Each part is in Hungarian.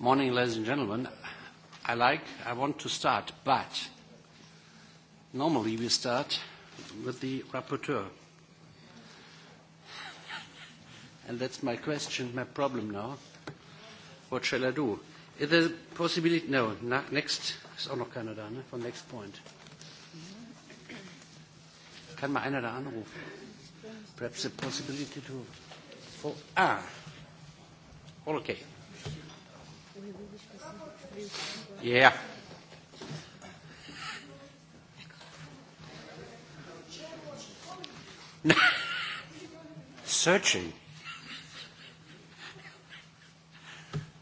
Morning, ladies and gentlemen. I like, I want to start, but normally we start with the rapporteur. And that's my question, my problem now. What shall I do? Is there a possibility? No, na, next ist auch noch keiner da, ne? Von Next Point. Kann mal einer da anrufen? Perhaps a possibility to... For, ah, all okay. Yeah. Searching.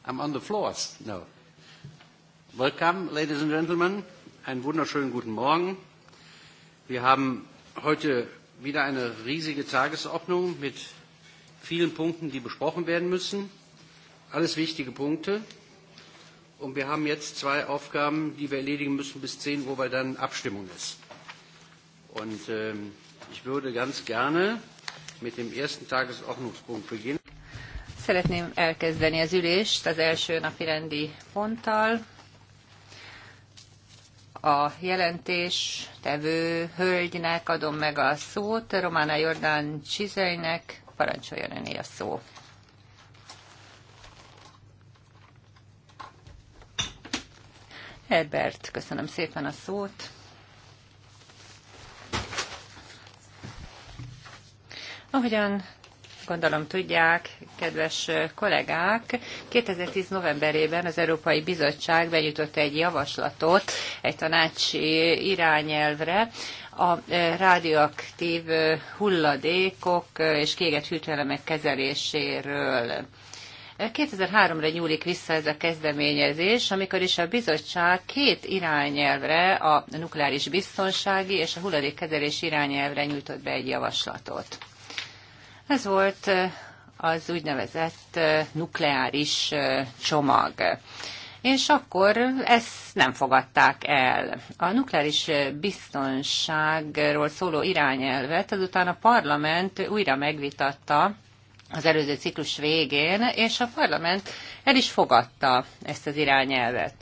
I'm on the floors. No. Welcome, ladies and gentlemen. Einen wunderschönen guten Morgen. Wir haben heute wieder eine riesige Tagesordnung mit vielen Punkten, die besprochen werden müssen. Alles wichtige Punkte. Und wir haben jetzt zwei Aufgaben, die wir erledigen müssen bis 10 Uhr, weil dann Abstimmung ist. Und ähm, ich würde ganz gerne mit dem ersten Tagesordnungspunkt beginnen. Szeretném elkezdeni az ülést az első napi rendi ponttal. A jelentés tevő hölgynek adom meg a szót, Romána Jordán Csizeinek, parancsoljon öné a szó. Herbert, köszönöm szépen a szót. Ahogyan gondolom tudják, kedves kollégák, 2010 novemberében az Európai Bizottság benyújtott egy javaslatot egy tanácsi irányelvre, a e, rádióaktív e, hulladékok e, és kiégett hűtőelemek kezeléséről. 2003-ra nyúlik vissza ez a kezdeményezés, amikor is a bizottság két irányelvre, a nukleáris biztonsági és a hulladékkezelés irányelvre nyújtott be egy javaslatot. Ez volt eh, az úgynevezett eh, nukleáris eh, csomag. És akkor ezt nem fogadták el. A nukleáris biztonságról szóló irányelvet azután a parlament újra megvitatta az előző ciklus végén, és a parlament el is fogadta ezt az irányelvet.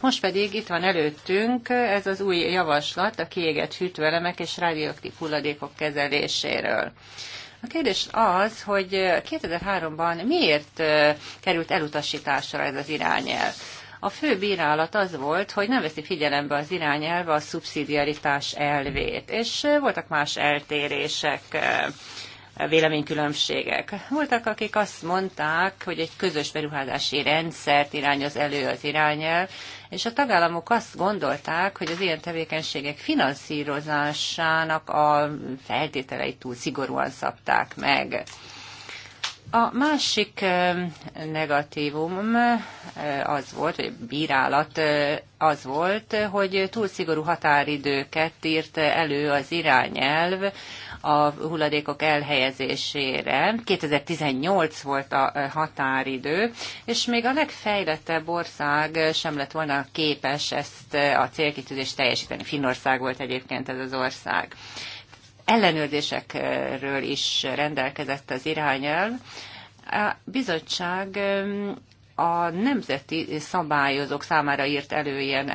Most pedig itt van előttünk ez az új javaslat a kiégett hűtőelemek és radioaktív hulladékok kezeléséről. A kérdés az, hogy 2003-ban miért került elutasításra ez az irányelv? A fő bírálat az volt, hogy nem veszi figyelembe az irányelve a szubszidiaritás elvét, és voltak más eltérések véleménykülönbségek. Voltak, akik azt mondták, hogy egy közös beruházási rendszert irányoz elő az irányelv, és a tagállamok azt gondolták, hogy az ilyen tevékenységek finanszírozásának a feltételeit túl szigorúan szabták meg. A másik negatívum az volt, vagy bírálat az volt, hogy túl szigorú határidőket írt elő az irányelv a hulladékok elhelyezésére. 2018 volt a határidő, és még a legfejlettebb ország sem lett volna képes ezt a célkitűzést teljesíteni. Finnország volt egyébként ez az ország ellenőrzésekről is rendelkezett az irányelv. A bizottság a nemzeti szabályozók számára írt elő ilyen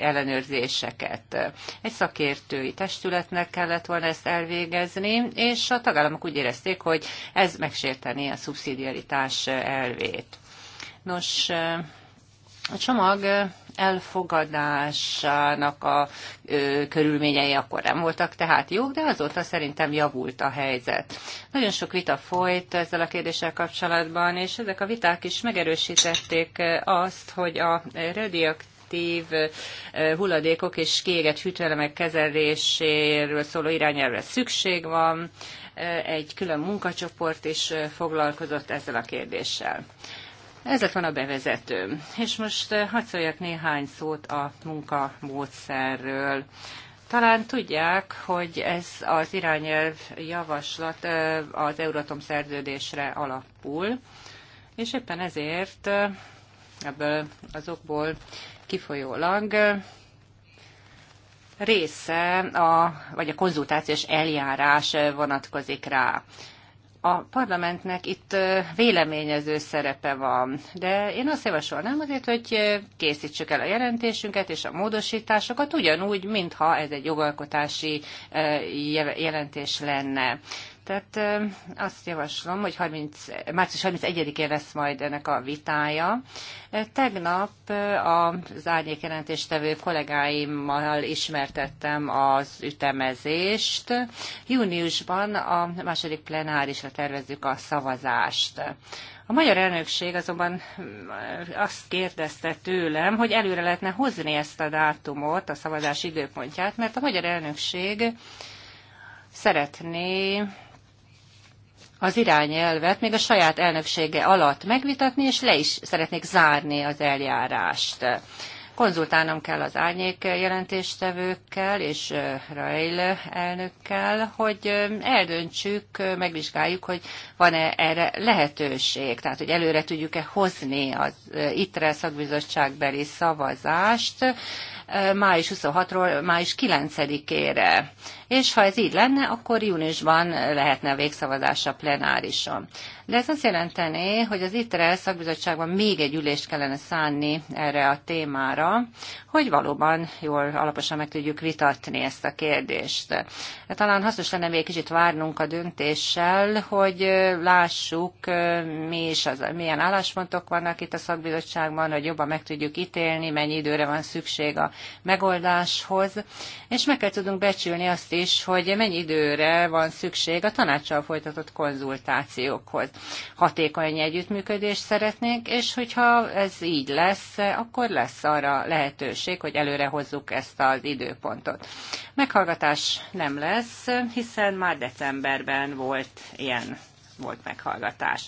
ellenőrzéseket. Egy szakértői testületnek kellett volna ezt elvégezni, és a tagállamok úgy érezték, hogy ez megsérteni a szubszidiaritás elvét. Nos, a csomag elfogadásának a ö, körülményei akkor nem voltak tehát jók, de azóta szerintem javult a helyzet. Nagyon sok vita folyt ezzel a kérdéssel kapcsolatban, és ezek a viták is megerősítették azt, hogy a radioaktív hulladékok és kiégett hűtőelemek kezeléséről szóló irányelvre szükség van. Egy külön munkacsoport is foglalkozott ezzel a kérdéssel. Ez lett van a bevezetőm. És most eh, hadd szóljak néhány szót a munkamódszerről. Talán tudják, hogy ez az irányelv javaslat eh, az Euratom szerződésre alapul, és éppen ezért eh, ebből azokból kifolyólag része, a, vagy a konzultációs eljárás vonatkozik rá a parlamentnek itt véleményező szerepe van, de én azt javasolnám azért, hogy készítsük el a jelentésünket és a módosításokat ugyanúgy, mintha ez egy jogalkotási jelentés lenne. Tehát azt javaslom, hogy 30, március 31-én lesz majd ennek a vitája. Tegnap az árnyék jelentéstevő kollégáimmal ismertettem az ütemezést. Júniusban a második plenárisra tervezzük a szavazást. A magyar elnökség azonban azt kérdezte tőlem, hogy előre lehetne hozni ezt a dátumot, a szavazás időpontját, mert a magyar elnökség szeretné az irányelvet még a saját elnöksége alatt megvitatni, és le is szeretnék zárni az eljárást. Konzultálnom kell az árnyék jelentéstevőkkel és Rail elnökkel, hogy eldöntsük, megvizsgáljuk, hogy van-e erre lehetőség, tehát hogy előre tudjuk-e hozni az ITRE szakbizottságbeli szavazást, Eh, május 26-ról május 9-ére. És ha ez így lenne, akkor júniusban lehetne a végszavazás a plenárison. De ez azt jelenteni, hogy az ITRE szakbizottságban még egy ülést kellene szánni erre a témára, hogy valóban jól alaposan meg tudjuk vitatni ezt a kérdést. Talán hasznos lenne még kicsit várnunk a döntéssel, hogy lássuk, mi is az, milyen álláspontok vannak itt a szakbizottságban, hogy jobban meg tudjuk ítélni, mennyi időre van szükség a megoldáshoz, és meg kell tudnunk becsülni azt is, hogy mennyi időre van szükség a tanácssal folytatott konzultációkhoz hatékony együttműködést szeretnénk, és hogyha ez így lesz, akkor lesz arra lehetőség, hogy előre hozzuk ezt az időpontot. Meghallgatás nem lesz, hiszen már decemberben volt ilyen volt meghallgatás.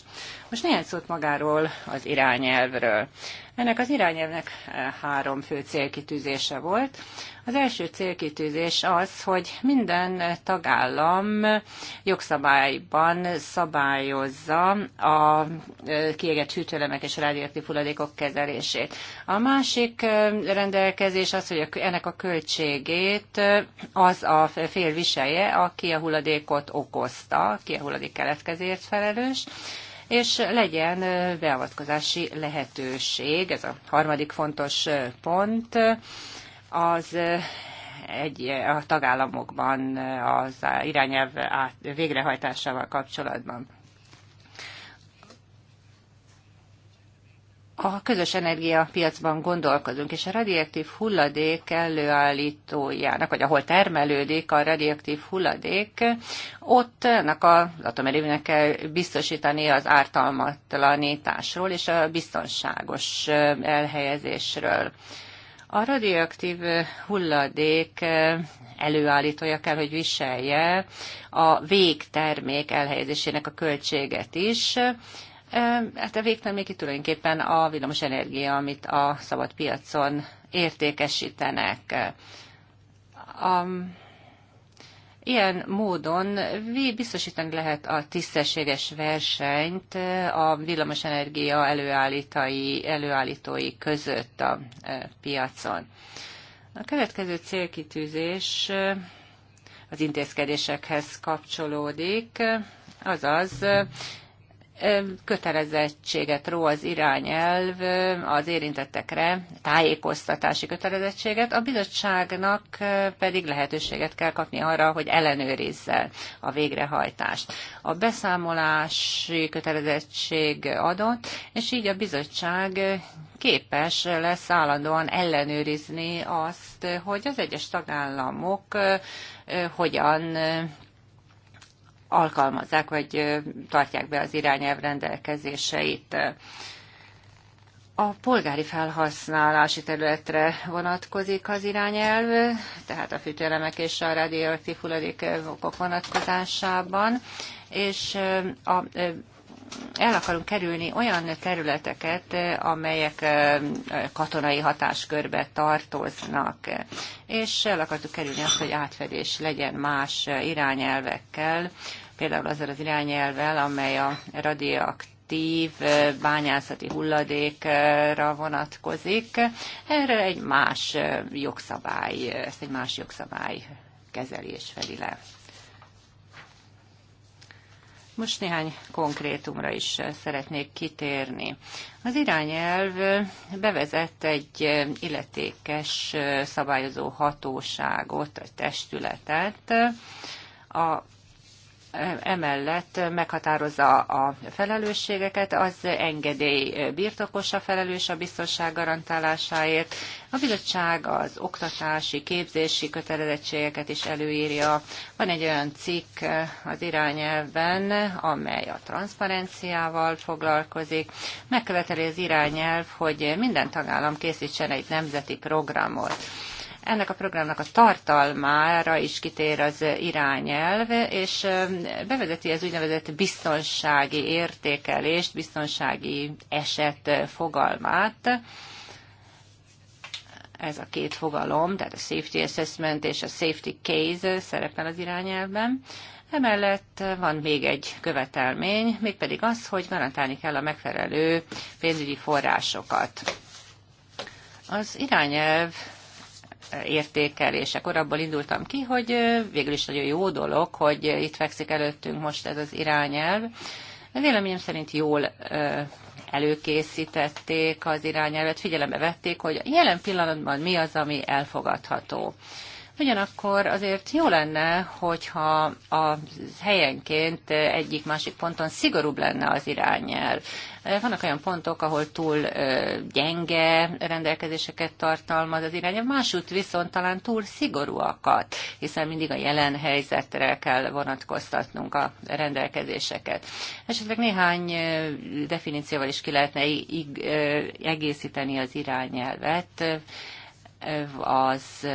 Most néhány szót magáról az irányelvről. Ennek az irányelvnek eh, három fő célkitűzése volt. Az első célkitűzés az, hogy minden tagállam jogszabályban szabályozza a eh, kiégett hűtőlemek és radioaktív hulladékok kezelését. A másik eh, rendelkezés az, hogy ennek a költségét az a fél viselje, aki a hulladékot okozta, aki a hulladék keletkezért felelős, és legyen beavatkozási lehetőség. Ez a harmadik fontos pont. Az egy, a tagállamokban az irányelv át, végrehajtásával kapcsolatban. a közös energiapiacban gondolkozunk, és a radioaktív hulladék előállítójának, vagy ahol termelődik a radioaktív hulladék, ott ennek az atomerőműnek kell biztosítani az ártalmatlanításról és a biztonságos eh, elhelyezésről. A radioaktív hulladék eh, előállítója kell, hogy viselje a végtermék elhelyezésének a költséget is, Hát a itt tulajdonképpen a villamos energia, amit a szabad piacon értékesítenek. A, ilyen módon biztosítani lehet a tisztességes versenyt a villamosenergia előállítói, előállítói között a piacon. A következő célkitűzés az intézkedésekhez kapcsolódik, azaz kötelezettséget ró az irányelv az érintettekre, tájékoztatási kötelezettséget, a bizottságnak pedig lehetőséget kell kapni arra, hogy ellenőrizze a végrehajtást. A beszámolási kötelezettség adott, és így a bizottság képes lesz állandóan ellenőrizni azt, hogy az egyes tagállamok hogyan alkalmazzák, vagy tartják be az irányelv rendelkezéseit. A polgári felhasználási területre vonatkozik az irányelv, tehát a fűtőelemek és a radioaktív hulladékok vonatkozásában, és a el akarunk kerülni olyan területeket, eh, amelyek eh, katonai hatáskörbe tartoznak, eh, és el akartuk kerülni azt, hogy átfedés legyen más irányelvekkel, például azzal az irányelvel, amely a radioaktív bányászati hulladékra vonatkozik. Erre egy más jogszabály, ezt egy más jogszabály kezelés felé le. Most néhány konkrétumra is szeretnék kitérni. Az irányelv bevezett egy illetékes szabályozó hatóságot, egy testületet, a emellett meghatározza a felelősségeket, az engedély birtokosa felelős a biztonság garantálásáért. A bizottság az oktatási, képzési kötelezettségeket is előírja. Van egy olyan cikk az irányelven, amely a transzparenciával foglalkozik. Megköveteli az irányelv, hogy minden tagállam készítsen egy nemzeti programot. Ennek a programnak a tartalmára is kitér az irányelv, és bevezeti az úgynevezett biztonsági értékelést, biztonsági eset fogalmát ez a két fogalom, tehát a safety assessment és a safety case szerepel az irányelvben. Emellett van még egy követelmény, mégpedig az, hogy garantálni kell a megfelelő pénzügyi forrásokat. Az irányelv értékelésekor abból indultam ki, hogy végül is nagyon jó dolog, hogy itt fekszik előttünk most ez az irányelv. Véleményem szerint jól előkészítették az irányelvet, figyelembe vették, hogy jelen pillanatban mi az, ami elfogadható. Ugyanakkor azért jó lenne, hogyha a helyenként egyik-másik ponton szigorúbb lenne az irányel. Vannak olyan pontok, ahol túl gyenge rendelkezéseket tartalmaz az irányel, másút viszont talán túl szigorúakat, hiszen mindig a jelen helyzetre kell vonatkoztatnunk a rendelkezéseket. Esetleg néhány definícióval is ki lehetne egészíteni az irányelvet, az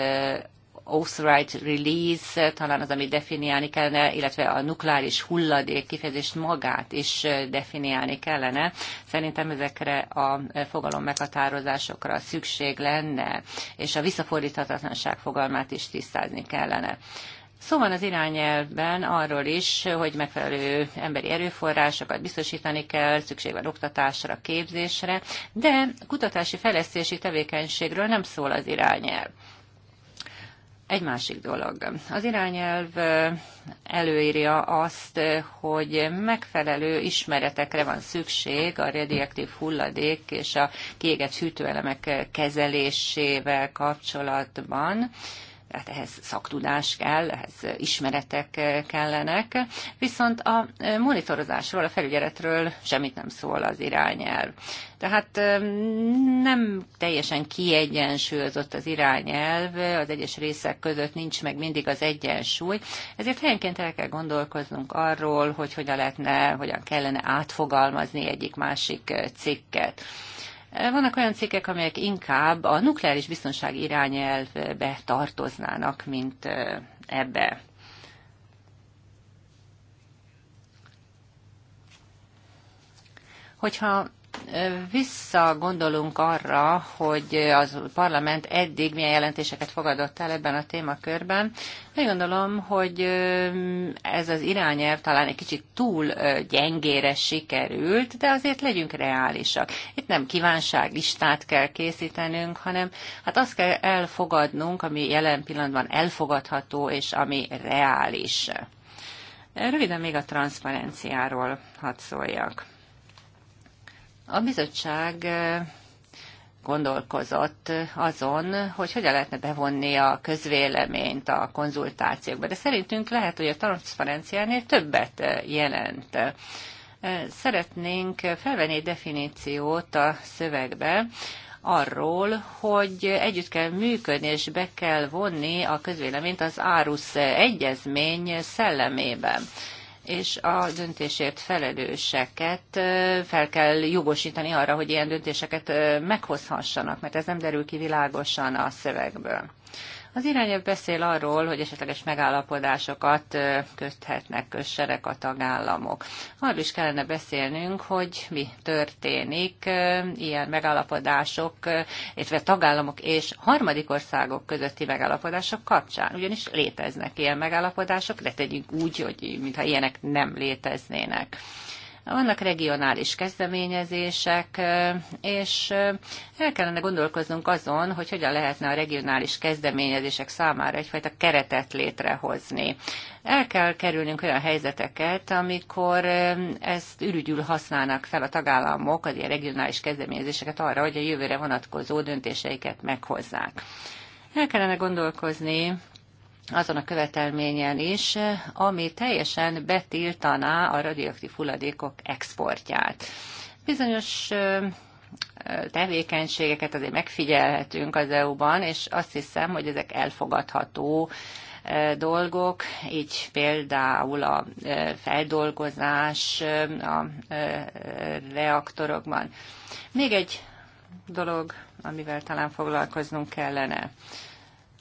authorized release talán az, amit definiálni kellene, illetve a nukleáris hulladék kifejezést magát is definiálni kellene. Szerintem ezekre a fogalom meghatározásokra szükség lenne, és a visszafordíthatatlanság fogalmát is tisztázni kellene. Szó van az irányelvben arról is, hogy megfelelő emberi erőforrásokat biztosítani kell, szükség van oktatásra, képzésre, de kutatási fejlesztési tevékenységről nem szól az irányelv. Egy másik dolog. Az irányelv előírja azt, hogy megfelelő ismeretekre van szükség a radioaktív hulladék és a kiégett hűtőelemek kezelésével kapcsolatban hát ehhez szaktudás kell, ehhez ismeretek kellenek, viszont a monitorozásról, a felügyeletről semmit nem szól az irányelv. Tehát nem teljesen kiegyensúlyozott az irányelv, az egyes részek között nincs meg mindig az egyensúly, ezért helyenként el kell gondolkoznunk arról, hogy hogyan lehetne, hogyan kellene átfogalmazni egyik-másik cikket. Vannak olyan cikkek, amelyek inkább a nukleáris biztonság irányelvbe tartoznának, mint ebbe. Hogyha visszagondolunk arra, hogy az parlament eddig milyen jelentéseket fogadott el ebben a témakörben, úgy gondolom, hogy ez az irányelv talán egy kicsit túl gyengére sikerült, de azért legyünk reálisak. Itt nem kívánságlistát kell készítenünk, hanem hát azt kell elfogadnunk, ami jelen pillanatban elfogadható és ami reális. Röviden még a transzparenciáról hadd szóljak. A bizottság gondolkozott azon, hogy hogyan lehetne bevonni a közvéleményt a konzultációkba. De szerintünk lehet, hogy a transzparenciánél többet jelent. Szeretnénk felvenni egy definíciót a szövegbe, arról, hogy együtt kell működni és be kell vonni a közvéleményt az Árusz egyezmény szellemében és a döntésért felelőseket fel kell jogosítani arra, hogy ilyen döntéseket meghozhassanak, mert ez nem derül ki világosan a szövegből. Az irányelv beszél arról, hogy esetleges megállapodásokat köthetnek, kösserek a tagállamok. Arról is kellene beszélnünk, hogy mi történik ilyen megállapodások, illetve tagállamok és harmadik országok közötti megállapodások kapcsán. Ugyanis léteznek ilyen megállapodások, de tegyünk úgy, hogy mintha ilyenek nem léteznének. Vannak regionális kezdeményezések, és el kellene gondolkoznunk azon, hogy hogyan lehetne a regionális kezdeményezések számára egyfajta keretet létrehozni. El kell kerülnünk olyan helyzeteket, amikor ezt ürügyül használnak fel a tagállamok, az ilyen regionális kezdeményezéseket arra, hogy a jövőre vonatkozó döntéseiket meghozzák. El kellene gondolkozni azon a követelményen is, ami teljesen betiltaná a radioaktív hulladékok exportját. Bizonyos tevékenységeket azért megfigyelhetünk az EU-ban, és azt hiszem, hogy ezek elfogadható dolgok, így például a feldolgozás a reaktorokban. Még egy dolog, amivel talán foglalkoznunk kellene.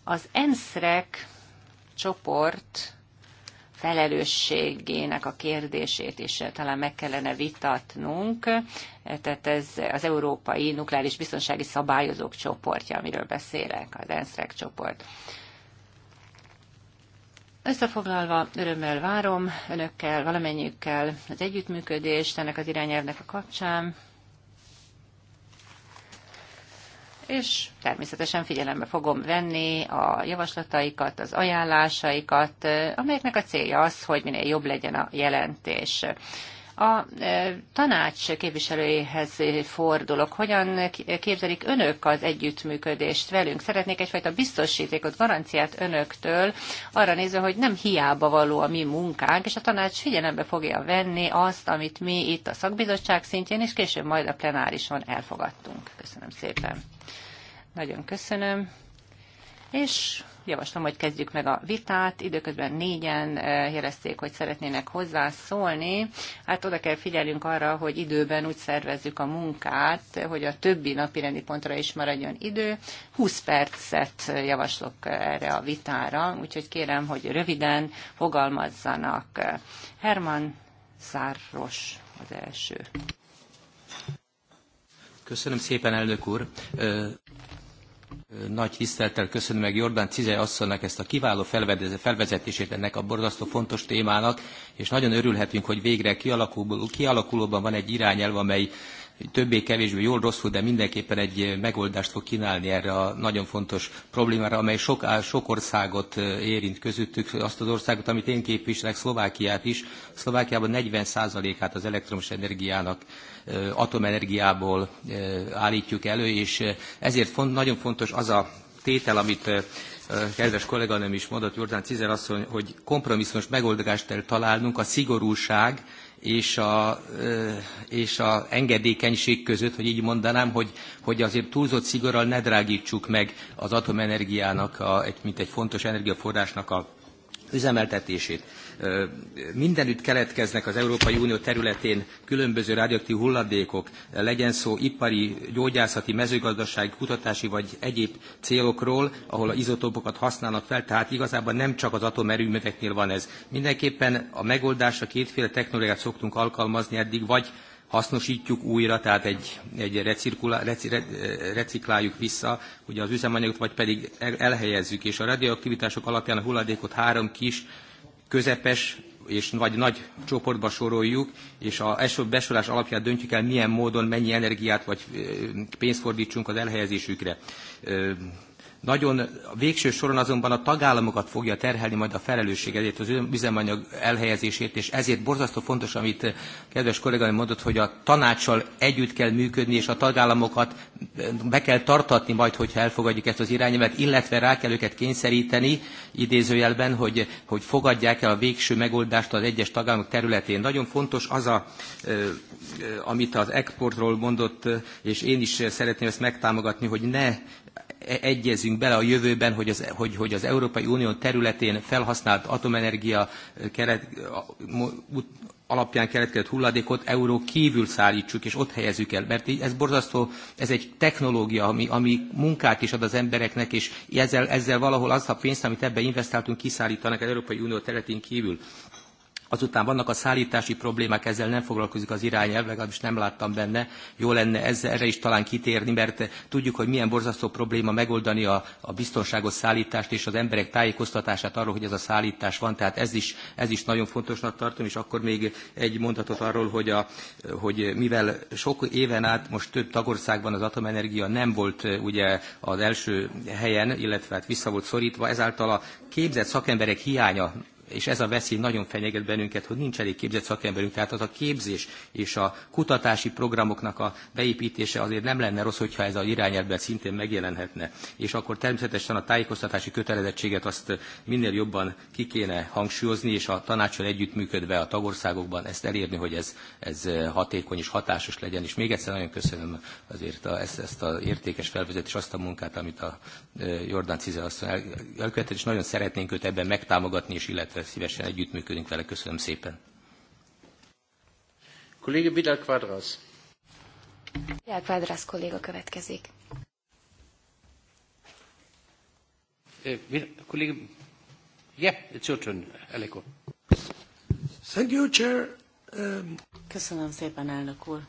Az ENSZREK csoport felelősségének a kérdését is talán meg kellene vitatnunk. Tehát ez az Európai Nukleáris Biztonsági Szabályozók csoportja, amiről beszélek, az ENSZREG csoport. Összefoglalva, örömmel várom önökkel, valamennyiükkel az együttműködést ennek az irányelvnek a kapcsán. és természetesen figyelembe fogom venni a javaslataikat, az ajánlásaikat, amelyeknek a célja az, hogy minél jobb legyen a jelentés. A tanács képviselőjéhez fordulok. Hogyan képzelik önök az együttműködést velünk? Szeretnék egyfajta biztosítékot, garanciát önöktől arra nézve, hogy nem hiába való a mi munkánk, és a tanács figyelembe fogja venni azt, amit mi itt a szakbizottság szintjén, és később majd a plenárison elfogadtunk. Köszönöm szépen. Nagyon köszönöm. És javaslom, hogy kezdjük meg a vitát. Időközben négyen eh, jelezték, hogy szeretnének hozzászólni. Hát oda kell figyelnünk arra, hogy időben úgy szervezzük a munkát, hogy a többi napi rendi pontra is maradjon idő. 20 percet javaslok erre a vitára, úgyhogy kérem, hogy röviden fogalmazzanak. Herman Száros az első. Köszönöm szépen, elnök úr. Nagy tisztelettel köszönöm meg Jordán Cizely asszonynak ezt a kiváló felvezetését ennek a borzasztó fontos témának, és nagyon örülhetünk, hogy végre kialakulóban van egy irányelv, amely többé-kevésbé jól, rosszul, de mindenképpen egy eh, megoldást fog kínálni erre a nagyon fontos problémára, amely sok, sok országot eh, érint közöttük, azt az országot, amit én képviselek, Szlovákiát is. Szlovákiában 40%-át az elektromos energiának eh, atomenergiából állítjuk elő, és ezért font, nagyon fontos az a tétel, amit kedves kolléganőm is mondott, Jordán Cizer asszony, hogy kompromisszumos megoldást kell találnunk a szigorúság, és a, és a engedékenység között, hogy így mondanám, hogy, hogy azért túlzott szigorral ne drágítsuk meg az atomenergiának, a, mint egy fontos energiaforrásnak a üzemeltetését mindenütt keletkeznek az Európai Unió területén különböző radioaktív hulladékok, legyen szó ipari, gyógyászati, mezőgazdasági, kutatási vagy egyéb célokról, ahol az izotópokat használnak fel, tehát igazából nem csak az atomerőműveknél van ez. Mindenképpen a megoldásra kétféle technológiát szoktunk alkalmazni eddig, vagy hasznosítjuk újra, tehát egy, egy reci, recikláljuk vissza ugye az üzemanyagot, vagy pedig elhelyezzük, és a radioaktivitások alapján a hulladékot három kis közepes és vagy nagy csoportba soroljuk, és a besorolás alapján döntjük el, milyen módon mennyi energiát vagy pénzt fordítsunk az elhelyezésükre. Nagyon a végső soron azonban a tagállamokat fogja terhelni majd a felelősség ezért az üzemanyag elhelyezésért, és ezért borzasztó fontos, amit kedves kollégám mondott, hogy a tanácssal együtt kell működni, és a tagállamokat be kell tartatni majd, hogyha elfogadjuk ezt az irányelvet, illetve rá kell őket kényszeríteni, idézőjelben, hogy, hogy fogadják el a végső megoldást az egyes tagállamok területén. Nagyon fontos az, a, amit az exportról mondott, és én is szeretném ezt megtámogatni, hogy ne egyezünk bele a jövőben, hogy az, hogy, hogy az Európai Unió területén felhasznált atomenergia keret, alapján keletkezett hulladékot euró kívül szállítsuk, és ott helyezzük el. Mert ez borzasztó, ez egy technológia, ami, ami munkát is ad az embereknek, és ezzel, ezzel valahol azt a pénzt, amit ebbe investáltunk, kiszállítanak az Európai Unió területén kívül. Azután vannak a szállítási problémák, ezzel nem foglalkozik az irányelv, legalábbis nem láttam benne. Jó lenne ezzel, erre is talán kitérni, mert tudjuk, hogy milyen borzasztó probléma megoldani a, a biztonságos szállítást és az emberek tájékoztatását arról, hogy ez a szállítás van. Tehát ez is, ez is nagyon fontosnak tartom, és akkor még egy mondatot arról, hogy, a, hogy mivel sok éven át most több tagországban az atomenergia nem volt ugye az első helyen, illetve hát vissza volt szorítva, ezáltal a képzett szakemberek hiánya és ez a veszély nagyon fenyeget bennünket, hogy nincs elég képzett szakemberünk, tehát az a képzés és a kutatási programoknak a beépítése azért nem lenne rossz, hogyha ez a irányelvben szintén megjelenhetne. És akkor természetesen a tájékoztatási kötelezettséget azt minél jobban ki kéne hangsúlyozni, és a tanácsal együttműködve a tagországokban ezt elérni, hogy ez, ez hatékony és hatásos legyen. És még egyszer nagyon köszönöm azért a, ezt, ezt az értékes és azt a munkát, amit a e, Jordán Cize asszony elkövetett, és nagyon szeretnénk őt ebben megtámogatni és illetve illetve szívesen együttműködünk vele. Köszönöm szépen. Kolléga Vidal Quadras. Vidal Quadras kolléga következik. Eh, kolléga, yeah, it's your turn, Eleko. Thank you, Chair. Um... Köszönöm szépen, elnök úr.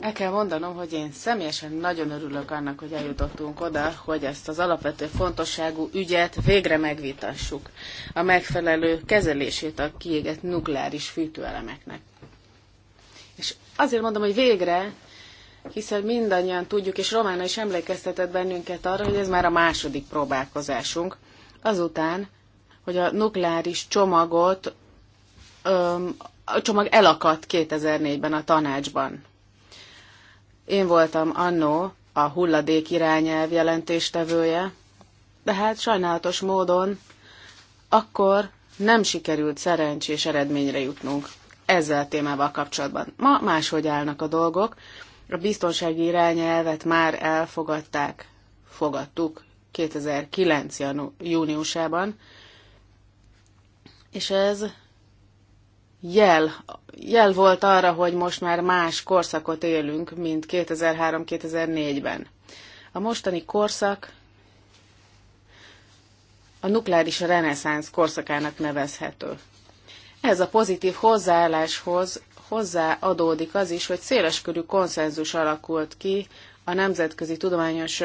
El kell mondanom, hogy én személyesen nagyon örülök annak, hogy eljutottunk oda, hogy ezt az alapvető fontosságú ügyet végre megvitassuk, a megfelelő kezelését a kiégett nukleáris fűtőelemeknek. És azért mondom, hogy végre, hiszen mindannyian tudjuk, és Romána is emlékeztetett bennünket arra, hogy ez már a második próbálkozásunk, azután, hogy a nukleáris csomagot, a csomag elakadt 2004-ben a tanácsban én voltam annó a hulladék irányelv jelentéstevője, de hát sajnálatos módon akkor nem sikerült szerencsés eredményre jutnunk ezzel a témával kapcsolatban. Ma máshogy állnak a dolgok. A biztonsági irányelvet már elfogadták, fogadtuk 2009. júniusában, és ez jel, jel volt arra, hogy most már más korszakot élünk, mint 2003-2004-ben. A mostani korszak a nukleáris reneszánsz korszakának nevezhető. Ez a pozitív hozzáálláshoz hozzáadódik az is, hogy széleskörű konszenzus alakult ki a nemzetközi tudományos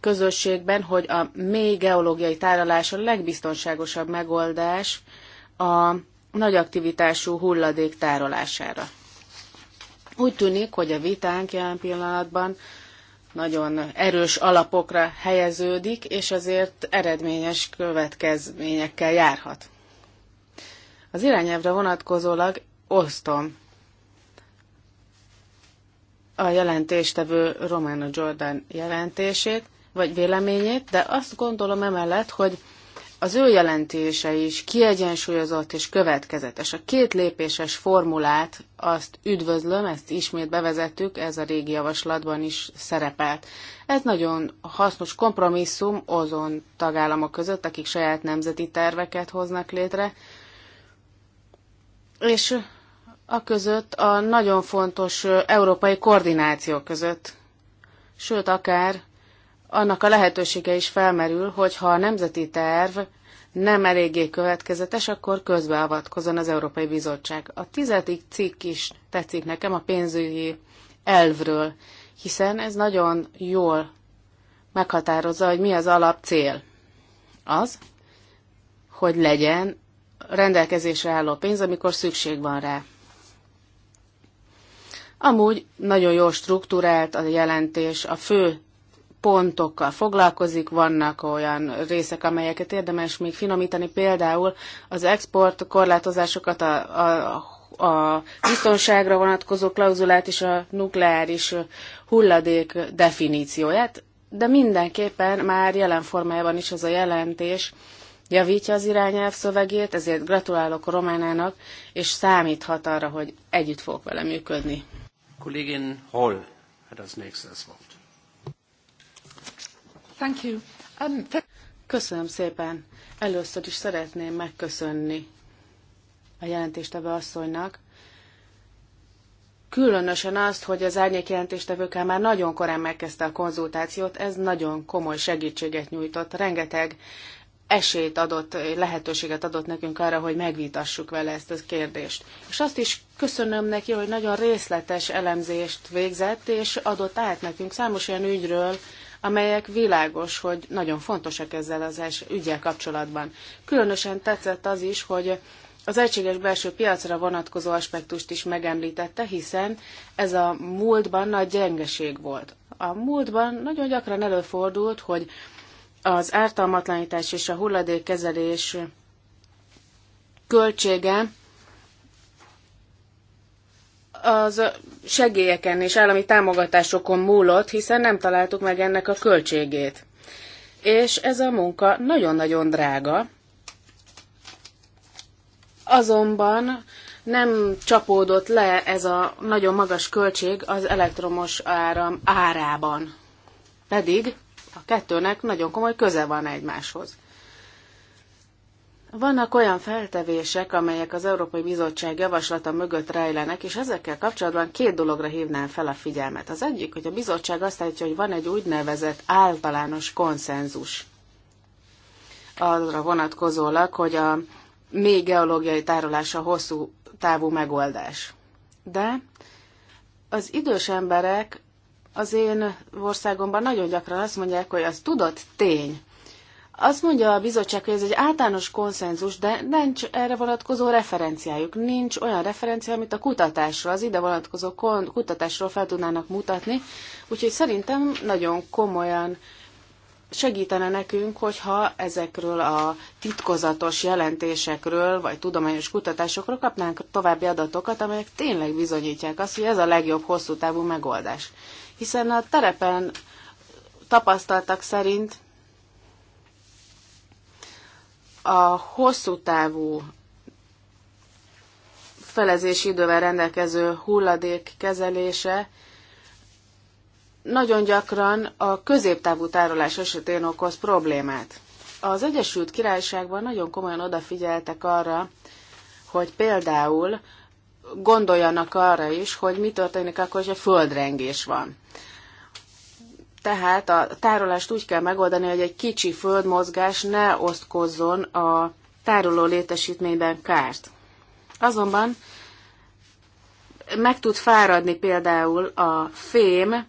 közösségben, hogy a mély geológiai tárolás a legbiztonságosabb megoldás a nagy aktivitású hulladék tárolására. Úgy tűnik, hogy a vitánk jelen pillanatban nagyon erős alapokra helyeződik, és azért eredményes következményekkel járhat. Az irányelvre vonatkozólag osztom a jelentéstevő Romano Jordan jelentését, vagy véleményét, de azt gondolom emellett, hogy az ő jelentése is kiegyensúlyozott és következetes. A két lépéses formulát azt üdvözlöm, ezt ismét bevezettük, ez a régi javaslatban is szerepelt. Ez nagyon hasznos kompromisszum azon tagállamok között, akik saját nemzeti terveket hoznak létre, és a között a nagyon fontos európai koordináció között, sőt akár annak a lehetősége is felmerül, hogy ha a nemzeti terv nem eléggé következetes, akkor közbeavatkozon az Európai Bizottság. A tizedik cikk is tetszik nekem a pénzügyi elvről, hiszen ez nagyon jól meghatározza, hogy mi az alap cél. Az, hogy legyen rendelkezésre álló pénz, amikor szükség van rá. Amúgy nagyon jól struktúrált a jelentés, a fő pontokkal foglalkozik, vannak olyan részek, amelyeket érdemes még finomítani, például az export korlátozásokat, a, a, a biztonságra vonatkozó klauzulát és a nukleáris hulladék definícióját, de mindenképpen már jelen formájában is az a jelentés javítja az irányelv szövegét, ezért gratulálok a Románának, és számíthat arra, hogy együtt fogok vele működni. Kollégin Hall hat az nächstes Wort. Thank you. Um, th- Köszönöm szépen. Először is szeretném megköszönni a jelentéstevő asszonynak, Különösen azt, hogy az árnyék jelentéstevőkkel már nagyon korán megkezdte a konzultációt, ez nagyon komoly segítséget nyújtott. Rengeteg esélyt adott, lehetőséget adott nekünk arra, hogy megvitassuk vele ezt a kérdést. És azt is köszönöm neki, hogy nagyon részletes elemzést végzett, és adott át nekünk számos olyan ügyről, amelyek világos, hogy nagyon fontosak ezzel az ügyel kapcsolatban. Különösen tetszett az is, hogy az egységes belső piacra vonatkozó aspektust is megemlítette, hiszen ez a múltban nagy gyengeség volt. A múltban nagyon gyakran előfordult, hogy az ártalmatlanítás és a hulladékkezelés költsége az segélyeken és állami támogatásokon múlott, hiszen nem találtuk meg ennek a költségét. És ez a munka nagyon-nagyon drága, azonban nem csapódott le ez a nagyon magas költség az elektromos áram árában. Pedig a kettőnek nagyon komoly köze van egymáshoz. Vannak olyan feltevések, amelyek az Európai Bizottság javaslata mögött rejlenek, és ezekkel kapcsolatban két dologra hívnám fel a figyelmet. Az egyik, hogy a bizottság azt állítja, hogy van egy úgynevezett általános konszenzus arra vonatkozólag, hogy a mély geológiai tárolása hosszú távú megoldás. De az idős emberek az én országomban nagyon gyakran azt mondják, hogy az tudott tény, azt mondja a bizottság, hogy ez egy általános konszenzus, de nincs erre vonatkozó referenciájuk. Nincs olyan referencia, amit a kutatásra, az ide vonatkozó kutatásról fel tudnának mutatni. Úgyhogy szerintem nagyon komolyan segítene nekünk, hogyha ezekről a titkozatos jelentésekről, vagy tudományos kutatásokról kapnánk további adatokat, amelyek tényleg bizonyítják azt, hogy ez a legjobb hosszú távú megoldás. Hiszen a terepen tapasztaltak szerint a hosszú távú felezési idővel rendelkező hulladék kezelése nagyon gyakran a középtávú tárolás esetén okoz problémát. Az Egyesült Királyságban nagyon komolyan odafigyeltek arra, hogy például gondoljanak arra is, hogy mi történik akkor, hogyha földrengés van. Tehát a tárolást úgy kell megoldani, hogy egy kicsi földmozgás ne osztkozzon a tároló létesítményben kárt. Azonban meg tud fáradni például a fém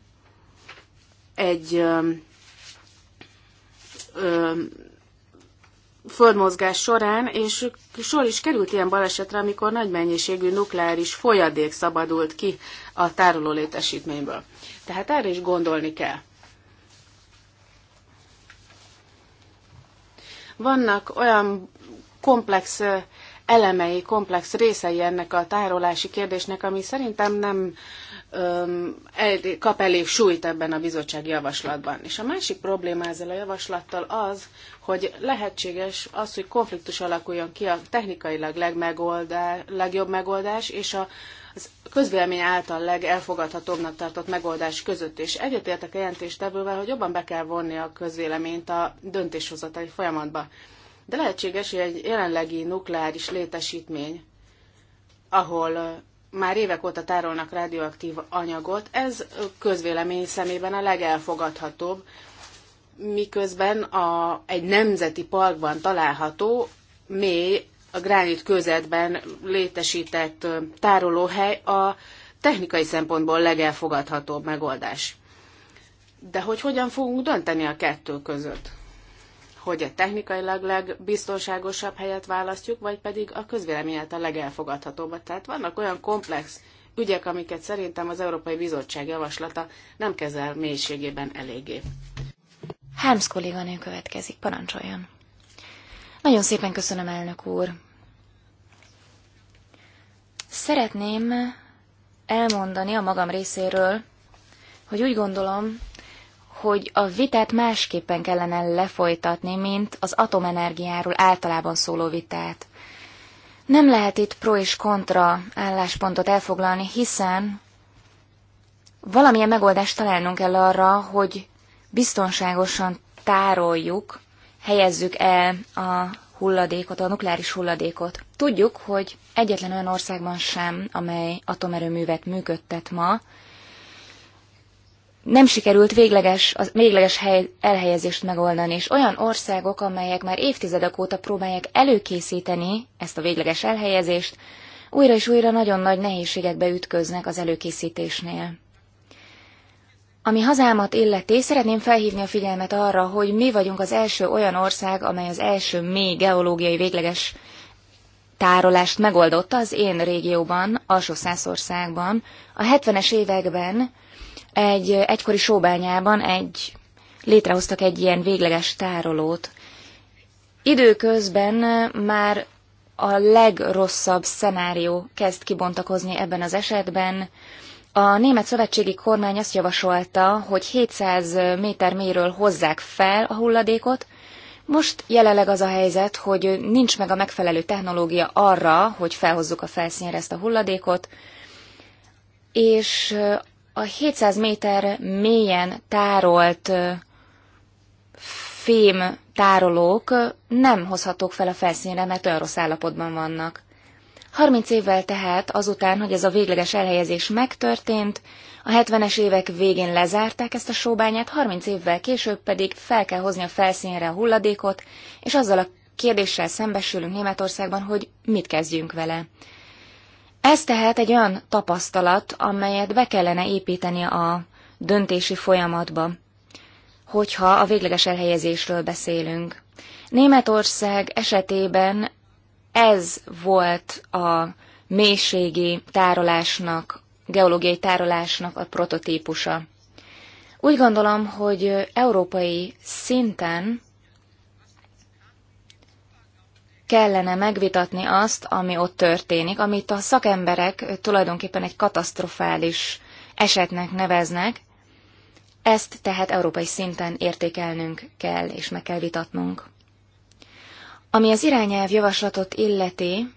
egy ö, ö, földmozgás során, és sor is került ilyen balesetre, amikor nagy mennyiségű nukleáris folyadék szabadult ki a tároló létesítményből. Tehát erre is gondolni kell. Vannak olyan komplex elemei, komplex részei ennek a tárolási kérdésnek, ami szerintem nem öm, el, kap elég súlyt ebben a bizottsági javaslatban. És a másik probléma ezzel a javaslattal az, hogy lehetséges az, hogy konfliktus alakuljon ki a technikailag legjobb megoldás és a közvélemény által legelfogadhatóbbnak tartott megoldás között, és egyetértek a jelentéstevővel, hogy jobban be kell vonni a közvéleményt a döntéshozatali folyamatba. De lehetséges, hogy egy jelenlegi nukleáris létesítmény, ahol már évek óta tárolnak radioaktív anyagot, ez közvélemény szemében a legelfogadhatóbb, miközben a, egy nemzeti parkban található mély a gránit közetben létesített tárolóhely a technikai szempontból legelfogadhatóbb megoldás. De hogy hogyan fogunk dönteni a kettő között? Hogy a technikailag legbiztonságosabb helyet választjuk, vagy pedig a közvélemény által legelfogadhatóbbat. Tehát vannak olyan komplex ügyek, amiket szerintem az Európai Bizottság javaslata nem kezel mélységében eléggé. Hermes kolléganő következik, parancsoljon. Nagyon szépen köszönöm, elnök úr. Szeretném elmondani a magam részéről, hogy úgy gondolom, hogy a vitát másképpen kellene lefolytatni, mint az atomenergiáról általában szóló vitát. Nem lehet itt pro és kontra álláspontot elfoglalni, hiszen valamilyen megoldást találnunk kell arra, hogy biztonságosan tároljuk helyezzük el a hulladékot, a nukleáris hulladékot. Tudjuk, hogy egyetlen olyan országban sem, amely atomerőművet működtet ma, nem sikerült végleges, az végleges hely, elhelyezést megoldani, és olyan országok, amelyek már évtizedek óta próbálják előkészíteni ezt a végleges elhelyezést, újra és újra nagyon nagy nehézségekbe ütköznek az előkészítésnél. Ami hazámat illeti, szeretném felhívni a figyelmet arra, hogy mi vagyunk az első olyan ország, amely az első mély geológiai végleges tárolást megoldotta az én régióban, alsó Szászországban. A 70-es években egy egykori sóbányában egy, létrehoztak egy ilyen végleges tárolót. Időközben már a legrosszabb szenárió kezd kibontakozni ebben az esetben, a német szövetségi kormány azt javasolta, hogy 700 méter mélyről hozzák fel a hulladékot. Most jelenleg az a helyzet, hogy nincs meg a megfelelő technológia arra, hogy felhozzuk a felszínre ezt a hulladékot, és a 700 méter mélyen tárolt fém tárolók nem hozhatók fel a felszínre, mert olyan rossz állapotban vannak. 30 évvel tehát azután, hogy ez a végleges elhelyezés megtörtént, a 70-es évek végén lezárták ezt a sóbányát, 30 évvel később pedig fel kell hozni a felszínre a hulladékot, és azzal a kérdéssel szembesülünk Németországban, hogy mit kezdjünk vele. Ez tehát egy olyan tapasztalat, amelyet be kellene építeni a döntési folyamatba, hogyha a végleges elhelyezésről beszélünk. Németország esetében ez volt a mélységi tárolásnak, geológiai tárolásnak a prototípusa. Úgy gondolom, hogy európai szinten kellene megvitatni azt, ami ott történik, amit a szakemberek tulajdonképpen egy katasztrofális esetnek neveznek, ezt tehát európai szinten értékelnünk kell és meg kell vitatnunk. Ami az irányelv javaslatot illeti,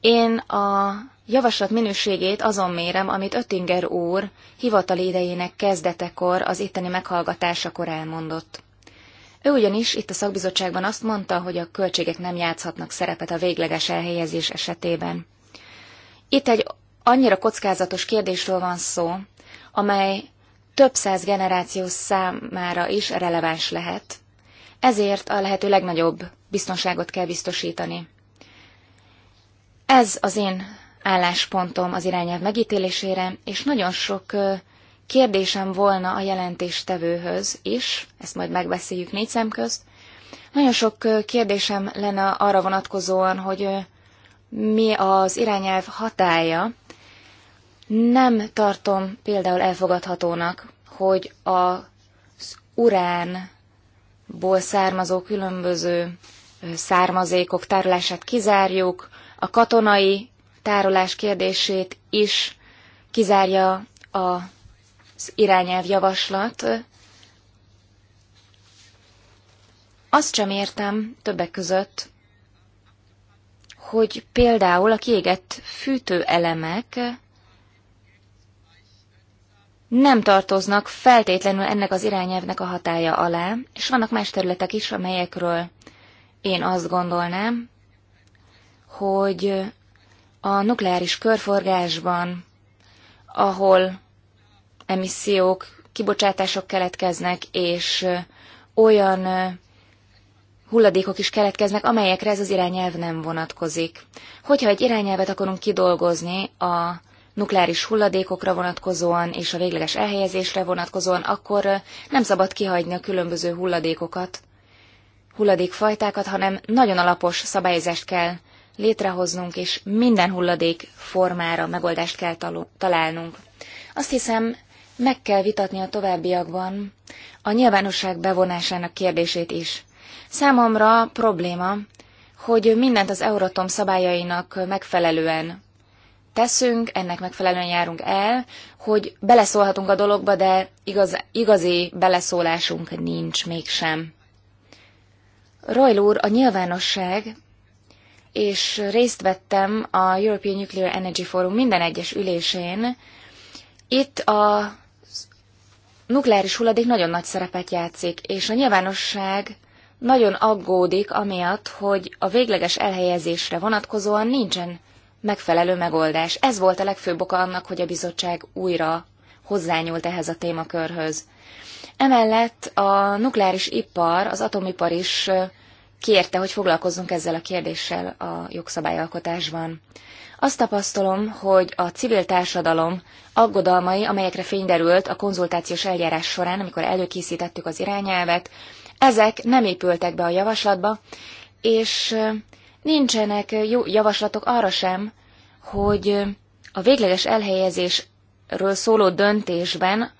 én a javaslat minőségét azon mérem, amit Öttinger úr hivatali idejének kezdetekor az itteni meghallgatásakor elmondott. Ő ugyanis itt a szakbizottságban azt mondta, hogy a költségek nem játszhatnak szerepet a végleges elhelyezés esetében. Itt egy annyira kockázatos kérdésről van szó, amely több száz generáció számára is releváns lehet, ezért a lehető legnagyobb biztonságot kell biztosítani. Ez az én álláspontom az irányelv megítélésére, és nagyon sok kérdésem volna a jelentéstevőhöz is, ezt majd megbeszéljük négy szem közt. Nagyon sok kérdésem lenne arra vonatkozóan, hogy mi az irányelv hatája. Nem tartom például elfogadhatónak, hogy az urán ból származó különböző származékok tárolását kizárjuk, a katonai tárolás kérdését is kizárja az irányelv javaslat. Azt sem értem többek között, hogy például a kiégett fűtőelemek nem tartoznak feltétlenül ennek az irányelvnek a hatája alá, és vannak más területek is, amelyekről én azt gondolnám, hogy a nukleáris körforgásban, ahol emissziók, kibocsátások keletkeznek, és olyan hulladékok is keletkeznek, amelyekre ez az irányelv nem vonatkozik. Hogyha egy irányelvet akarunk kidolgozni a nukleáris hulladékokra vonatkozóan és a végleges elhelyezésre vonatkozóan, akkor nem szabad kihagyni a különböző hulladékokat, hulladékfajtákat, hanem nagyon alapos szabályzást kell létrehoznunk, és minden hulladék formára megoldást kell találnunk. Azt hiszem, meg kell vitatni a továbbiakban a nyilvánosság bevonásának kérdését is. Számomra probléma, hogy mindent az Euratom szabályainak megfelelően teszünk, ennek megfelelően járunk el, hogy beleszólhatunk a dologba, de igaz, igazi beleszólásunk nincs mégsem. Royal úr, a nyilvánosság, és részt vettem a European Nuclear Energy Forum minden egyes ülésén, itt a nukleáris hulladék nagyon nagy szerepet játszik, és a nyilvánosság nagyon aggódik amiatt, hogy a végleges elhelyezésre vonatkozóan nincsen megfelelő megoldás. Ez volt a legfőbb oka annak, hogy a bizottság újra hozzányúlt ehhez a témakörhöz. Emellett a nukleáris ipar, az atomipar is kérte, hogy foglalkozzunk ezzel a kérdéssel a jogszabályalkotásban. Azt tapasztalom, hogy a civil társadalom aggodalmai, amelyekre fényderült a konzultációs eljárás során, amikor előkészítettük az irányelvet, ezek nem épültek be a javaslatba, és Nincsenek jó javaslatok arra sem, hogy a végleges elhelyezésről szóló döntésben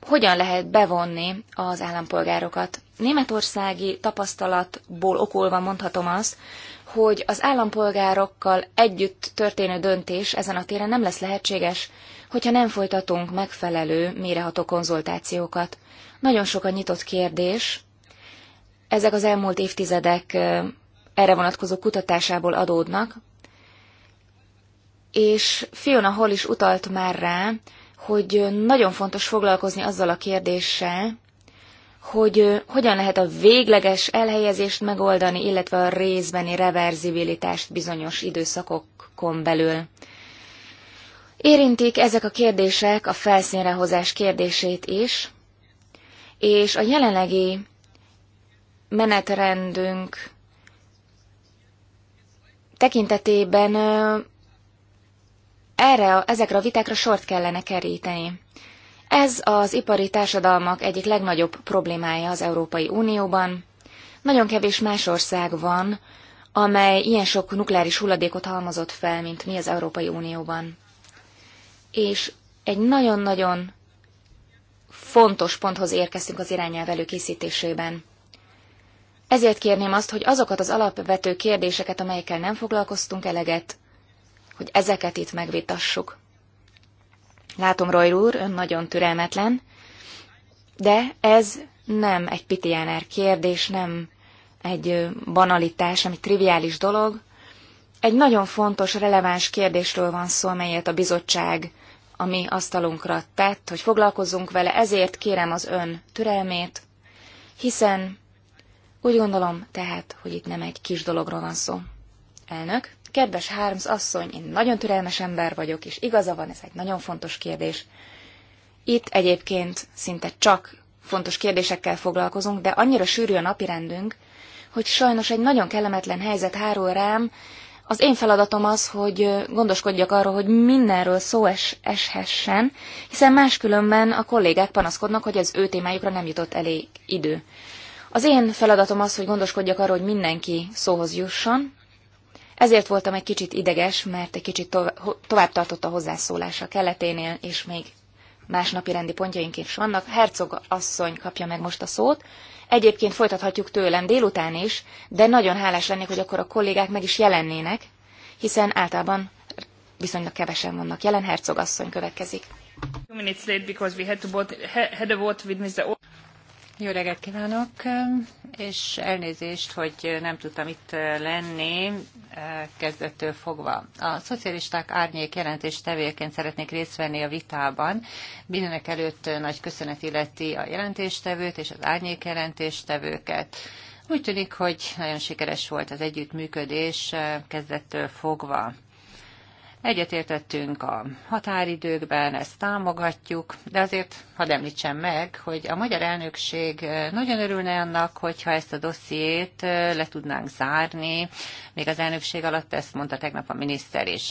hogyan lehet bevonni az állampolgárokat. Németországi tapasztalatból okolva mondhatom azt, hogy az állampolgárokkal együtt történő döntés ezen a téren nem lesz lehetséges, hogyha nem folytatunk megfelelő, méreható konzultációkat. Nagyon sok a nyitott kérdés, ezek az elmúlt évtizedek erre vonatkozó kutatásából adódnak, és Fiona Hall is utalt már rá, hogy nagyon fontos foglalkozni azzal a kérdéssel, hogy hogyan lehet a végleges elhelyezést megoldani, illetve a részbeni reverzibilitást bizonyos időszakokon belül. Érintik ezek a kérdések a felszínrehozás kérdését is, és a jelenlegi menetrendünk tekintetében erre, ezekre a vitákra sort kellene keríteni. Ez az ipari társadalmak egyik legnagyobb problémája az Európai Unióban. Nagyon kevés más ország van, amely ilyen sok nukleáris hulladékot halmozott fel, mint mi az Európai Unióban. És egy nagyon-nagyon fontos ponthoz érkeztünk az irányelv előkészítésében. Ezért kérném azt, hogy azokat az alapvető kérdéseket, amelyekkel nem foglalkoztunk eleget, hogy ezeket itt megvitassuk. Látom, Roy úr, ön nagyon türelmetlen, de ez nem egy pitiáner kérdés, nem egy banalitás, nem egy triviális dolog. Egy nagyon fontos, releváns kérdésről van szó, melyet a bizottság ami asztalunkra tett, hogy foglalkozzunk vele, ezért kérem az ön türelmét, hiszen úgy gondolom tehát, hogy itt nem egy kis dologról van szó. Elnök, kedves Harms asszony, én nagyon türelmes ember vagyok, és igaza van, ez egy nagyon fontos kérdés. Itt egyébként szinte csak fontos kérdésekkel foglalkozunk, de annyira sűrű a napirendünk, hogy sajnos egy nagyon kellemetlen helyzet hárul rám. Az én feladatom az, hogy gondoskodjak arról, hogy mindenről szó es- eshessen, hiszen máskülönben a kollégák panaszkodnak, hogy az ő témájukra nem jutott elég idő. Az én feladatom az, hogy gondoskodjak arról, hogy mindenki szóhoz jusson, ezért voltam egy kicsit ideges, mert egy kicsit tovább tartott a a keleténél, és még más napi rendi pontjaink is vannak. Herzog asszony kapja meg most a szót. Egyébként folytathatjuk tőlem délután is, de nagyon hálás lennék, hogy akkor a kollégák meg is jelennének, hiszen általában viszonylag kevesen vannak jelen. Herzog asszony következik. Jó reggelt kívánok, és elnézést, hogy nem tudtam itt lenni eh, kezdettől fogva. A szocialisták árnyék jelentés tevéként szeretnék részt venni a vitában. Mindenek előtt nagy köszönet illeti a jelentéstevőt és az árnyék jelentéstevőket. Úgy tűnik, hogy nagyon sikeres volt az együttműködés eh, kezdettől fogva. Egyetértettünk a határidőkben, ezt támogatjuk, de azért hadd említsem meg, hogy a magyar elnökség eh, nagyon örülne annak, hogyha ezt a dossziét eh, le tudnánk zárni. Még az elnökség alatt ezt mondta tegnap a miniszter is.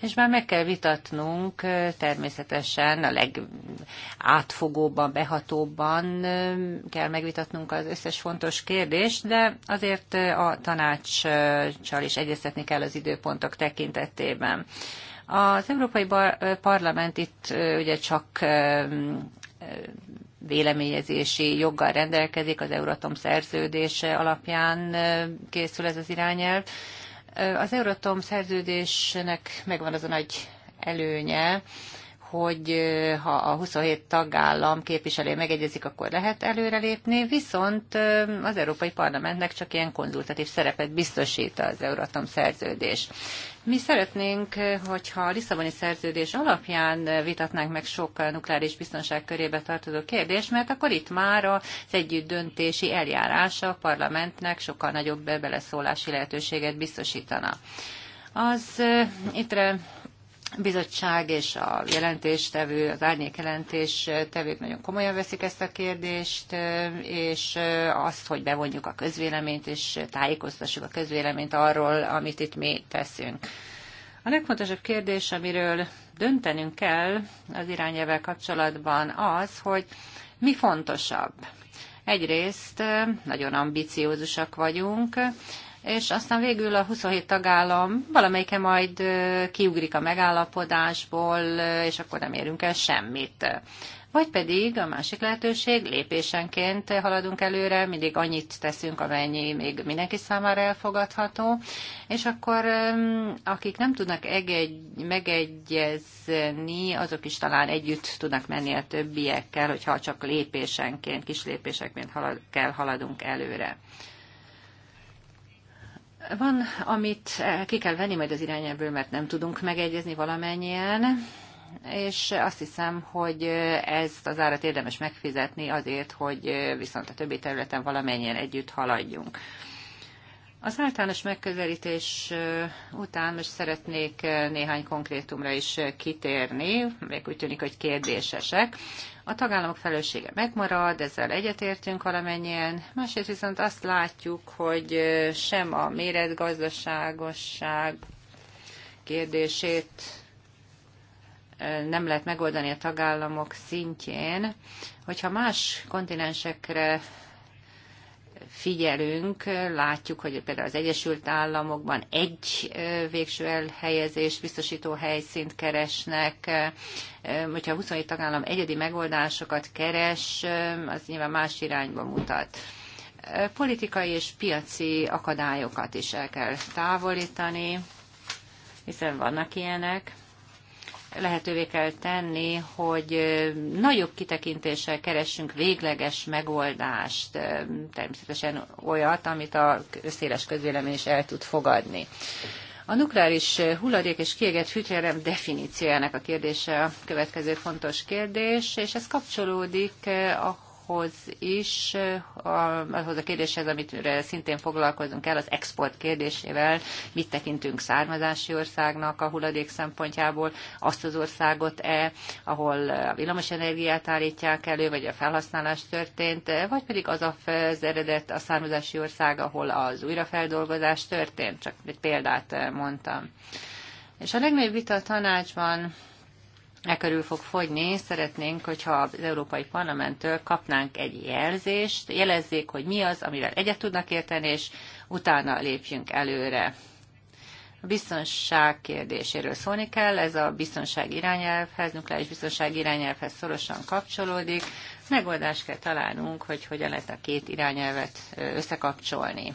És már meg kell vitatnunk eh, természetesen a legátfogóbban, behatóbban kell megvitatnunk az összes fontos kérdést, de azért a tanácssal is egyeztetni kell az időpontok tekintetében. Az Európai Parlament itt ugye csak véleményezési joggal rendelkezik, az Euratom szerződése alapján készül ez az irányelv. Az Euratom szerződésnek megvan az a nagy előnye, hogy ha a 27 tagállam képviselő megegyezik, akkor lehet előrelépni, viszont az Európai Parlamentnek csak ilyen konzultatív szerepet biztosít az Euratom szerződés. Mi szeretnénk, hogyha a Lisszaboni szerződés alapján vitatnánk meg sok nukleáris biztonság körébe tartozó kérdést, mert akkor itt már az együtt döntési eljárása a parlamentnek sokkal nagyobb beleszólási lehetőséget biztosítana. Az itt bizottság és a jelentéstevő, az árnyék jelentéstevők nagyon komolyan veszik ezt a kérdést, és azt, hogy bevonjuk a közvéleményt, és tájékoztassuk a közvéleményt arról, amit itt mi teszünk. A legfontosabb kérdés, amiről döntenünk kell az irányelvel kapcsolatban az, hogy mi fontosabb. Egyrészt nagyon ambiciózusak vagyunk, és aztán végül a 27 tagállam valamelyike majd kiugrik a megállapodásból, és akkor nem érünk el semmit. Vagy pedig a másik lehetőség, lépésenként haladunk előre, mindig annyit teszünk, amennyi még mindenki számára elfogadható, és akkor akik nem tudnak egy, megegyezni, azok is talán együtt tudnak menni a többiekkel, hogyha csak lépésenként, kis lépésekként halad, kell haladunk előre. Van, amit eh, ki kell venni majd az irányelvből, mert nem tudunk megegyezni valamennyien, és azt hiszem, hogy eh, ezt az árat érdemes megfizetni azért, hogy eh, viszont a többi területen valamennyien együtt haladjunk. Az általános megközelítés után most szeretnék néhány konkrétumra is kitérni, még úgy tűnik, hogy kérdésesek. A tagállamok felelőssége megmarad, ezzel egyetértünk valamennyien, másrészt viszont azt látjuk, hogy sem a méretgazdaságosság kérdését nem lehet megoldani a tagállamok szintjén, hogyha más kontinensekre figyelünk, látjuk, hogy például az Egyesült Államokban egy végső elhelyezés biztosító helyszínt keresnek. Hogyha a 27 tagállam egyedi megoldásokat keres, az nyilván más irányba mutat politikai és piaci akadályokat is el kell távolítani, hiszen vannak ilyenek lehetővé kell tenni, hogy nagyobb kitekintéssel keressünk végleges megoldást, természetesen olyat, amit a széles közvélemény is el tud fogadni. A nukleáris hulladék és kiégett fűtőelem definíciójának a kérdése a következő fontos kérdés, és ez kapcsolódik a hoz is, ahhoz a kérdéshez, amit szintén foglalkozunk kell, az export kérdésével, mit tekintünk származási országnak a hulladék szempontjából, azt az országot-e, ahol a villamosenergiát állítják elő, vagy a felhasználás történt, vagy pedig az az eredet a származási ország, ahol az újrafeldolgozás történt, csak egy példát e, mondtam. És a legnagyobb vita a tanácsban e körül fog fogyni. Szeretnénk, hogyha az Európai Parlamenttől kapnánk egy jelzést, jelezzék, hogy mi az, amivel egyet tudnak érteni, és utána lépjünk előre. A biztonság kérdéséről szólni kell, ez a biztonság irányelvhez, nukleáris biztonság irányelvhez szorosan kapcsolódik. Megoldást kell találnunk, hogy hogyan lehet a két irányelvet összekapcsolni.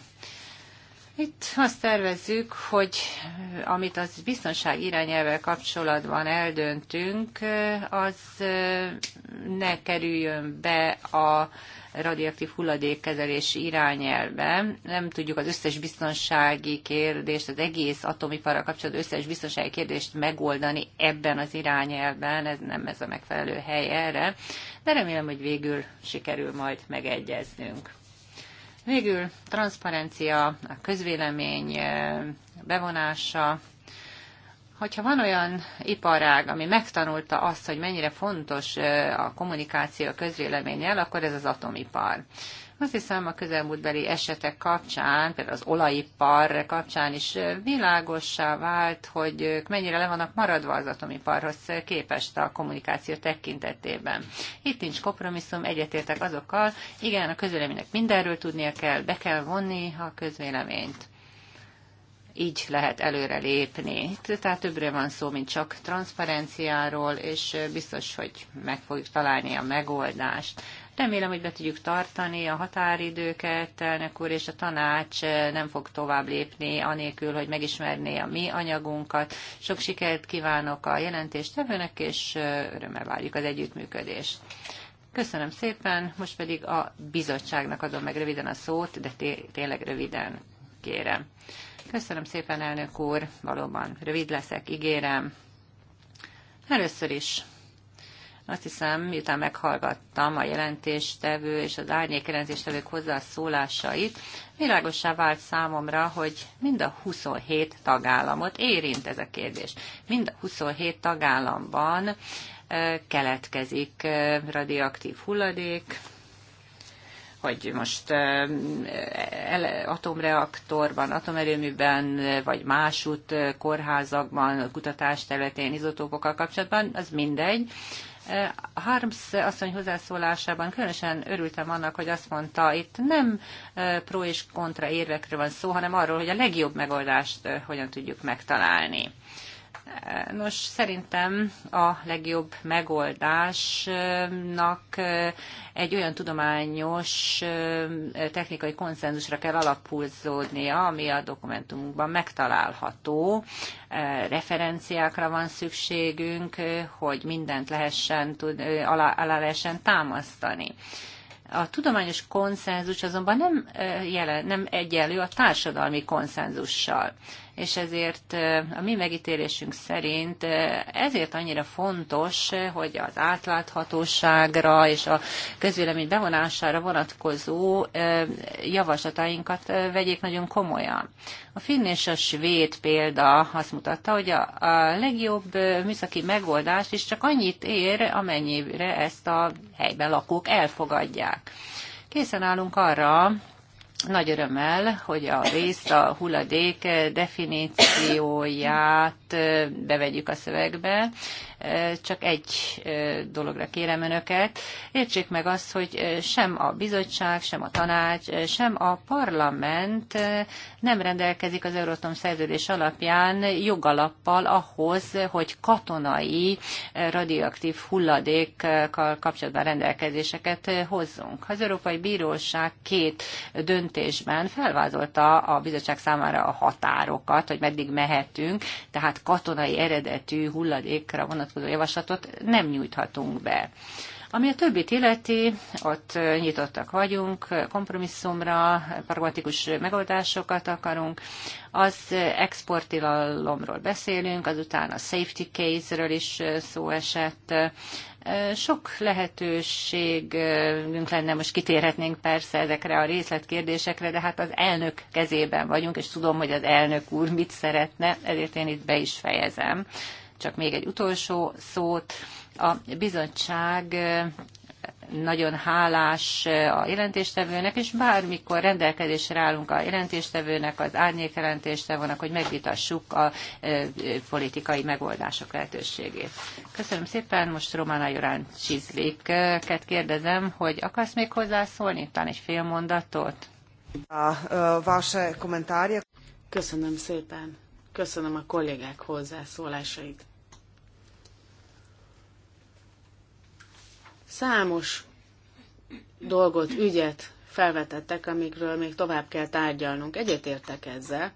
Itt azt tervezzük, hogy amit az biztonság irányelvel kapcsolatban eldöntünk, az ne kerüljön be a radioaktív hulladékkezelési irányelve. Nem tudjuk az összes biztonsági kérdést, az egész atomipara kapcsolatban összes biztonsági kérdést megoldani ebben az irányelben, ez nem ez a megfelelő hely erre, de remélem, hogy végül sikerül majd megegyeznünk. Végül transzparencia, a közvélemény bevonása, hogyha van olyan iparág, ami megtanulta azt, hogy mennyire fontos a kommunikáció a közvéleménnyel, akkor ez az atomipar. Azt hiszem a közelmúltbeli esetek kapcsán, például az olajipar kapcsán is világossá vált, hogy ők mennyire le vannak maradva az atomiparhoz képest a kommunikáció tekintetében. Itt nincs kompromisszum, egyetértek azokkal, igen, a közvéleménynek mindenről tudnia kell, be kell vonni a közvéleményt így lehet előre lépni. Tehát többre van szó, mint csak transzparenciáról, és biztos, hogy meg fogjuk találni a megoldást. Remélem, hogy be tudjuk tartani a határidőket, elnök úr, és a tanács eh, nem fog tovább lépni, anélkül, hogy megismerné a mi anyagunkat. Sok sikert kívánok a jelentéstevőnek, és eh, örömmel várjuk az együttműködést. Köszönöm szépen, most pedig a bizottságnak adom meg röviden a szót, de tényleg röviden kérem. Köszönöm szépen, elnök úr, valóban rövid leszek, ígérem. Először is azt hiszem, miután meghallgattam a jelentéstevő és az árnyék jelentéstevők hozzászólásait, világosá vált számomra, hogy mind a 27 tagállamot érint ez a kérdés. Mind a 27 tagállamban keletkezik radioaktív hulladék, hogy most atomreaktorban, atomerőműben, vagy másút kórházakban, területén, izotópokkal kapcsolatban, az mindegy. Eh, Harms asszony hozzászólásában különösen örültem annak, hogy azt mondta, itt nem eh, pro és kontra érvekről van szó, hanem arról, hogy a legjobb megoldást eh, hogyan tudjuk megtalálni. Nos, szerintem a legjobb megoldásnak egy olyan tudományos technikai konszenzusra kell alapulzódnia, ami a dokumentumunkban megtalálható. Referenciákra van szükségünk, hogy mindent lehessen, alá, alá lehessen támasztani. A tudományos konszenzus azonban nem, jelen, nem egyenlő a társadalmi konszenzussal és ezért a mi megítélésünk szerint ezért annyira fontos, hogy az átláthatóságra és a közvélemény bevonására vonatkozó javaslatainkat vegyék nagyon komolyan. A finn és a svéd példa azt mutatta, hogy a, legjobb műszaki megoldás is csak annyit ér, amennyire ezt a helyben lakók elfogadják. Készen állunk arra, nagy örömmel, hogy a részt a hulladék definícióját bevegyük a szövegbe. Csak egy dologra kérem önöket. Értsék meg azt, hogy sem a bizottság, sem a tanács, sem a parlament nem rendelkezik az Euróton szerződés alapján jogalappal ahhoz, hogy katonai radioaktív hulladékkal kapcsolatban rendelkezéseket hozzunk. Az Európai Bíróság két döntésben felvázolta a bizottság számára a határokat, hogy meddig mehetünk, tehát katonai eredetű hulladékra vonatkozó vonatkozó javaslatot nem nyújthatunk be. Ami a többit illeti, ott nyitottak vagyunk, kompromisszumra, pragmatikus megoldásokat akarunk. Az exportilalomról beszélünk, azután a safety case-ről is szó esett. Sok lehetőségünk lenne, most kitérhetnénk persze ezekre a részletkérdésekre, de hát az elnök kezében vagyunk, és tudom, hogy az elnök úr mit szeretne, ezért én itt be is fejezem csak még egy utolsó szót. A bizottság nagyon hálás a jelentéstevőnek, és bármikor rendelkezésre állunk a jelentéstevőnek, az árnyék jelentéstevőnek, hogy megvitassuk a politikai megoldások lehetőségét. Köszönöm szépen, most Romana Jorán Csizliket kérdezem, hogy akarsz még hozzászólni, talán egy fél mondatot? A vaše Köszönöm szépen. Köszönöm a kollégák hozzászólásait. Számos dolgot, ügyet felvetettek, amikről még tovább kell tárgyalnunk. Egyetértek ezzel.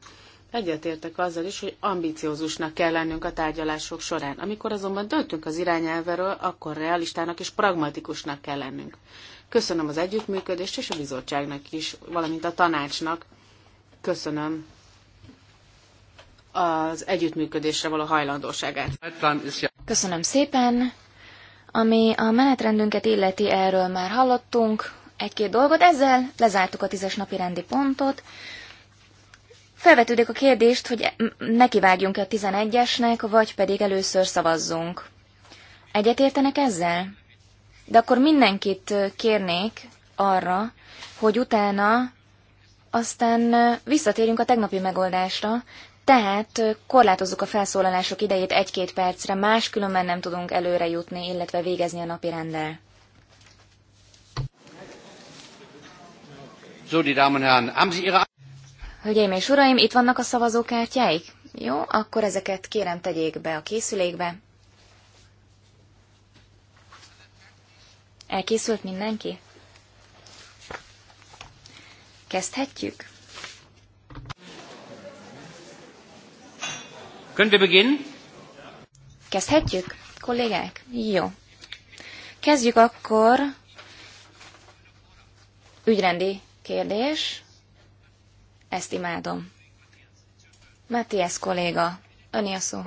Egyetértek azzal is, hogy ambiciózusnak kell lennünk a tárgyalások során. Amikor azonban döntünk az irányelveről, akkor realistának és pragmatikusnak kell lennünk. Köszönöm az együttműködést és a bizottságnak is, valamint a tanácsnak. Köszönöm az együttműködésre való hajlandóságát. Köszönöm szépen! Ami a menetrendünket illeti, erről már hallottunk egy-két dolgot. Ezzel lezártuk a tízes napi rendi pontot. Felvetődik a kérdést, hogy nekivágjunk-e a 11-esnek, vagy pedig először szavazzunk. Egyetértenek ezzel? De akkor mindenkit kérnék arra, hogy utána aztán visszatérjünk a tegnapi megoldásra, tehát korlátozzuk a felszólalások idejét egy-két percre, máskülönben nem tudunk előre jutni, illetve végezni a napi rendel. So, die Damen und Herren, haben Sie Ihre... Hölgyeim és uraim, itt vannak a szavazókártyáik? Jó, akkor ezeket kérem tegyék be a készülékbe. Elkészült mindenki? Kezdhetjük? Können wir beginnen? Kezdhetjük, kollégák? Jó. Kezdjük akkor ügyrendi kérdés. Ezt imádom. Matthias kolléga, öni a szó.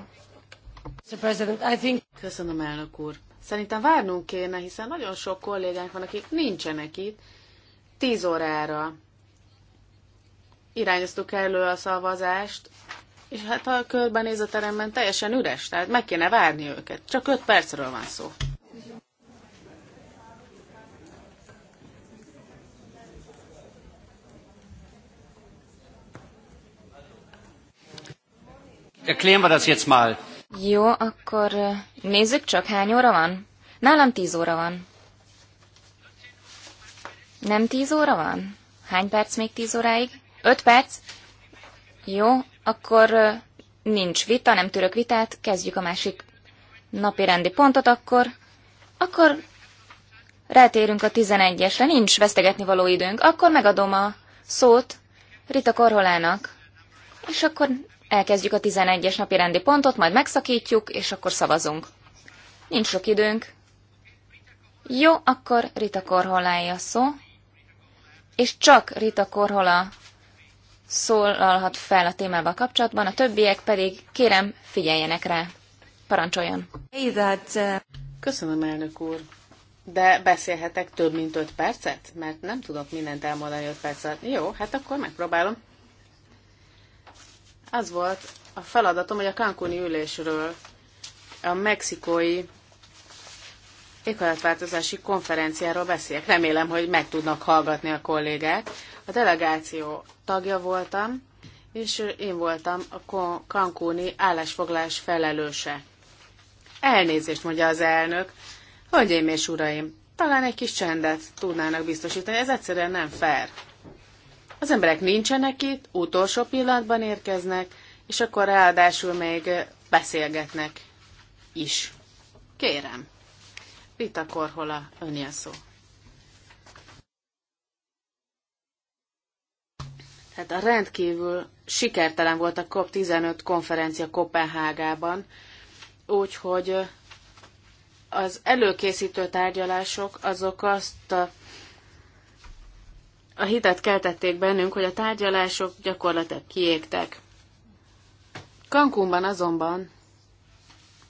Köszönöm, elnök úr. Szerintem várnunk kéne, hiszen nagyon sok kollégánk van, akik nincsenek itt. Tíz órára irányoztuk elő a szavazást, és hát ha körbenéz a teremben, teljesen üres, tehát meg kéne várni őket. Csak 5 percről van szó. Erklären wir das jetzt mal. Jó, akkor nézzük csak, hány óra van? Nálam tíz óra van. Nem tíz óra van? Hány perc még tíz óráig? Öt perc? Jó, akkor nincs vita, nem török vitát, kezdjük a másik napi rendi pontot akkor. Akkor rátérünk a 11-esre, nincs vesztegetni való időnk, akkor megadom a szót Rita Korholának, és akkor elkezdjük a 11-es napi rendi pontot, majd megszakítjuk, és akkor szavazunk. Nincs sok időnk. Jó, akkor Rita Korholája szó, és csak Rita Korhola szólalhat fel a témával kapcsolatban, a többiek pedig kérem figyeljenek rá. Parancsoljon! Uh, Köszönöm, elnök úr! De beszélhetek több mint 5 percet? Mert nem tudok mindent elmondani 5 percet. Jó, hát akkor megpróbálom. Az volt a feladatom, hogy a Cancuni ülésről a mexikói éghajlatváltozási konferenciáról beszélek. Remélem, hogy meg tudnak hallgatni a kollégák. A delegáció tagja voltam, és én voltam a Cancúni állásfoglalás felelőse. Elnézést mondja az elnök. Hölgyeim és uraim, talán egy kis csendet tudnának biztosítani, ez egyszerűen nem fair. Az emberek nincsenek itt, utolsó pillanatban érkeznek, és akkor ráadásul még beszélgetnek is. Kérem. Rita Korhola, önél szó. Tehát a rendkívül sikertelen volt a COP15 konferencia Kopenhágában, úgyhogy az előkészítő tárgyalások azok azt a, a hitet keltették bennünk, hogy a tárgyalások gyakorlatilag kiégtek. Cancúnban azonban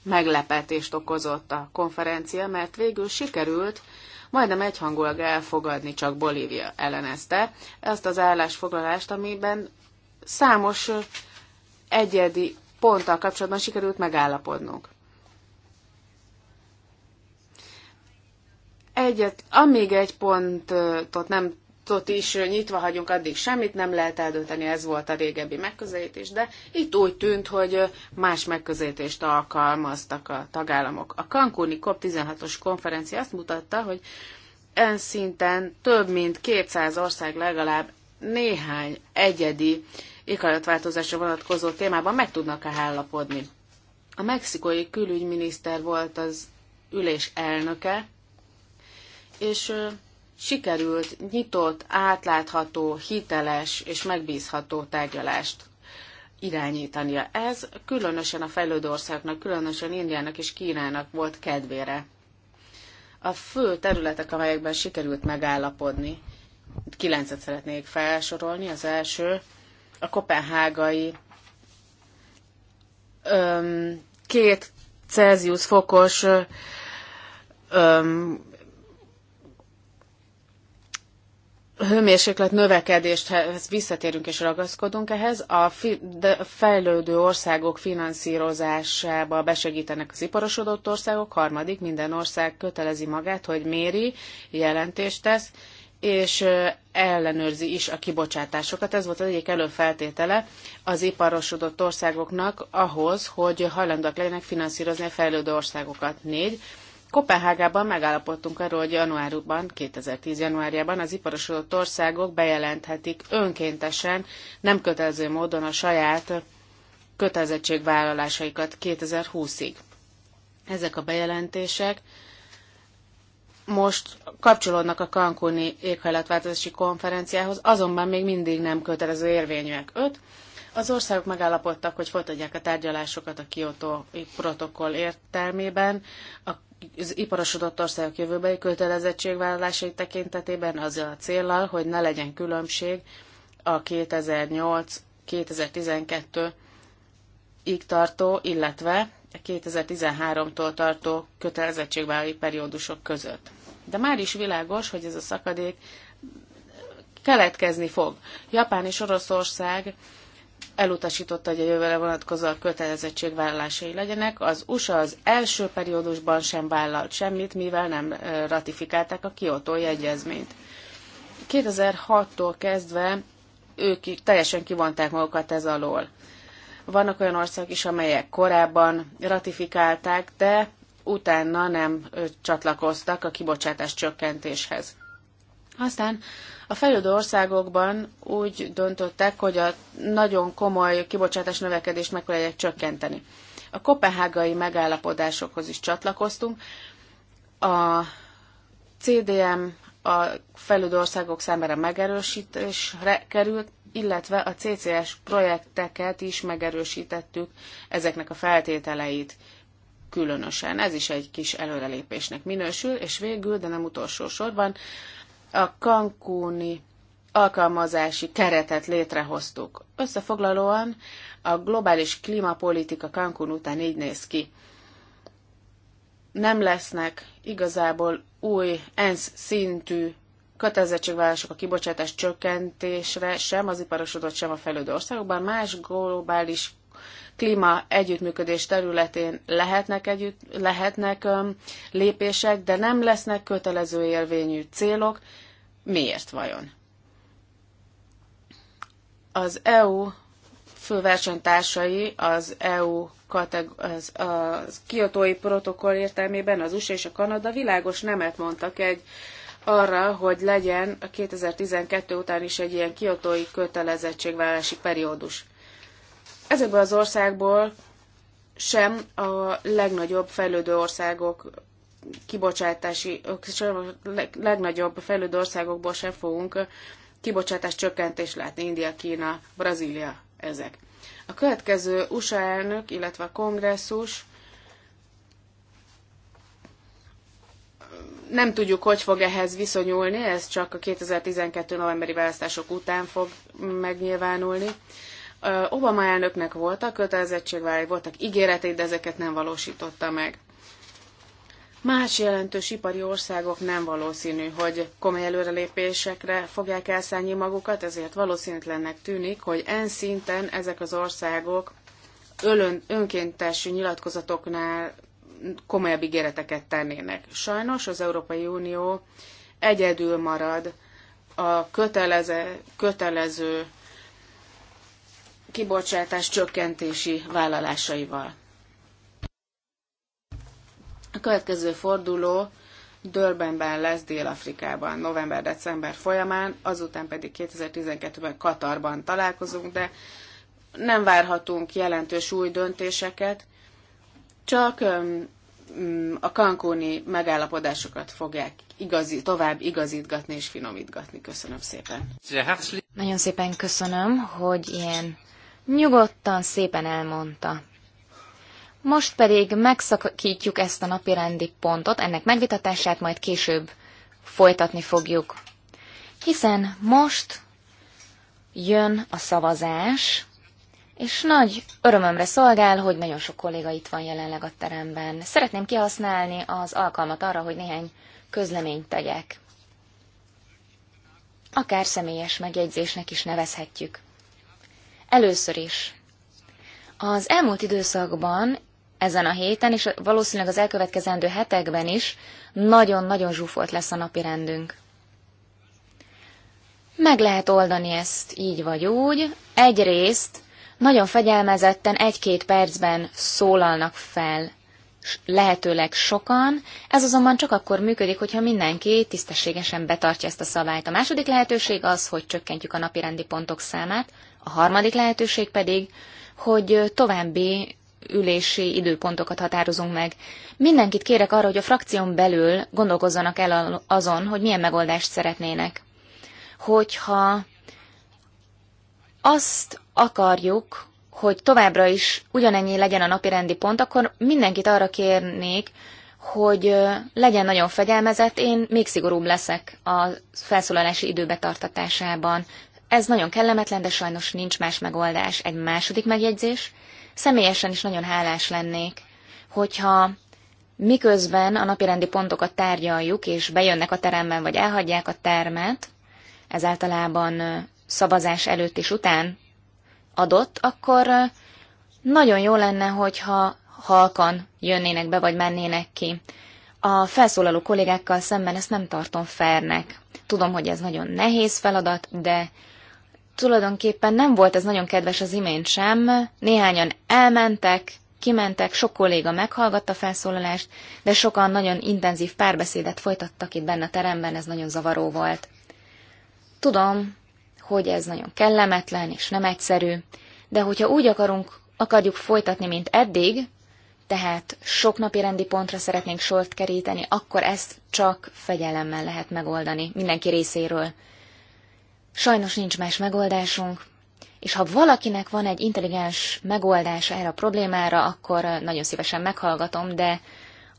meglepetést okozott a konferencia, mert végül sikerült majdnem egyhangulag elfogadni, csak Bolívia ellenezte ezt az állásfoglalást, amiben számos egyedi ponttal kapcsolatban sikerült megállapodnunk. Egyet, amíg egy pontot nem pontot is nyitva hagyunk, addig semmit nem lehet eldönteni, ez volt a régebbi megközelítés, de itt úgy tűnt, hogy más megközelítést alkalmaztak a tagállamok. A Cancúni COP16-os konferencia azt mutatta, hogy en szinten több mint 200 ország legalább néhány egyedi éghajlatváltozásra vonatkozó témában meg tudnak -e állapodni. A mexikói külügyminiszter volt az ülés elnöke, és sikerült nyitott, átlátható, hiteles és megbízható tárgyalást irányítania. Ez különösen a fejlődő országnak, különösen Indiának és Kínának volt kedvére. A fő területek, amelyekben sikerült megállapodni, kilencet szeretnék felsorolni. Az első a kopenhágai öm, két Celsius fokos öm, hőmérséklet növekedéshez visszatérünk és ragaszkodunk ehhez, a fejlődő országok finanszírozásába besegítenek az iparosodott országok, harmadik, minden ország kötelezi magát, hogy méri, jelentést tesz, és ellenőrzi is a kibocsátásokat. Ez volt az egyik előfeltétele az iparosodott országoknak ahhoz, hogy hajlandóak legyenek finanszírozni a fejlődő országokat. Négy, Kopenhágában megállapodtunk arról, hogy januárban, 2010 januárjában az iparosodott országok bejelenthetik önkéntesen, nem kötelező módon a saját kötelezettségvállalásaikat 2020-ig. Ezek a bejelentések most kapcsolódnak a Cancuni éghajlatváltozási konferenciához, azonban még mindig nem kötelező érvényűek. 5. Az országok megállapodtak, hogy folytatják a tárgyalásokat a Kyoto protokoll értelmében, az iparosodott országok jövőbeli kötelezettségvállalásai tekintetében azzal a célral, hogy ne legyen különbség a 2008-2012-ig tartó, illetve 2013-tól tartó kötelezettségvállalói periódusok között. De már is világos, hogy ez a szakadék keletkezni fog. Japán és Oroszország elutasította, hogy a jövőre vonatkozó a kötelezettségvállalásai legyenek. Az USA az első periódusban sem vállalt semmit, mivel nem ratifikálták a kiotói egyezményt. 2006-tól kezdve ők teljesen kivonták magukat ez alól. Vannak olyan országok is, amelyek korábban ratifikálták, de utána nem csatlakoztak a kibocsátás csökkentéshez. Aztán a fejlődő országokban úgy döntöttek, hogy a nagyon komoly kibocsátás növekedést kell csökkenteni. A kopenhágai megállapodásokhoz is csatlakoztunk. A CDM a fejlődő országok számára megerősítésre került, illetve a CCS projekteket is megerősítettük ezeknek a feltételeit különösen. Ez is egy kis előrelépésnek minősül, és végül, de nem utolsó sorban, a kankúni alkalmazási keretet létrehoztuk. Összefoglalóan a globális klímapolitika Cancún után így néz ki. Nem lesznek igazából új ENSZ szintű kötelezettségvállások a kibocsátás csökkentésre sem az iparosodott, sem a fejlődő országokban. Más globális klíma együttműködés területén lehetnek, együtt, lehetnek öm, lépések, de nem lesznek kötelező érvényű célok. Miért vajon? Az EU fő versenytársai az EU kateg- az, az kiotói protokoll értelmében az USA és a Kanada világos nemet mondtak egy arra, hogy legyen a 2012 után is egy ilyen kiotói kötelezettségvállalási periódus. Ezekből az országból sem a legnagyobb fejlődő országok kibocsátási, sem a legnagyobb fejlődő országokból sem fogunk kibocsátás csökkentést látni, India, Kína, Brazília, ezek. A következő USA elnök, illetve a kongresszus nem tudjuk, hogy fog ehhez viszonyulni, ez csak a 2012. novemberi választások után fog megnyilvánulni. Obama elnöknek voltak kötelezettségvállalói, voltak ígéretei, de ezeket nem valósította meg. Más jelentős ipari országok nem valószínű, hogy komoly előrelépésekre fogják elszállni magukat, ezért valószínűtlennek tűnik, hogy en szinten ezek az országok ölön, önkéntes nyilatkozatoknál komolyabb ígéreteket tennének. Sajnos az Európai Unió egyedül marad a köteleze, kötelező kibocsátás csökkentési vállalásaival. A következő forduló Dörbenben lesz Dél-Afrikában november-december folyamán, azután pedig 2012-ben Katarban találkozunk, de nem várhatunk jelentős új döntéseket, csak mm, a kankóni megállapodásokat fogják igazi, tovább igazítgatni és finomítgatni. Köszönöm szépen. Nagyon szépen köszönöm, hogy ilyen Nyugodtan, szépen elmondta. Most pedig megszakítjuk ezt a napirendi pontot, ennek megvitatását majd később folytatni fogjuk. Hiszen most jön a szavazás, és nagy örömömre szolgál, hogy nagyon sok kolléga itt van jelenleg a teremben. Szeretném kihasználni az alkalmat arra, hogy néhány közleményt tegyek. Akár személyes megjegyzésnek is nevezhetjük. Először is. Az elmúlt időszakban, ezen a héten, és valószínűleg az elkövetkezendő hetekben is nagyon-nagyon zsúfolt lesz a napi rendünk. Meg lehet oldani ezt így vagy úgy. Egyrészt nagyon fegyelmezetten egy-két percben szólalnak fel lehetőleg sokan, ez azonban csak akkor működik, hogyha mindenki tisztességesen betartja ezt a szabályt. A második lehetőség az, hogy csökkentjük a napirendi pontok számát, a harmadik lehetőség pedig, hogy további ülési időpontokat határozunk meg. Mindenkit kérek arra, hogy a frakción belül gondolkozzanak el azon, hogy milyen megoldást szeretnének. Hogyha azt akarjuk, hogy továbbra is ugyanennyi legyen a napi rendi pont, akkor mindenkit arra kérnék, hogy legyen nagyon fegyelmezett, én még szigorúbb leszek a felszólalási időbetartatásában. Ez nagyon kellemetlen, de sajnos nincs más megoldás. Egy második megjegyzés. Személyesen is nagyon hálás lennék, hogyha miközben a napirendi pontokat tárgyaljuk, és bejönnek a teremben, vagy elhagyják a termet, ez általában szavazás előtt és után adott, akkor nagyon jó lenne, hogyha halkan jönnének be, vagy mennének ki. A felszólaló kollégákkal szemben ezt nem tartom fernek. Tudom, hogy ez nagyon nehéz feladat, de tulajdonképpen nem volt ez nagyon kedves az imént sem. Néhányan elmentek, kimentek, sok kolléga meghallgatta a felszólalást, de sokan nagyon intenzív párbeszédet folytattak itt benne a teremben, ez nagyon zavaró volt. Tudom, hogy ez nagyon kellemetlen és nem egyszerű, de hogyha úgy akarunk, akarjuk folytatni, mint eddig, tehát sok napi rendi pontra szeretnénk sort keríteni, akkor ezt csak fegyelemmel lehet megoldani mindenki részéről. Sajnos nincs más megoldásunk, és ha valakinek van egy intelligens megoldása erre a problémára, akkor nagyon szívesen meghallgatom, de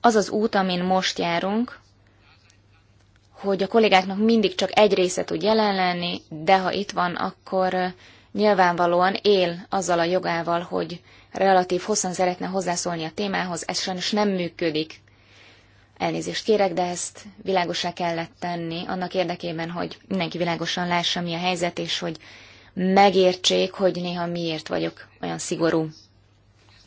az az út, amin most járunk, hogy a kollégáknak mindig csak egy része tud jelen lenni, de ha itt van, akkor nyilvánvalóan él azzal a jogával, hogy relatív hosszan szeretne hozzászólni a témához, ez sajnos nem működik. Elnézést kérek, de ezt világosá kellett tenni, annak érdekében, hogy mindenki világosan lássa, mi a helyzet, és hogy megértsék, hogy néha miért vagyok olyan szigorú.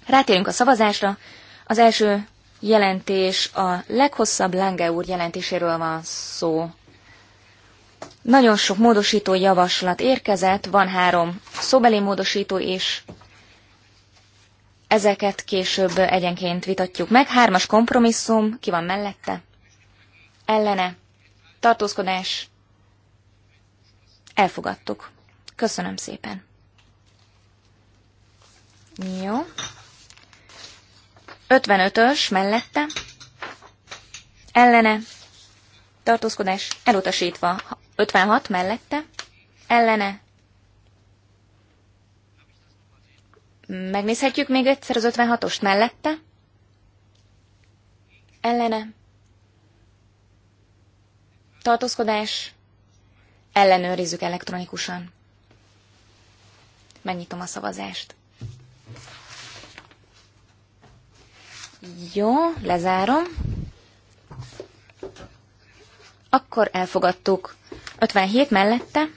Rátérünk a szavazásra. Az első jelentés, a leghosszabb Lange úr jelentéséről van szó. Nagyon sok módosító javaslat érkezett, van három szóbeli módosító is. Ezeket később egyenként vitatjuk meg. Hármas kompromisszum, ki van mellette? Ellene. Tartózkodás. Elfogadtuk. Köszönöm szépen. Jó. 55-ös mellette, ellene, tartózkodás elutasítva, 56 mellette, ellene. Megnézhetjük még egyszer az 56-ost mellette, ellene, tartózkodás, ellenőrizzük elektronikusan. Megnyitom a szavazást. Jó, lezárom. Akkor elfogadtuk. 57 mellette.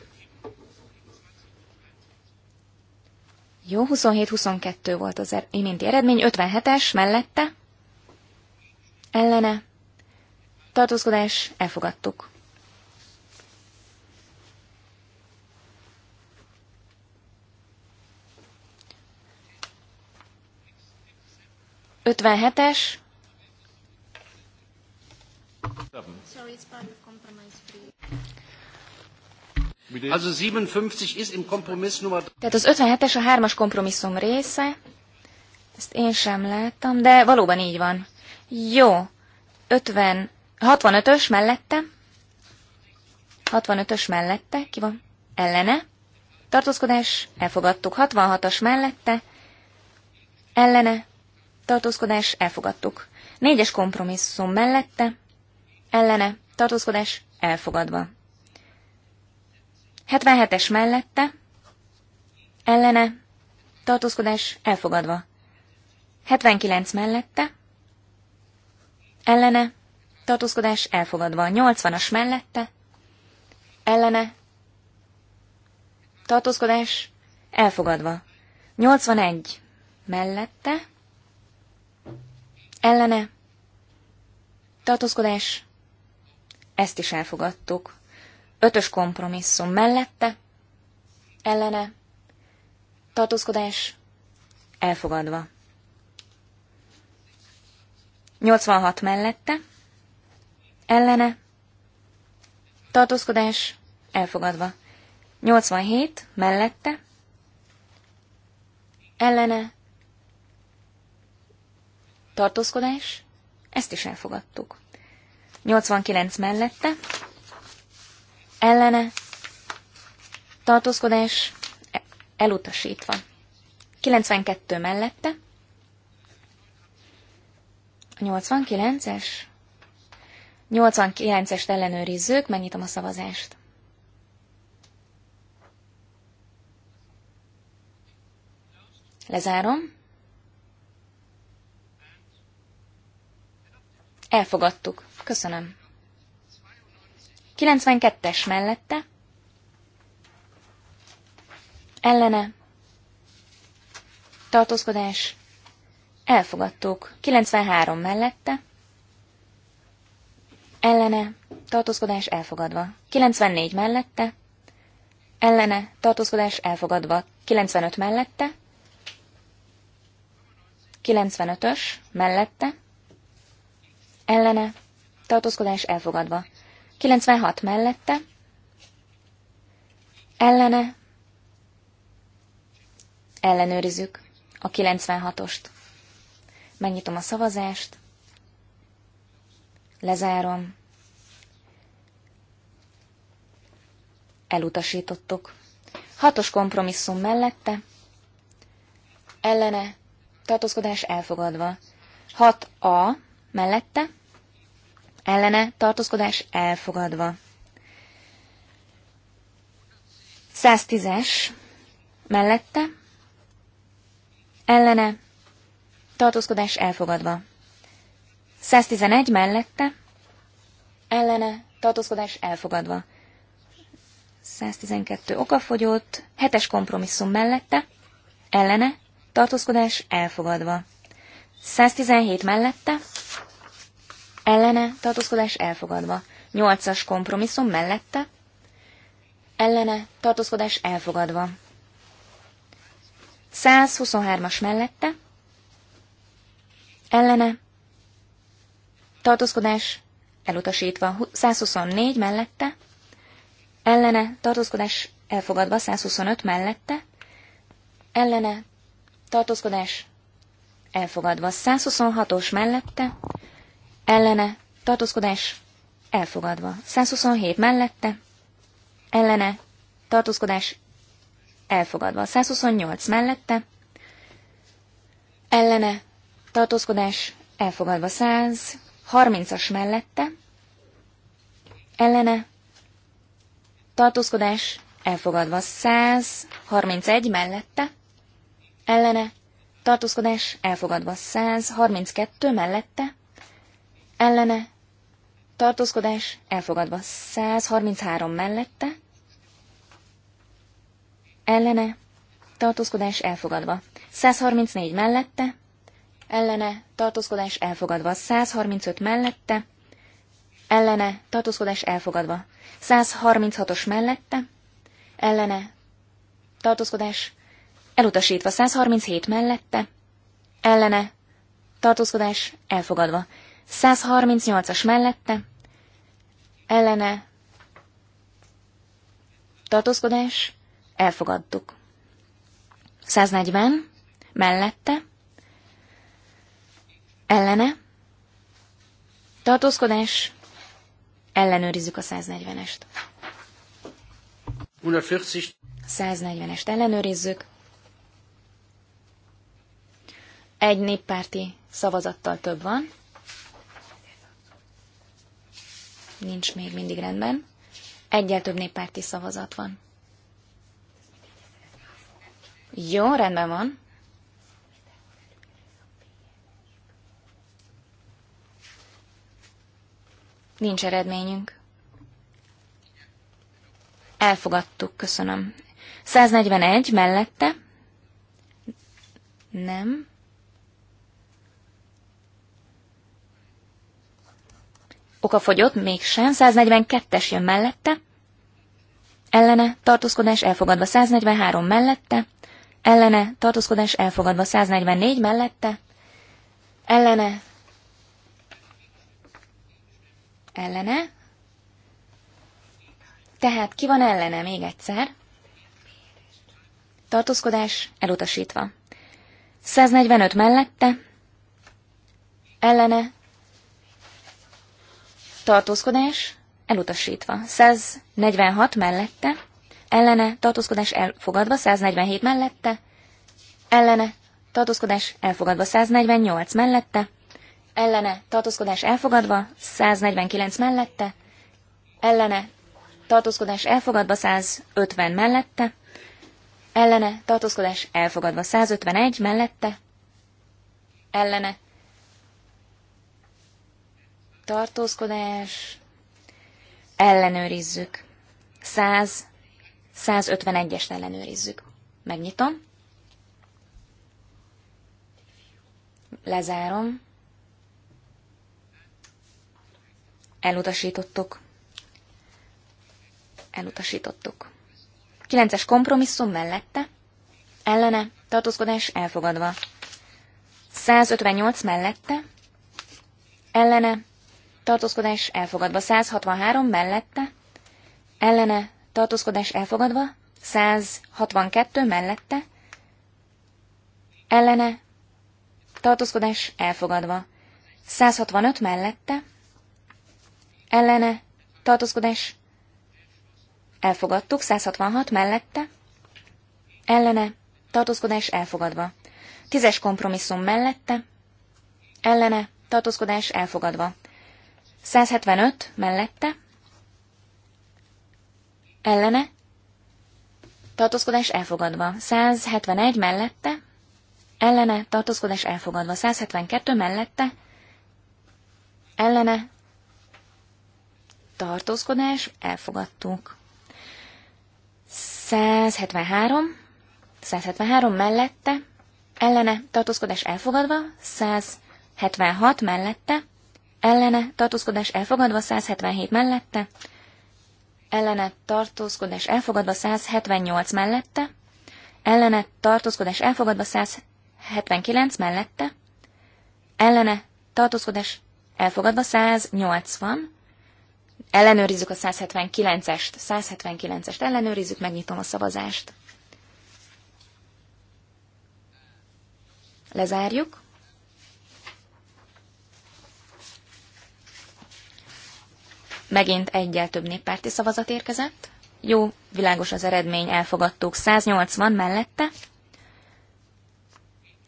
Jó, 27-22 volt az er- iménti eredmény. 57-es mellette. Ellene. Tartózkodás, elfogadtuk. 57-es. Also 57 ist im Kompromiss Nummer... Tehát az 57-es a hármas kompromisszum része. Ezt én sem láttam, de valóban így van. Jó. 50, 65-ös mellette. 65-ös mellette. Ki van? Ellene. Tartózkodás. Elfogadtuk. 66-as mellette. Ellene tartózkodás, elfogadtuk. Négyes kompromisszum mellette, ellene, tartózkodás, elfogadva. 77-es mellette, ellene, tartózkodás, elfogadva. 79 mellette, ellene, tartózkodás, elfogadva. 80-as mellette, ellene, tartózkodás, elfogadva. 81 mellette, ellene, tartózkodás, ezt is elfogadtuk. Ötös kompromisszum mellette, ellene, tartózkodás, elfogadva. 86 mellette, ellene, tartózkodás, elfogadva. 87 mellette, ellene, tartózkodás, ezt is elfogadtuk. 89 mellette, ellene, tartózkodás, e- elutasítva. 92 mellette, a 89-es, 89-est ellenőrizzük, megnyitom a szavazást. Lezárom. Elfogadtuk. Köszönöm. 92-es mellette. Ellene. Tartózkodás. Elfogadtuk. 93 mellette. Ellene. Tartózkodás elfogadva. 94 mellette. Ellene. Tartózkodás elfogadva. 95 mellette. 95-ös mellette ellene, tartózkodás elfogadva. 96 mellette, ellene, ellenőrizzük a 96-ost. Megnyitom a szavazást, lezárom, elutasítottuk. Hatos kompromisszum mellette, ellene, tartózkodás elfogadva. 6A mellette, ellene tartózkodás elfogadva. 110-es mellette, ellene tartózkodás elfogadva. 111 mellette, ellene tartózkodás elfogadva. 112 okafogyott, 7-es kompromisszum mellette, ellene tartózkodás elfogadva. 117 mellette, Ellene tartózkodás elfogadva. Nyolcas kompromisszum mellette. Ellene tartózkodás elfogadva. 123-as mellette. Ellene tartózkodás elutasítva. 124 mellette. Ellene tartózkodás elfogadva. 125 mellette. Ellene tartózkodás elfogadva. 126-os mellette ellene, tartózkodás elfogadva. 127 mellette, ellene, tartózkodás elfogadva. 128 mellette, ellene, tartózkodás elfogadva. 130-as mellette, ellene, tartózkodás elfogadva. 131 mellette, ellene, tartózkodás elfogadva. 132 mellette, ellene, tartózkodás elfogadva. 133 mellette, ellene, tartózkodás elfogadva. 134 mellette, ellene, tartózkodás elfogadva. 135 mellette, ellene, tartózkodás elfogadva. 136-os mellette, ellene, tartózkodás elutasítva. 137 mellette, ellene, tartózkodás elfogadva. 138-as mellette, ellene tartózkodás, elfogadtuk. 140 mellette, ellene tartózkodás, ellenőrizzük a 140-est. 140-est ellenőrizzük. Egy néppárti szavazattal több van. nincs még mindig rendben. Egyel több néppárti szavazat van. Jó, rendben van. Nincs eredményünk. Elfogadtuk, köszönöm. 141 mellette? Nem. okafogyott, mégsem. 142-es jön mellette. Ellene tartózkodás elfogadva 143 mellette. Ellene tartózkodás elfogadva 144 mellette. Ellene. Ellene. Tehát ki van ellene még egyszer? Tartózkodás elutasítva. 145 mellette. Ellene tartózkodás elutasítva. 146 mellette, ellene tartózkodás elfogadva, 147 mellette, ellene tartózkodás elfogadva, 148 mellette, ellene tartózkodás elfogadva, 149 mellette, ellene tartózkodás elfogadva, 150 mellette, ellene tartózkodás elfogadva, 151 mellette, ellene tartózkodás, ellenőrizzük. 100, 151-est ellenőrizzük. Megnyitom. Lezárom. Elutasítottuk. Elutasítottuk. 9-es kompromisszum mellette. Ellene. Tartózkodás elfogadva. 158 mellette. Ellene tartózkodás elfogadva. 163 mellette, ellene, tartózkodás elfogadva. 162 mellette, ellene, tartózkodás elfogadva. 165 mellette, ellene, tartózkodás elfogadtuk. 166 mellette, ellene, tartózkodás elfogadva. Tízes kompromisszum mellette, ellene, tartózkodás elfogadva. 175 mellette, ellene, tartózkodás elfogadva. 171 mellette, ellene, tartózkodás elfogadva. 172 mellette, ellene, tartózkodás elfogadtuk. 173, 173 mellette, ellene, tartózkodás elfogadva, 176 mellette, ellene tartózkodás elfogadva 177 mellette, ellene tartózkodás elfogadva 178 mellette, ellene tartózkodás elfogadva 179 mellette, ellene tartózkodás elfogadva 180, ellenőrizzük a 179-est, 179-est ellenőrizzük, megnyitom a szavazást. Lezárjuk. Megint egyel több néppárti szavazat érkezett. Jó, világos az eredmény, elfogadtuk. 180 mellette.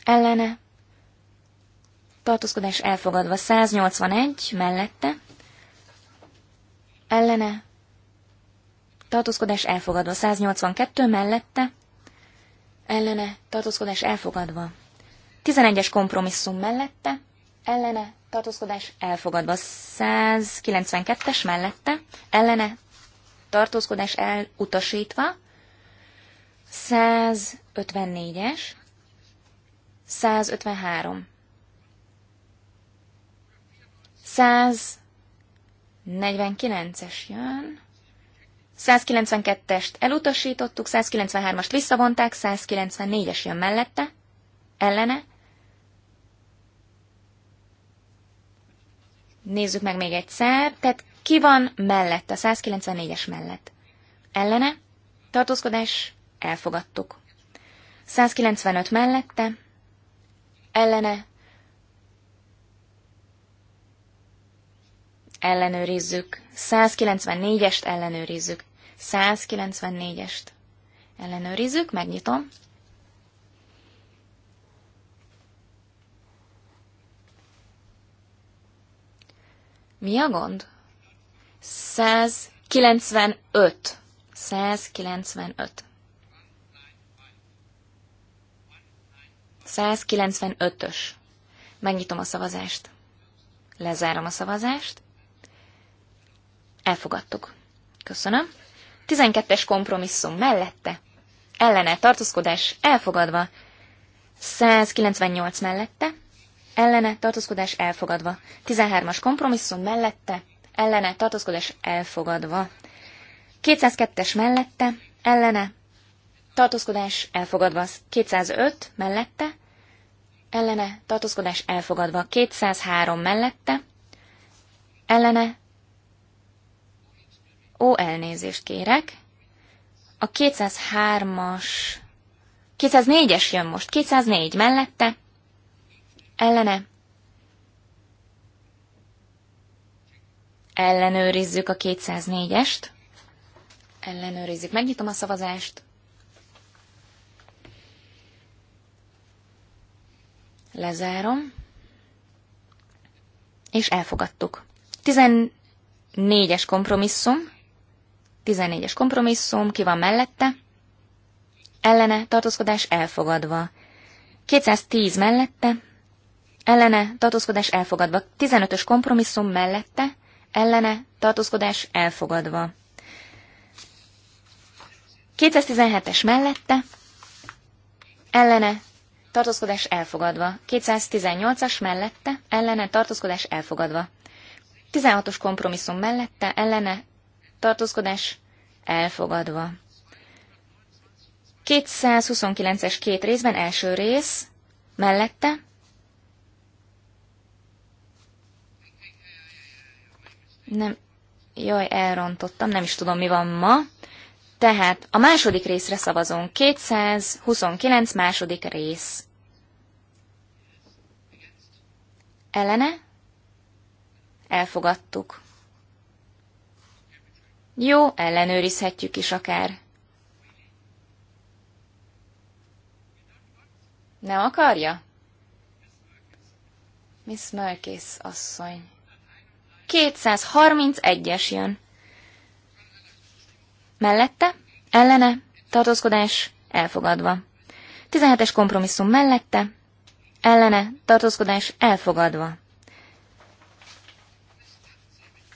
Ellene. Tartózkodás elfogadva. 181 mellette. Ellene. Tartózkodás elfogadva. 182 mellette. Ellene. Tartózkodás elfogadva. 11-es kompromisszum mellette. Ellene tartózkodás elfogadva. 192-es mellette, ellene tartózkodás elutasítva. 154-es, 153. 149-es jön. 192-est elutasítottuk, 193-ast visszavonták, 194-es jön mellette, ellene, Nézzük meg még egyszer. Tehát ki van mellett, a 194-es mellett? Ellene? Tartózkodás? Elfogadtuk. 195 mellette? Ellene? Ellenőrizzük. 194-est ellenőrizzük. 194-est. Ellenőrizzük, megnyitom. Mi a gond? 195. 195. 195-ös. Megnyitom a szavazást. Lezárom a szavazást. Elfogadtuk. Köszönöm. 12-es kompromisszum mellette. Ellene tartózkodás elfogadva. 198 mellette ellene tartózkodás elfogadva. 13-as kompromisszum mellette, ellene tartózkodás elfogadva. 202-es mellette, ellene tartózkodás elfogadva. 205 mellette, ellene tartózkodás elfogadva. 203 mellette, ellene Ó, elnézést kérek. A 203-as... 204-es jön most. 204 mellette, Ellene. Ellenőrizzük a 204-est. Ellenőrizzük. Megnyitom a szavazást. Lezárom. És elfogadtuk. 14-es kompromisszum. 14-es kompromisszum. Ki van mellette? Ellene tartózkodás elfogadva. 210 mellette ellene tartózkodás elfogadva. 15-ös kompromisszum mellette ellene tartózkodás elfogadva. 217-es mellette ellene tartózkodás elfogadva. 218-as mellette ellene tartózkodás elfogadva. 16-os kompromisszum mellette ellene tartózkodás elfogadva. 229-es két részben első rész mellette Nem, jaj, elrontottam, nem is tudom, mi van ma. Tehát a második részre szavazunk. 229 második rész. Ellene? Elfogadtuk. Jó, ellenőrizhetjük is akár. Nem akarja? Miss Merkis asszony. 231-es jön. Mellette, ellene, tartózkodás elfogadva. 17-es kompromisszum mellette, ellene, tartózkodás elfogadva.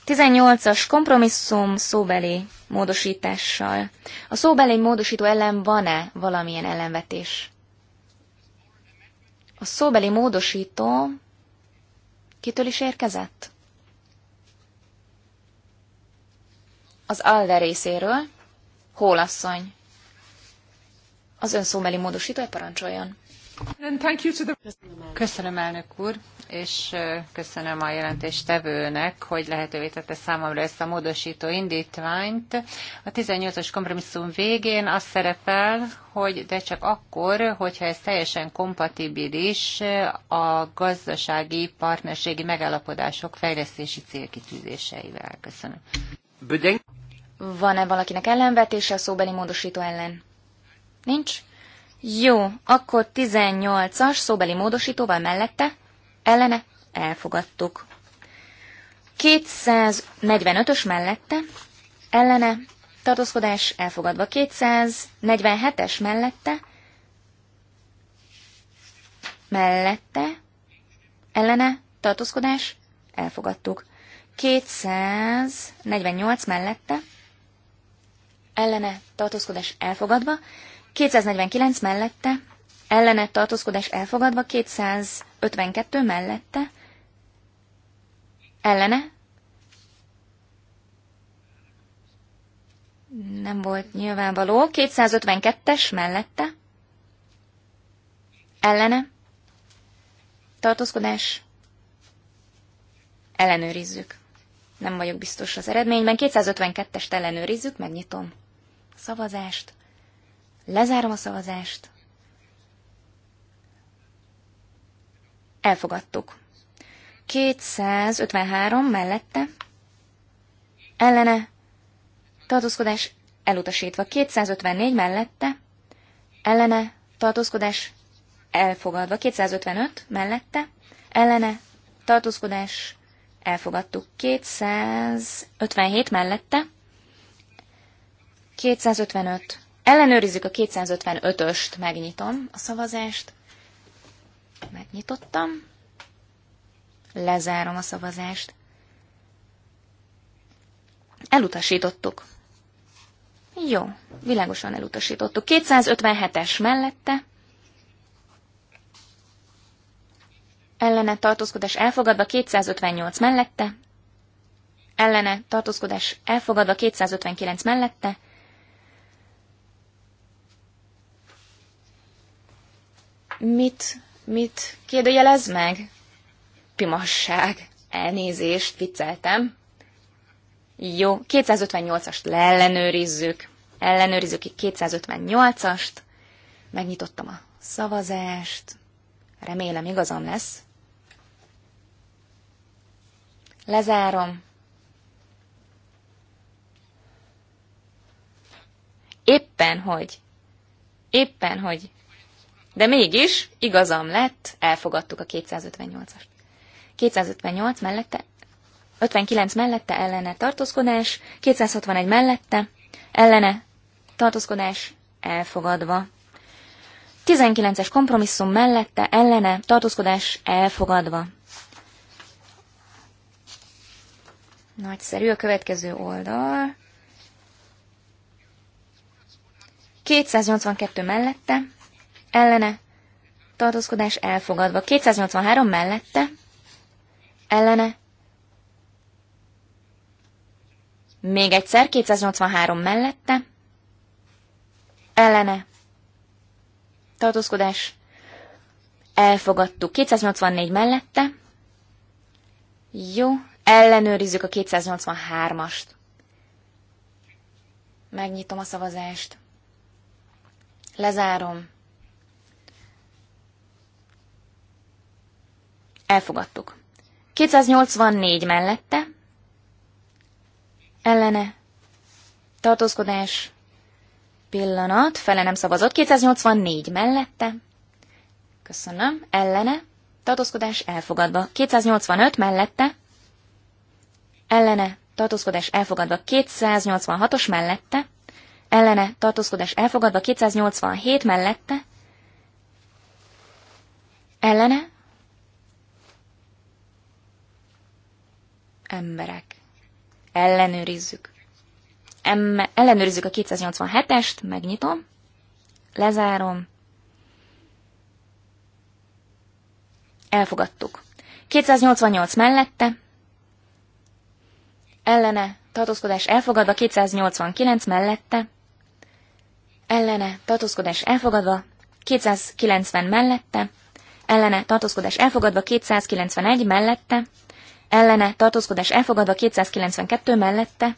18-as kompromisszum szóbeli módosítással. A szóbeli módosító ellen van-e valamilyen ellenvetés? A szóbeli módosító kitől is érkezett? Az ALDE részéről Hólasszony. Az ön szómeli módosítója parancsoljon. Köszönöm, elnök úr, és köszönöm a jelentéstevőnek, hogy lehetővé tette számomra ezt a módosító indítványt. A 18-as kompromisszum végén az szerepel, hogy de csak akkor, hogyha ez teljesen kompatibilis a gazdasági partnerségi megállapodások fejlesztési célkitűzéseivel. Köszönöm. Van-e valakinek ellenvetése a szóbeli módosító ellen? Nincs? Jó, akkor 18-as szóbeli módosítóval mellette, ellene elfogadtuk. 245-ös mellette, ellene tartózkodás elfogadva. 247-es mellette, mellette, ellene tartózkodás elfogadtuk. 248 mellette, ellene tartózkodás elfogadva, 249 mellette, ellene tartózkodás elfogadva, 252 mellette, ellene, nem volt nyilvánvaló, 252-es mellette, ellene, tartózkodás, ellenőrizzük. Nem vagyok biztos az eredményben. 252-est ellenőrizzük, megnyitom szavazást, lezárom a szavazást, elfogadtuk. 253 mellette, ellene, tartózkodás elutasítva. 254 mellette, ellene, tartózkodás elfogadva. 255 mellette, ellene, tartózkodás elfogadtuk. 257 mellette, 255. Ellenőrizzük a 255-öst, megnyitom a szavazást. Megnyitottam. Lezárom a szavazást. Elutasítottuk. Jó, világosan elutasítottuk. 257-es mellette. Ellene tartózkodás elfogadva 258 mellette. Ellene tartózkodás elfogadva 259 mellette Mit, mit kérdőjelez meg? Pimasság. Elnézést, vicceltem. Jó, 258-ast leellenőrizzük. Ellenőrizzük 258-ast. Megnyitottam a szavazást. Remélem igazam lesz. Lezárom. Éppen hogy. Éppen hogy de mégis igazam lett, elfogadtuk a 258-ast. 258 mellette, 59 mellette ellene tartózkodás, 261 mellette ellene tartózkodás elfogadva. 19-es kompromisszum mellette ellene tartózkodás elfogadva. Nagyszerű a következő oldal. 282 mellette ellene, tartózkodás elfogadva. 283 mellette, ellene, még egyszer 283 mellette, ellene, tartózkodás elfogadtuk. 284 mellette, jó, ellenőrizzük a 283-ast. Megnyitom a szavazást. Lezárom. Elfogadtuk. 284 mellette. Ellene. Tartózkodás. Pillanat. Fele nem szavazott. 284 mellette. Köszönöm. Ellene. Tartózkodás elfogadva. 285 mellette. Ellene. Tartózkodás elfogadva. 286-os mellette. Ellene. Tartózkodás elfogadva. 287 mellette. Ellene. emberek. Ellenőrizzük. Emme, ellenőrizzük a 287-est, megnyitom, lezárom. Elfogadtuk. 288 mellette, ellene, tartózkodás elfogadva, 289 mellette, ellene, tartózkodás elfogadva, 290 mellette, ellene, tartózkodás elfogadva, 291 mellette, ellene tartózkodás elfogadva 292 mellette,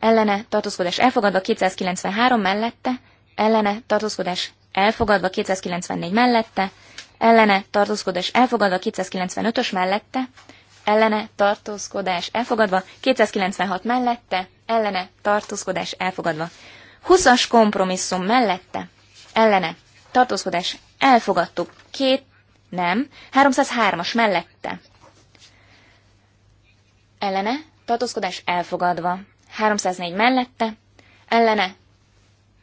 ellene tartózkodás elfogadva 293 mellette, ellene tartózkodás elfogadva 294 mellette, ellene tartózkodás elfogadva 295-ös mellette, ellene tartózkodás elfogadva 296 mellette, ellene tartózkodás elfogadva. 20-as kompromisszum mellette, ellene tartózkodás elfogadtuk két, nem, 303-as mellette, ellene, tartózkodás elfogadva. 304 mellette, ellene,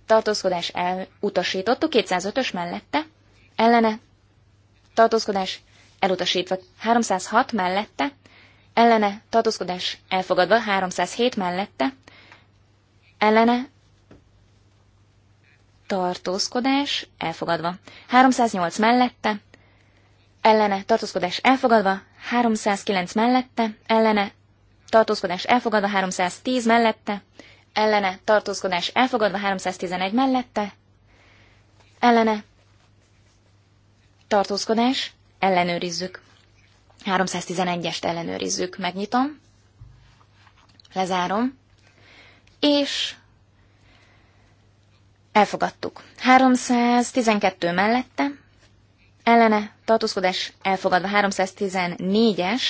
tartózkodás elutasítottuk, 205-ös mellette, ellene, tartózkodás elutasítva, 306 mellette, ellene, tartózkodás elfogadva, 307 mellette, ellene, tartózkodás elfogadva, 308 mellette, ellene, tartózkodás elfogadva, 309 mellette, ellene, tartózkodás elfogadva 310 mellette, ellene tartózkodás elfogadva 311 mellette, ellene tartózkodás ellenőrizzük. 311-est ellenőrizzük, megnyitom, lezárom, és elfogadtuk. 312 mellette, ellene tartózkodás elfogadva 314-es,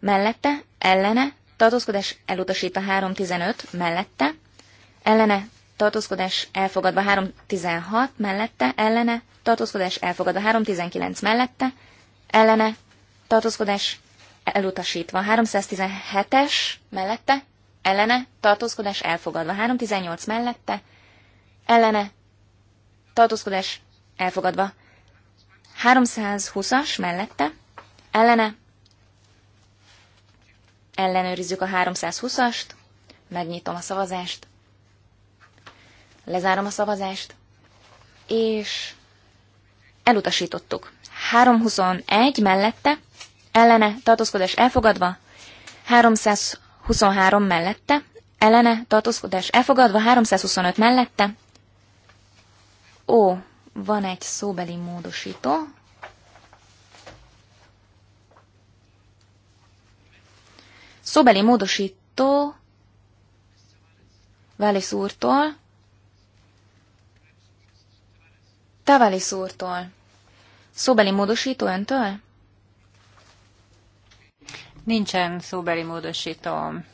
mellette, ellene tartózkodás elutasítva 315 mellette, ellene tartózkodás elfogadva 316 mellette, ellene tartózkodás elfogadva 319 mellette, ellene tartózkodás elutasítva 317-es mellette, ellene tartózkodás elfogadva 318 mellette, ellene tartózkodás elfogadva 320-as mellette, ellene Ellenőrizzük a 320-ast, megnyitom a szavazást, lezárom a szavazást, és elutasítottuk. 321 mellette, ellene tartózkodás elfogadva, 323 mellette, ellene tartózkodás elfogadva, 325 mellette. Ó, van egy szóbeli módosító, Szóbeli módosító Válisz úrtól, Tavalis úrtól. Szóbeli módosító öntől? Nincsen szóbeli módosítóm.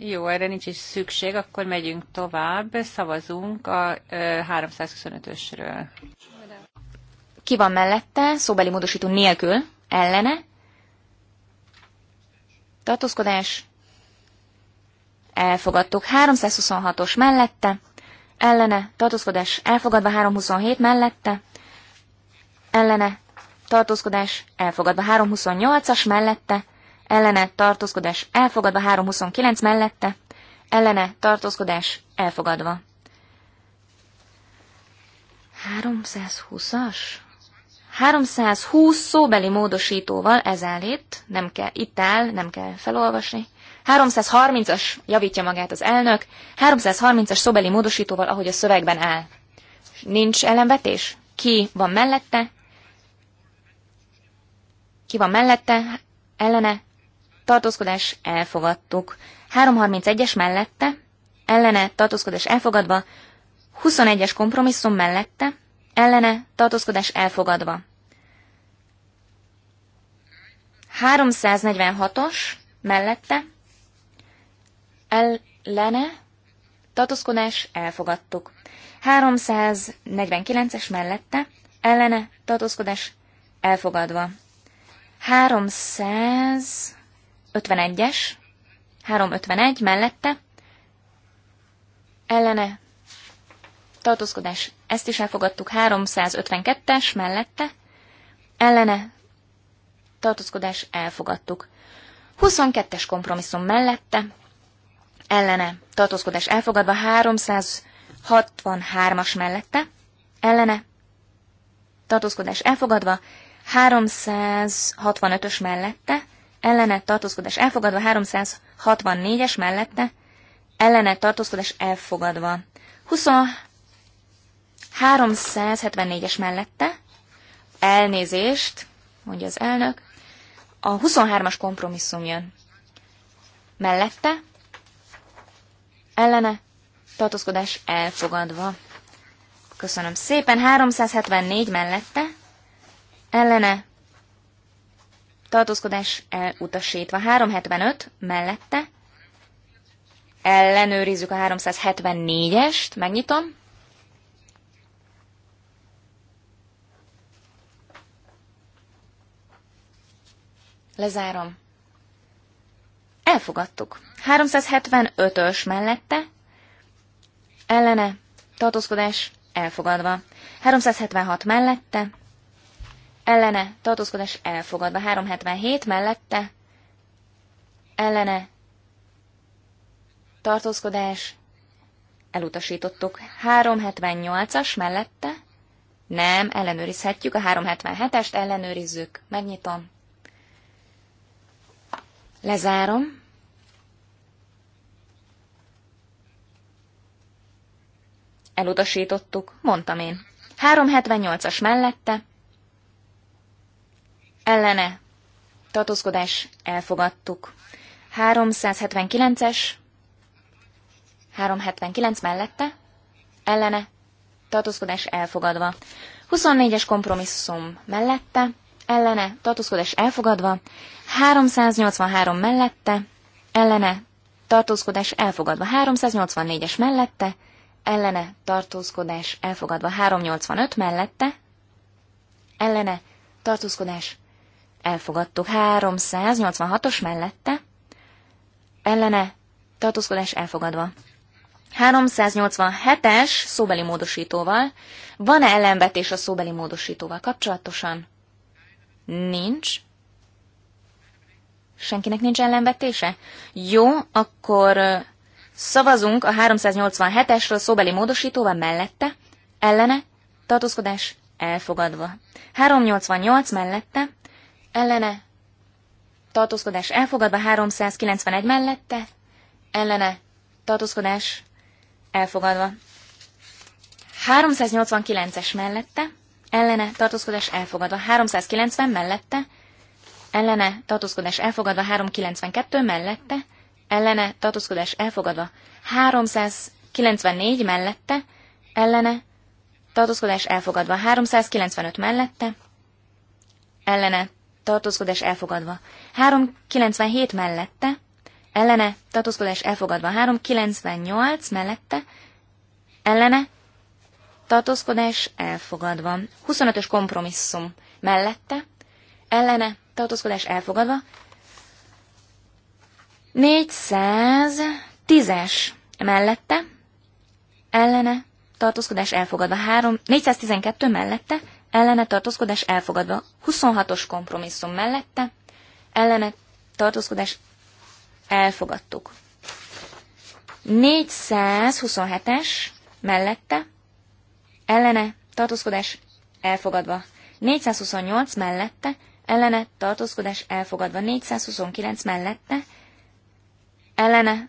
Jó, erre nincs is szükség, akkor megyünk tovább, szavazunk a 325-ösről. Ki van mellette, szóbeli módosító nélkül, ellene? tartózkodás, elfogadtuk. 326-os mellette, ellene, tartózkodás, elfogadva 327 mellette, ellene, tartózkodás, elfogadva 328-as mellette, ellene, tartózkodás, elfogadva 329 mellette, ellene, tartózkodás, elfogadva. 320-as? 320 szóbeli módosítóval ez állít, nem kell, itt áll, nem kell felolvasni. 330-as, javítja magát az elnök, 330-as szóbeli módosítóval, ahogy a szövegben áll. Nincs ellenvetés? Ki van mellette? Ki van mellette? Ellene? Tartózkodás elfogadtuk. 331-es mellette? Ellene? Tartózkodás elfogadva. 21-es kompromisszum mellette? ellene tartózkodás elfogadva. 346-os mellette ellene tartózkodás elfogadtuk. 349-es mellette ellene tartózkodás elfogadva. 351-es 351 mellette ellene tartózkodás ezt is elfogadtuk 352-es mellette, ellene tartózkodás elfogadtuk. 22-es kompromisszum mellette, ellene tartózkodás elfogadva 363-as mellette, ellene tartózkodás elfogadva 365-ös mellette, ellene tartózkodás elfogadva 364-es mellette, ellene tartózkodás elfogadva. 374-es mellette, elnézést, mondja az elnök, a 23-as kompromisszum jön. Mellette, ellene, tartózkodás elfogadva. Köszönöm szépen, 374 mellette, ellene, tartózkodás elutasítva. 375 mellette, ellenőrizzük a 374-est, megnyitom, Lezárom. Elfogadtuk. 375-ös mellette, ellene, tartózkodás, elfogadva. 376 mellette, ellene, tartózkodás, elfogadva. 377 mellette, ellene, tartózkodás, elutasítottuk. 378-as mellette, nem, ellenőrizhetjük, a 377-est ellenőrizzük, megnyitom. Lezárom. Elutasítottuk, mondtam én. 378-as mellette. Ellene. Tartózkodás. Elfogadtuk. 379-es. 379 mellette. Ellene. Tartózkodás elfogadva. 24-es kompromisszum mellette ellene, tartózkodás elfogadva, 383 mellette, ellene, tartózkodás elfogadva, 384-es mellette, ellene, tartózkodás elfogadva, 385 mellette, ellene, tartózkodás elfogadtuk, 386-os mellette, ellene, tartózkodás elfogadva. 387-es szóbeli módosítóval. Van-e ellenvetés a szóbeli módosítóval kapcsolatosan? Nincs. Senkinek nincs ellenvetése? Jó, akkor szavazunk a 387-esről szóbeli módosítóval mellette, ellene, tartózkodás elfogadva. 388 mellette, ellene, tartózkodás elfogadva, 391 mellette, ellene, tartózkodás elfogadva. 389-es mellette, ellene tartózkodás elfogadva 390 mellette, ellene tartózkodás elfogadva 392 mellette, ellene tartózkodás elfogadva 394 mellette, ellene tartózkodás elfogadva 395 mellette, ellene tartózkodás elfogadva 397 mellette, ellene tartózkodás elfogadva 398 mellette, ellene tartózkodás elfogadva. 25-ös kompromisszum mellette, ellene, tartózkodás elfogadva. 410-es mellette, ellene, tartózkodás elfogadva. 3, 412 mellette, ellene, tartózkodás elfogadva. 26-os kompromisszum mellette, ellene, tartózkodás elfogadtuk. 427-es mellette, ellene, tartózkodás elfogadva. 428 mellette, ellene, tartózkodás elfogadva. 429 mellette, ellene,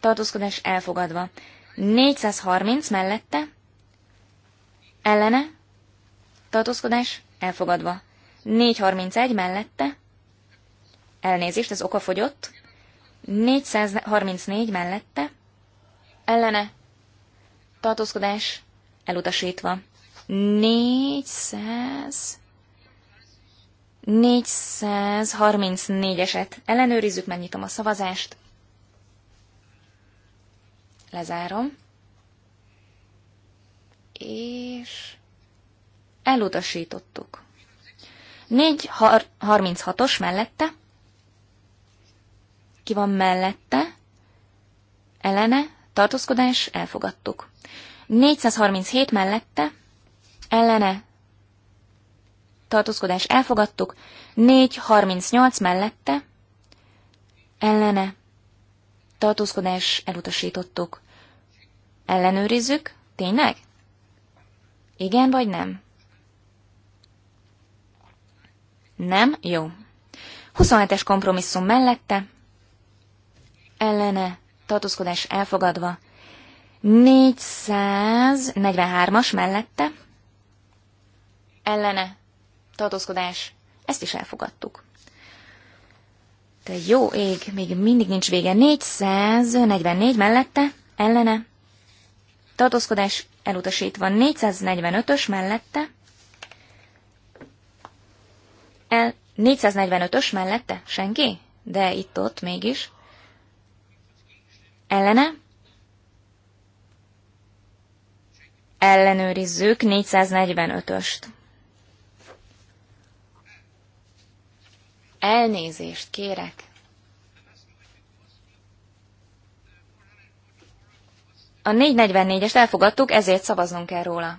tartózkodás elfogadva. 430 mellette, ellene, tartózkodás elfogadva. 431 mellette, elnézést, ez oka fogyott. 434 mellette, ellene, tartózkodás elutasítva. 400... 434-eset ellenőrizzük, megnyitom a szavazást. Lezárom. És elutasítottuk. 436-os mellette. Ki van mellette? Elene, tartózkodás, elfogadtuk. 437 mellette, ellene tartózkodás elfogadtuk, 438 mellette, ellene tartózkodás elutasítottuk. Ellenőrizzük? Tényleg? Igen vagy nem? Nem? Jó. 27-es kompromisszum mellette, ellene tartózkodás elfogadva, 443-as mellette ellene tartózkodás. Ezt is elfogadtuk. De jó ég, még mindig nincs vége. 444 mellette ellene tartózkodás elutasítva. 445-ös mellette el 445-ös mellette? Senki? De itt-ott mégis. Ellene? ellenőrizzük 445-öst. Elnézést kérek. A 444-est elfogadtuk, ezért szavaznunk kell róla.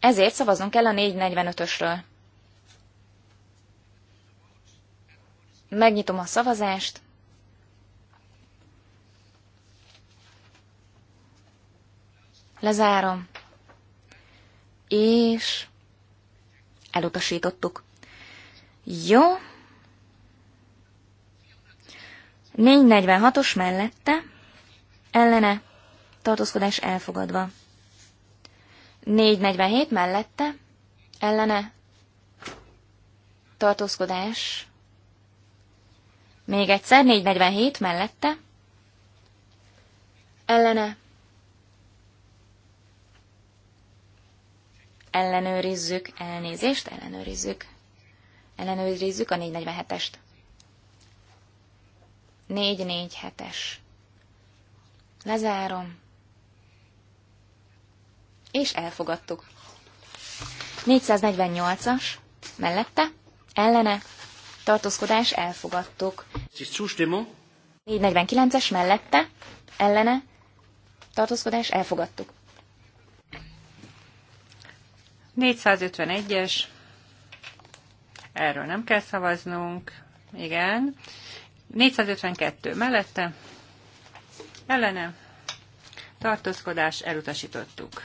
Ezért szavaznunk kell a 445-ösről. Megnyitom a szavazást. Lezárom. És elutasítottuk. Jó. 446-os mellette, ellene, tartózkodás elfogadva. 447 mellette, ellene, tartózkodás. Még egyszer, 447 mellette, ellene, ellenőrizzük, elnézést, ellenőrizzük. Ellenőrizzük a 447-est. 447-es. Lezárom. És elfogadtuk. 448-as, mellette, ellene, tartózkodás, elfogadtuk. 449-es, mellette, ellene, tartózkodás, elfogadtuk. 451-es, erről nem kell szavaznunk, igen. 452 mellette, ellene, tartózkodás, elutasítottuk.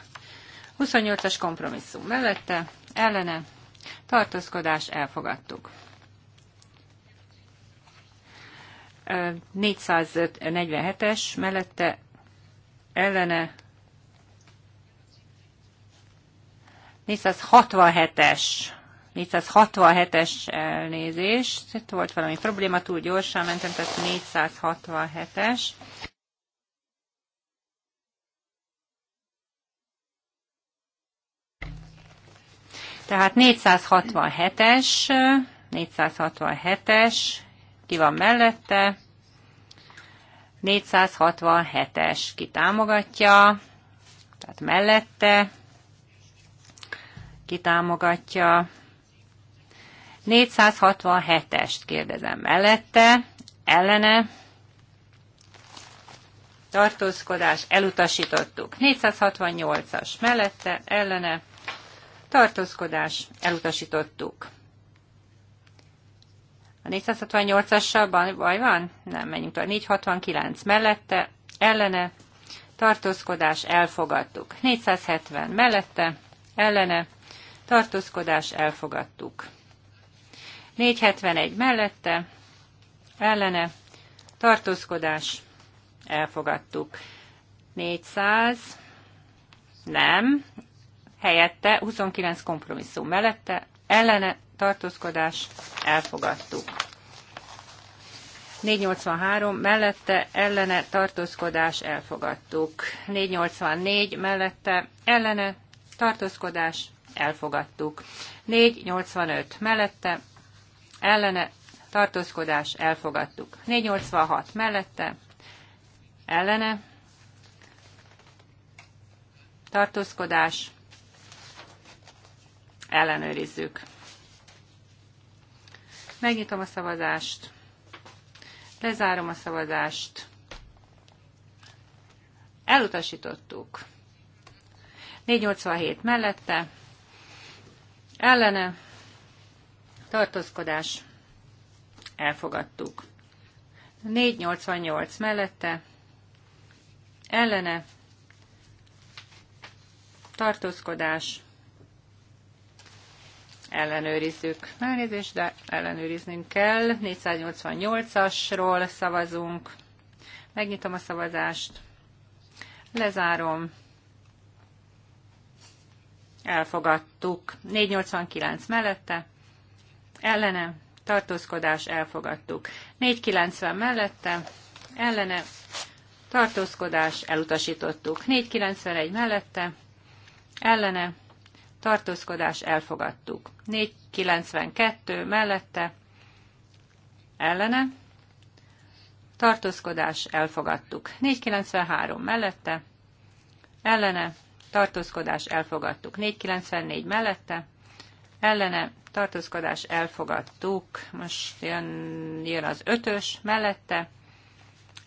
28-as kompromisszum mellette, ellene, tartózkodás, elfogadtuk. 447-es mellette, ellene, 467-es 467-es elnézés. Itt volt valami probléma, túl gyorsan mentem, tehát 467-es. Tehát 467-es, 467-es, ki van mellette? 467-es, ki támogatja? Tehát mellette, ki támogatja. 467-est kérdezem mellette, ellene, tartózkodás, elutasítottuk. 468-as mellette, ellene, tartózkodás, elutasítottuk. A 468-assal baj van? Nem, menjünk tovább. 469 mellette, ellene, tartózkodás, elfogadtuk. 470 mellette, ellene, tartózkodás elfogadtuk. 471 mellette, ellene, tartózkodás elfogadtuk. 400, nem, helyette 29 kompromisszum mellette, ellene, tartózkodás elfogadtuk. 483 mellette ellene tartózkodás elfogadtuk. 484 mellette ellene tartózkodás elfogadtuk. 485 mellette, ellene, tartózkodás, elfogadtuk. 486 mellette, ellene, tartózkodás, ellenőrizzük. Megnyitom a szavazást, lezárom a szavazást, elutasítottuk. 487 mellette, ellene tartózkodás elfogadtuk. 488 mellette ellene tartózkodás ellenőrizzük. Elnézés, de ellenőriznünk kell. 488-asról szavazunk. Megnyitom a szavazást. Lezárom elfogadtuk. 489 mellette, ellene, tartózkodás, elfogadtuk. 490 mellette, ellene, tartózkodás, elutasítottuk. 491 mellette, ellene, tartózkodás, elfogadtuk. 492 mellette, ellene, tartózkodás, elfogadtuk. 493 mellette, ellene, tartózkodás elfogadtuk. 494 mellette, ellene, tartózkodás elfogadtuk. Most jön, jön az ötös mellette,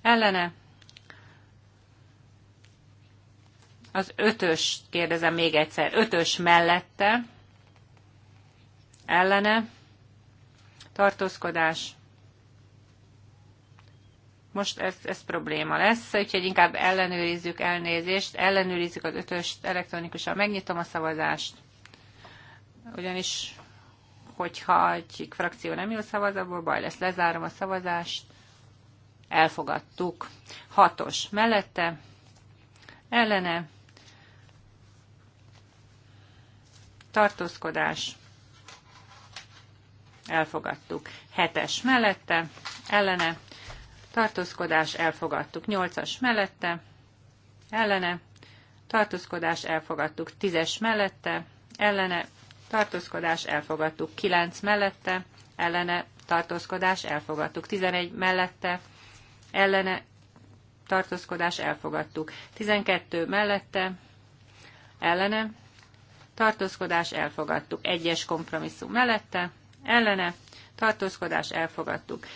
ellene. Az ötös, kérdezem még egyszer, ötös mellette, ellene, tartózkodás most ez, ez probléma lesz, úgyhogy inkább ellenőrizzük elnézést, ellenőrizzük az ötöst elektronikusan, megnyitom a szavazást, ugyanis hogyha egy frakció nem jó szavaz, abból baj lesz, lezárom a szavazást, elfogadtuk. Hatos mellette, ellene, tartózkodás, elfogadtuk. Hetes mellette, ellene, tartózkodás elfogadtuk. 8-as mellette, ellene, tartózkodás elfogadtuk. 10-es mellette, ellene, tartózkodás elfogadtuk. 9 mellette, ellene, tartózkodás elfogadtuk. 11 mellette, ellene, tartózkodás elfogadtuk. 12 mellette, ellene, tartózkodás elfogadtuk. Egyes kompromisszum mellette, ellene, tartózkodás elfogadtuk.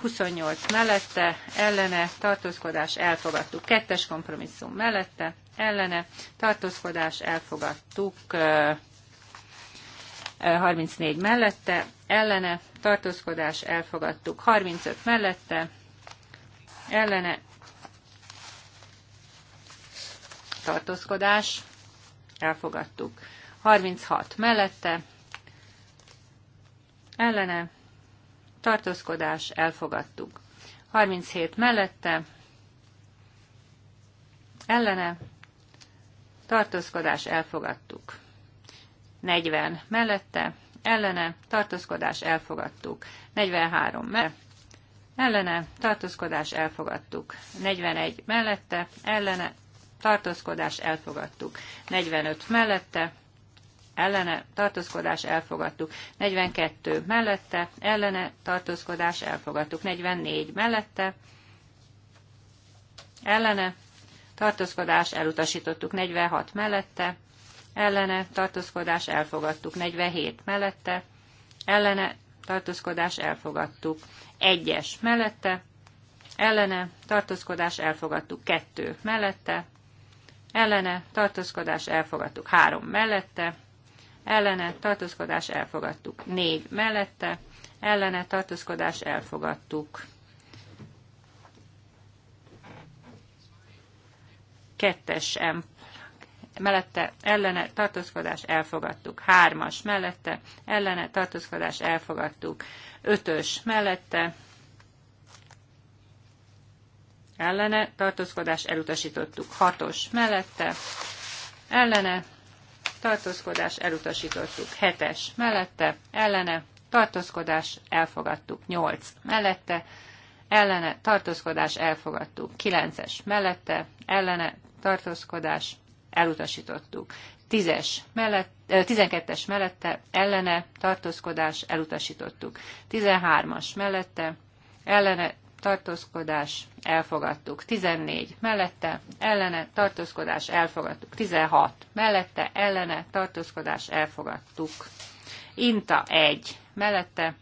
28 mellette, ellene, tartózkodás, elfogadtuk. Kettes kompromisszum mellette, ellene, tartózkodás, elfogadtuk. 34 mellette, ellene, tartózkodás, elfogadtuk. 35 mellette, ellene, tartózkodás, elfogadtuk. 36 mellette, ellene, tartózkodás, elfogadtuk. 37 mellette, ellene, tartózkodás, elfogadtuk. 40 mellette, ellene, tartózkodás, elfogadtuk. 43 mellette, ellene, tartózkodás, elfogadtuk. 41 mellette, ellene, tartózkodás, elfogadtuk. 45 mellette, ellene tartózkodás elfogadtuk. 42 mellette ellene tartózkodás elfogadtuk. 44 mellette ellene tartózkodás elutasítottuk. 46 mellette ellene tartózkodás elfogadtuk. 47 mellette ellene tartózkodás elfogadtuk. 1-es mellette ellene tartózkodás elfogadtuk. 2 mellette ellene tartózkodás elfogadtuk. 3 mellette ellene tartózkodás elfogadtuk. 4 mellette ellene tartózkodás elfogadtuk. Kettes M mellette ellene tartózkodás elfogadtuk. Hármas mellette ellene tartózkodás elfogadtuk. Ötös mellette ellene tartózkodás elutasítottuk. Hatos mellette ellene tartózkodás elutasítottuk. 7-es mellette, ellene, tartózkodás elfogadtuk. 8 mellette, ellene, tartózkodás elfogadtuk. 9-es mellette, ellene, tartózkodás elutasítottuk. 10-es mellett, 12-es mellette, ellene, tartózkodás elutasítottuk. 13-as mellette, ellene, tartózkodás, elfogadtuk. 14 mellette, ellene, tartózkodás, elfogadtuk. 16 mellette, ellene, tartózkodás, elfogadtuk. Inta 1 mellette,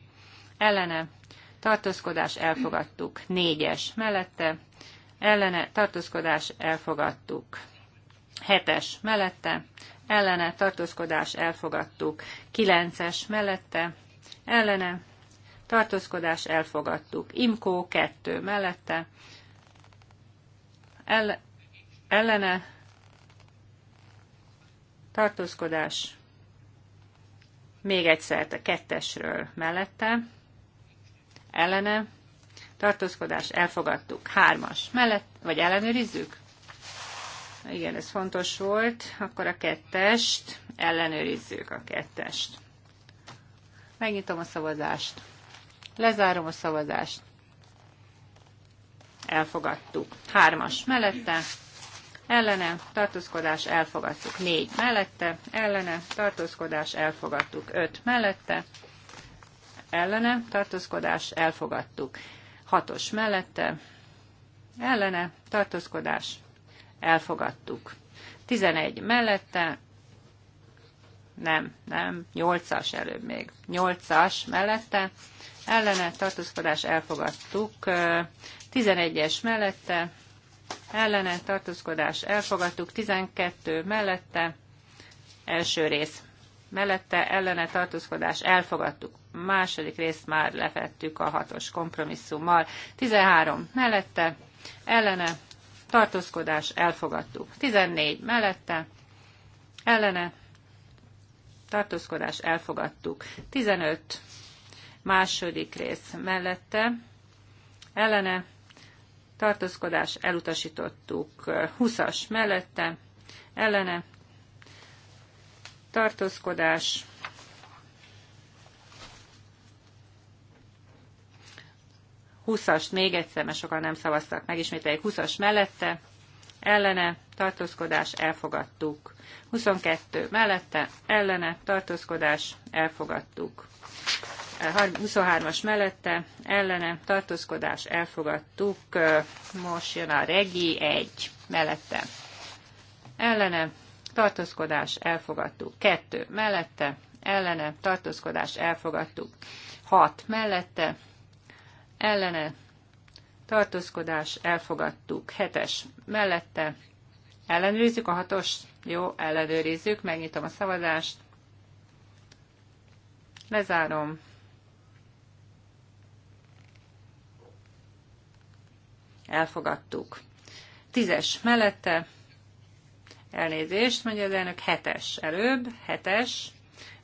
ellene, tartózkodás, elfogadtuk. 4-es mellette, ellene, tartózkodás, elfogadtuk. 7-es mellette, ellene, tartózkodás, elfogadtuk. 9-es mellette, ellene, tartózkodás elfogadtuk. Imkó 2 mellette, El, ellene, tartózkodás, még egyszer a kettesről mellette, ellene, tartózkodás, elfogadtuk. Hármas mellett, vagy ellenőrizzük? Igen, ez fontos volt. Akkor a kettest, ellenőrizzük a kettest. Megnyitom a szavazást. Lezárom a szavazást. Elfogadtuk. Hármas mellette, ellene, tartózkodás, elfogadtuk. Négy mellette, ellene, tartózkodás, elfogadtuk. Öt mellette, ellene, tartózkodás, elfogadtuk. Hatos mellette, ellene, tartózkodás, elfogadtuk. tizenegy. mellette, nem, nem, nyolcas előbb még, Nyolcas mellette, ellene tartózkodás elfogadtuk. 11-es mellette ellene tartózkodás elfogadtuk. 12 mellette első rész mellette ellene tartózkodás elfogadtuk. Második részt már lefettük a hatos kompromisszummal. 13 mellette ellene tartózkodás elfogadtuk. 14 mellette ellene tartózkodás elfogadtuk. 15 Második rész mellette ellene tartózkodás elutasítottuk. 20-as mellette ellene tartózkodás Húszast még egyszer, mert sokan nem szavaztak megismételjük, ismételjük 20-as mellette, ellene, tartózkodás, elfogadtuk. 22 mellette, ellene, tartózkodás, elfogadtuk. 23-as mellette ellene tartózkodás elfogadtuk. Most jön a regi 1 mellette ellene tartózkodás elfogadtuk. 2 mellette ellene tartózkodás elfogadtuk. 6 mellette ellene tartózkodás elfogadtuk. 7-es mellette ellenőrizzük a 6-os. Jó, ellenőrizzük, megnyitom a szavazást. Lezárom. Elfogadtuk. Tízes mellette. Elnézést, mondja az elnök. Hetes előbb. Hetes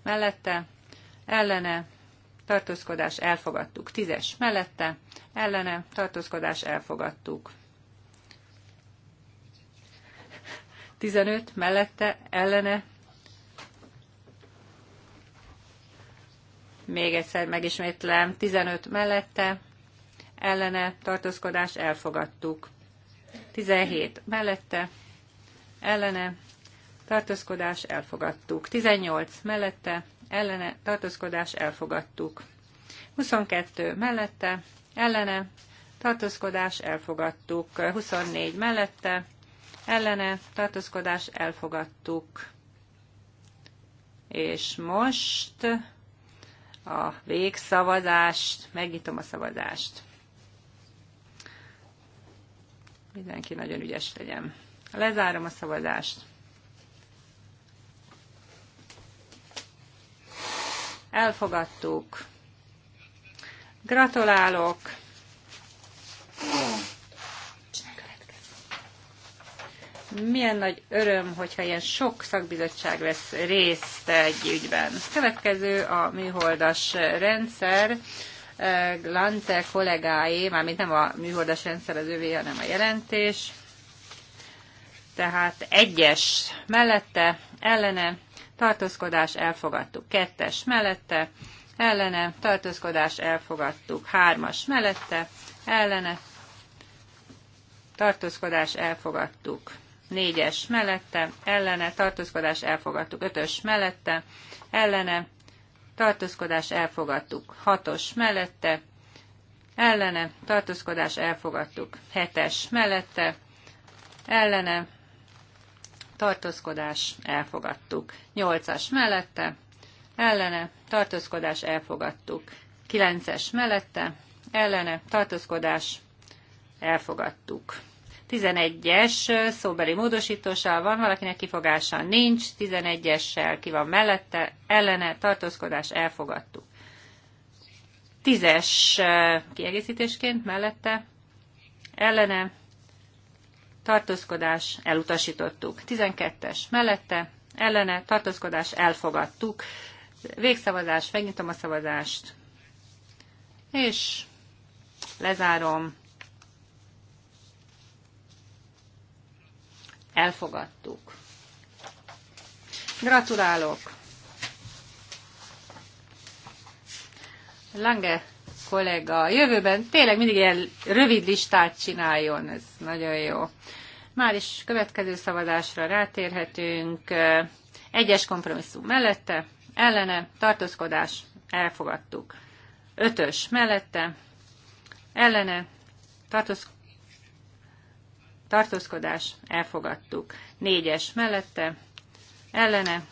mellette. Ellene. Tartózkodás elfogadtuk. Tízes mellette. Ellene. Tartózkodás elfogadtuk. 15 mellette, ellene. Még egyszer megismétlem, 15 mellette, ellene tartózkodás elfogadtuk. 17 mellette ellene tartózkodás elfogadtuk. 18 mellette ellene tartózkodás elfogadtuk. 22 mellette ellene tartózkodás elfogadtuk. 24 mellette ellene tartózkodás elfogadtuk. És most a végszavazást, megnyitom a szavazást mindenki nagyon ügyes legyen. Lezárom a szavazást. Elfogadtuk. Gratulálok. Milyen nagy öröm, hogyha ilyen sok szakbizottság vesz részt egy ügyben. Következő a műholdas rendszer. Glante kollégái, mármint nem a műholdas rendszer az övé, hanem a jelentés. Tehát egyes mellette, ellene, tartózkodás elfogadtuk. Kettes mellette, ellene, tartózkodás elfogadtuk. Hármas mellette, ellene, tartózkodás elfogadtuk. Négyes mellette, ellene, tartózkodás elfogadtuk. Ötös mellette, ellene, tartózkodás elfogadtuk. Hatos mellette, ellene, tartózkodás elfogadtuk. Hetes mellette, ellene, tartózkodás elfogadtuk. Nyolcas mellette, ellene, tartózkodás elfogadtuk. Kilences mellette, ellene, tartózkodás elfogadtuk. 11-es szóbeli van, valakinek kifogása nincs, 11-essel ki van mellette, ellene tartózkodás elfogadtuk. 10-es kiegészítésként mellette, ellene tartózkodás elutasítottuk. 12-es mellette, ellene tartózkodás elfogadtuk. Végszavazás, megnyitom a szavazást, és lezárom. Elfogadtuk. Gratulálok! Lange kollega, jövőben tényleg mindig ilyen rövid listát csináljon, ez nagyon jó. Már is következő szavazásra rátérhetünk. Egyes kompromisszum mellette, ellene, tartózkodás, elfogadtuk. Ötös mellette, ellene, tartózkodás, tartózkodás, elfogadtuk. Négyes mellette, ellene,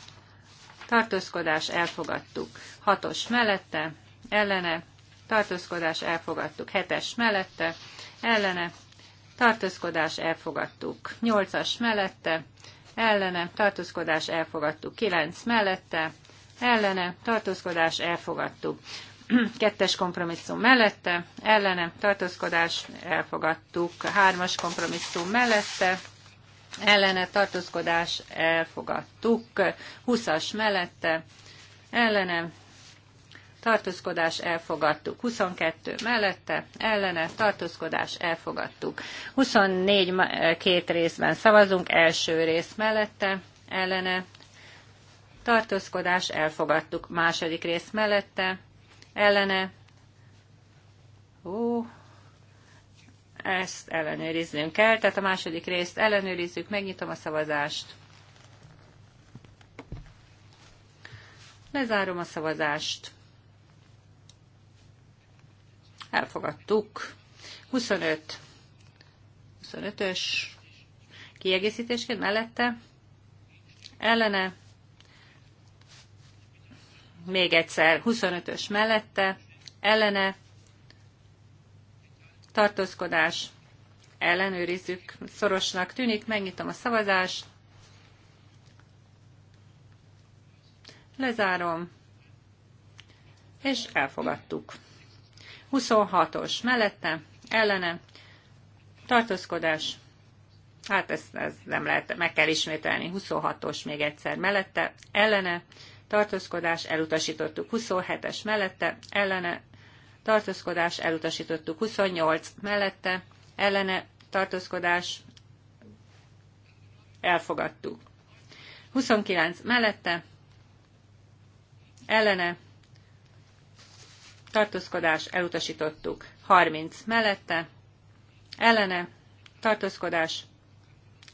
tartózkodás, elfogadtuk. Hatos mellette, ellene, tartózkodás, elfogadtuk. Hetes mellette, ellene, tartózkodás, elfogadtuk. Nyolcas mellette, ellene, tartózkodás, elfogadtuk. Kilenc mellette, ellene, tartózkodás, elfogadtuk kettes kompromisszum mellette, ellene tartózkodás elfogadtuk, hármas kompromisszum mellette, ellene tartózkodás elfogadtuk, huszas mellette, ellene tartózkodás elfogadtuk, 22 mellette, ellene tartózkodás elfogadtuk, 24 két részben szavazunk, első rész mellette, ellene tartózkodás elfogadtuk, második rész mellette, ellene. Ó, ezt ellenőriznünk kell, tehát a második részt ellenőrizzük, megnyitom a szavazást. Lezárom a szavazást. Elfogadtuk. 25. 25-ös kiegészítésként mellette. Ellene még egyszer 25-ös mellette, ellene, tartózkodás, ellenőrizzük, szorosnak tűnik, megnyitom a szavazást, lezárom, és elfogadtuk. 26-os mellette, ellene, tartózkodás, hát ezt, ezt nem lehet, meg kell ismételni, 26-os még egyszer mellette, ellene, tartózkodás elutasítottuk 27-es mellette, ellene tartózkodás elutasítottuk 28 mellette, ellene tartózkodás elfogadtuk. 29 mellette, ellene tartózkodás elutasítottuk. 30 mellette, ellene tartózkodás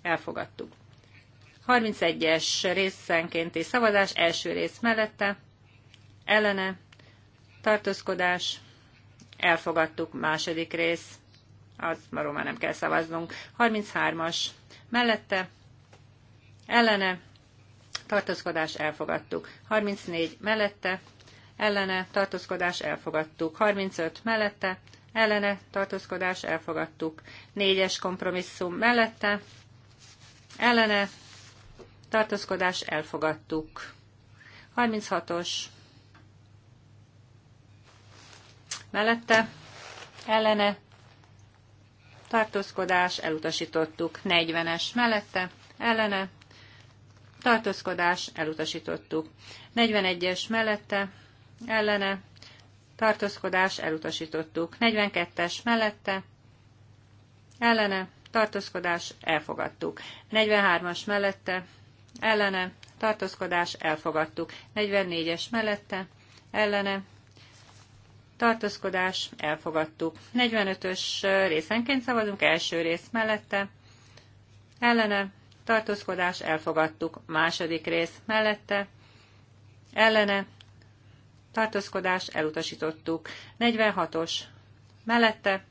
elfogadtuk. 31-es részenkénti szavazás első rész mellette, ellene, tartózkodás, elfogadtuk második rész, az már már nem kell szavaznunk, 33-as mellette, ellene, tartózkodás, elfogadtuk, 34 mellette, ellene, tartózkodás, elfogadtuk, 35 mellette, ellene, tartózkodás, elfogadtuk, 4-es kompromisszum mellette, ellene, tartózkodás elfogadtuk. 36-os mellette ellene tartózkodás elutasítottuk. 40-es mellette ellene tartózkodás elutasítottuk. 41-es mellette ellene tartózkodás elutasítottuk. 42-es mellette ellene tartózkodás elfogadtuk. 43-as mellette ellene, tartózkodás elfogadtuk. 44-es mellette, ellene, tartózkodás elfogadtuk. 45-ös részenként szavazunk, első rész mellette, ellene, tartózkodás elfogadtuk. Második rész mellette, ellene, tartózkodás elutasítottuk. 46-os mellette,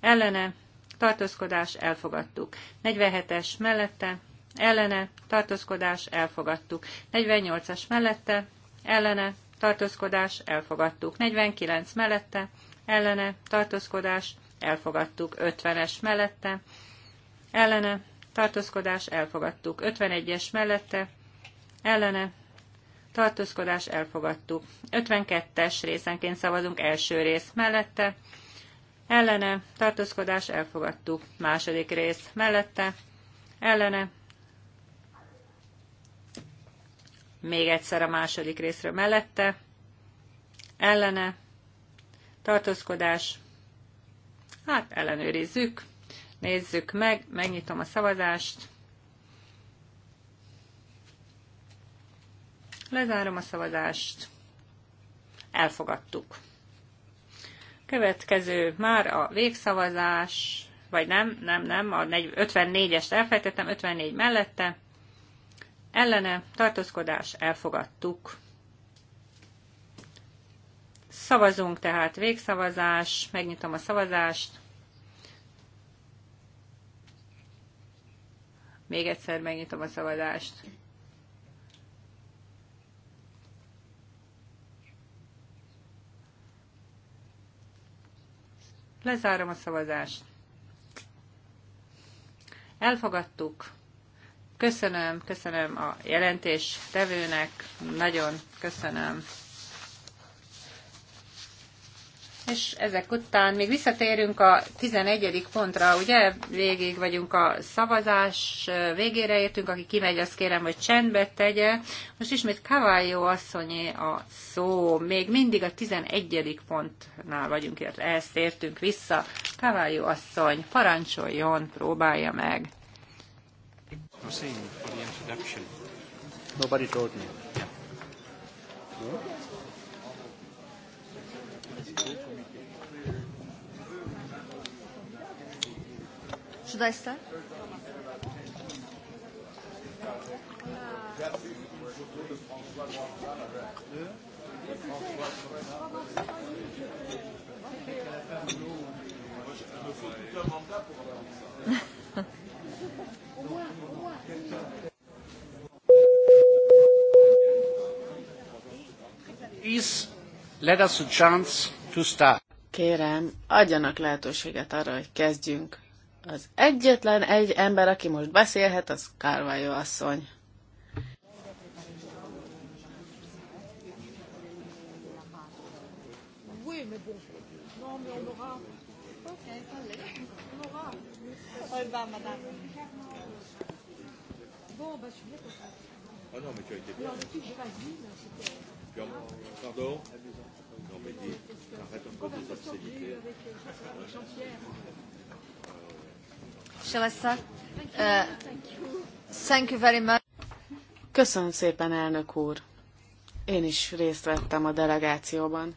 ellene, tartózkodás elfogadtuk. 47-es mellette, ellene, tartózkodás, elfogadtuk. 48-as mellette, ellene, tartózkodás, elfogadtuk. 49 mellette, ellene, tartózkodás, elfogadtuk. 50-es mellette, ellene, tartózkodás, elfogadtuk. 51-es mellette, ellene, tartózkodás, elfogadtuk. 52-es részenként szavazunk első rész mellette, ellene, tartózkodás, elfogadtuk. Második rész mellette, ellene, Még egyszer a második részről mellette. Ellene. Tartózkodás. Hát ellenőrizzük. Nézzük meg. Megnyitom a szavazást. Lezárom a szavazást. Elfogadtuk. Következő már a végszavazás, vagy nem, nem, nem, a 54-est elfejtettem, 54 mellette, ellene tartózkodás elfogadtuk. Szavazunk tehát végszavazás, megnyitom a szavazást. Még egyszer megnyitom a szavazást. Lezárom a szavazást. Elfogadtuk. Köszönöm, köszönöm a jelentés tevőnek, nagyon köszönöm. És ezek után még visszatérünk a 11. pontra, ugye végig vagyunk a szavazás végére értünk, aki kimegy, azt kérem, hogy csendbe tegye. Most ismét Kaváljó asszonyé a szó, még mindig a 11. pontnál vagyunk, ezt értünk vissza. Kavályó asszony, parancsoljon, próbálja meg. Hussein for the introduction. Nobody told me. Yeah. No? Should I start? Kérem, adjanak lehetőséget arra, hogy kezdjünk. Az egyetlen egy ember, aki most beszélhet, az Kárvályó asszony. Oui, Bon, bah, je suis bien Ah non, mais tu as été bien. Non, pas c'était. Pardon Non, mais dis, arrête un peu de euh, uh, thank you very much. Köszönöm szépen, elnök úr. Én is részt vettem a delegációban.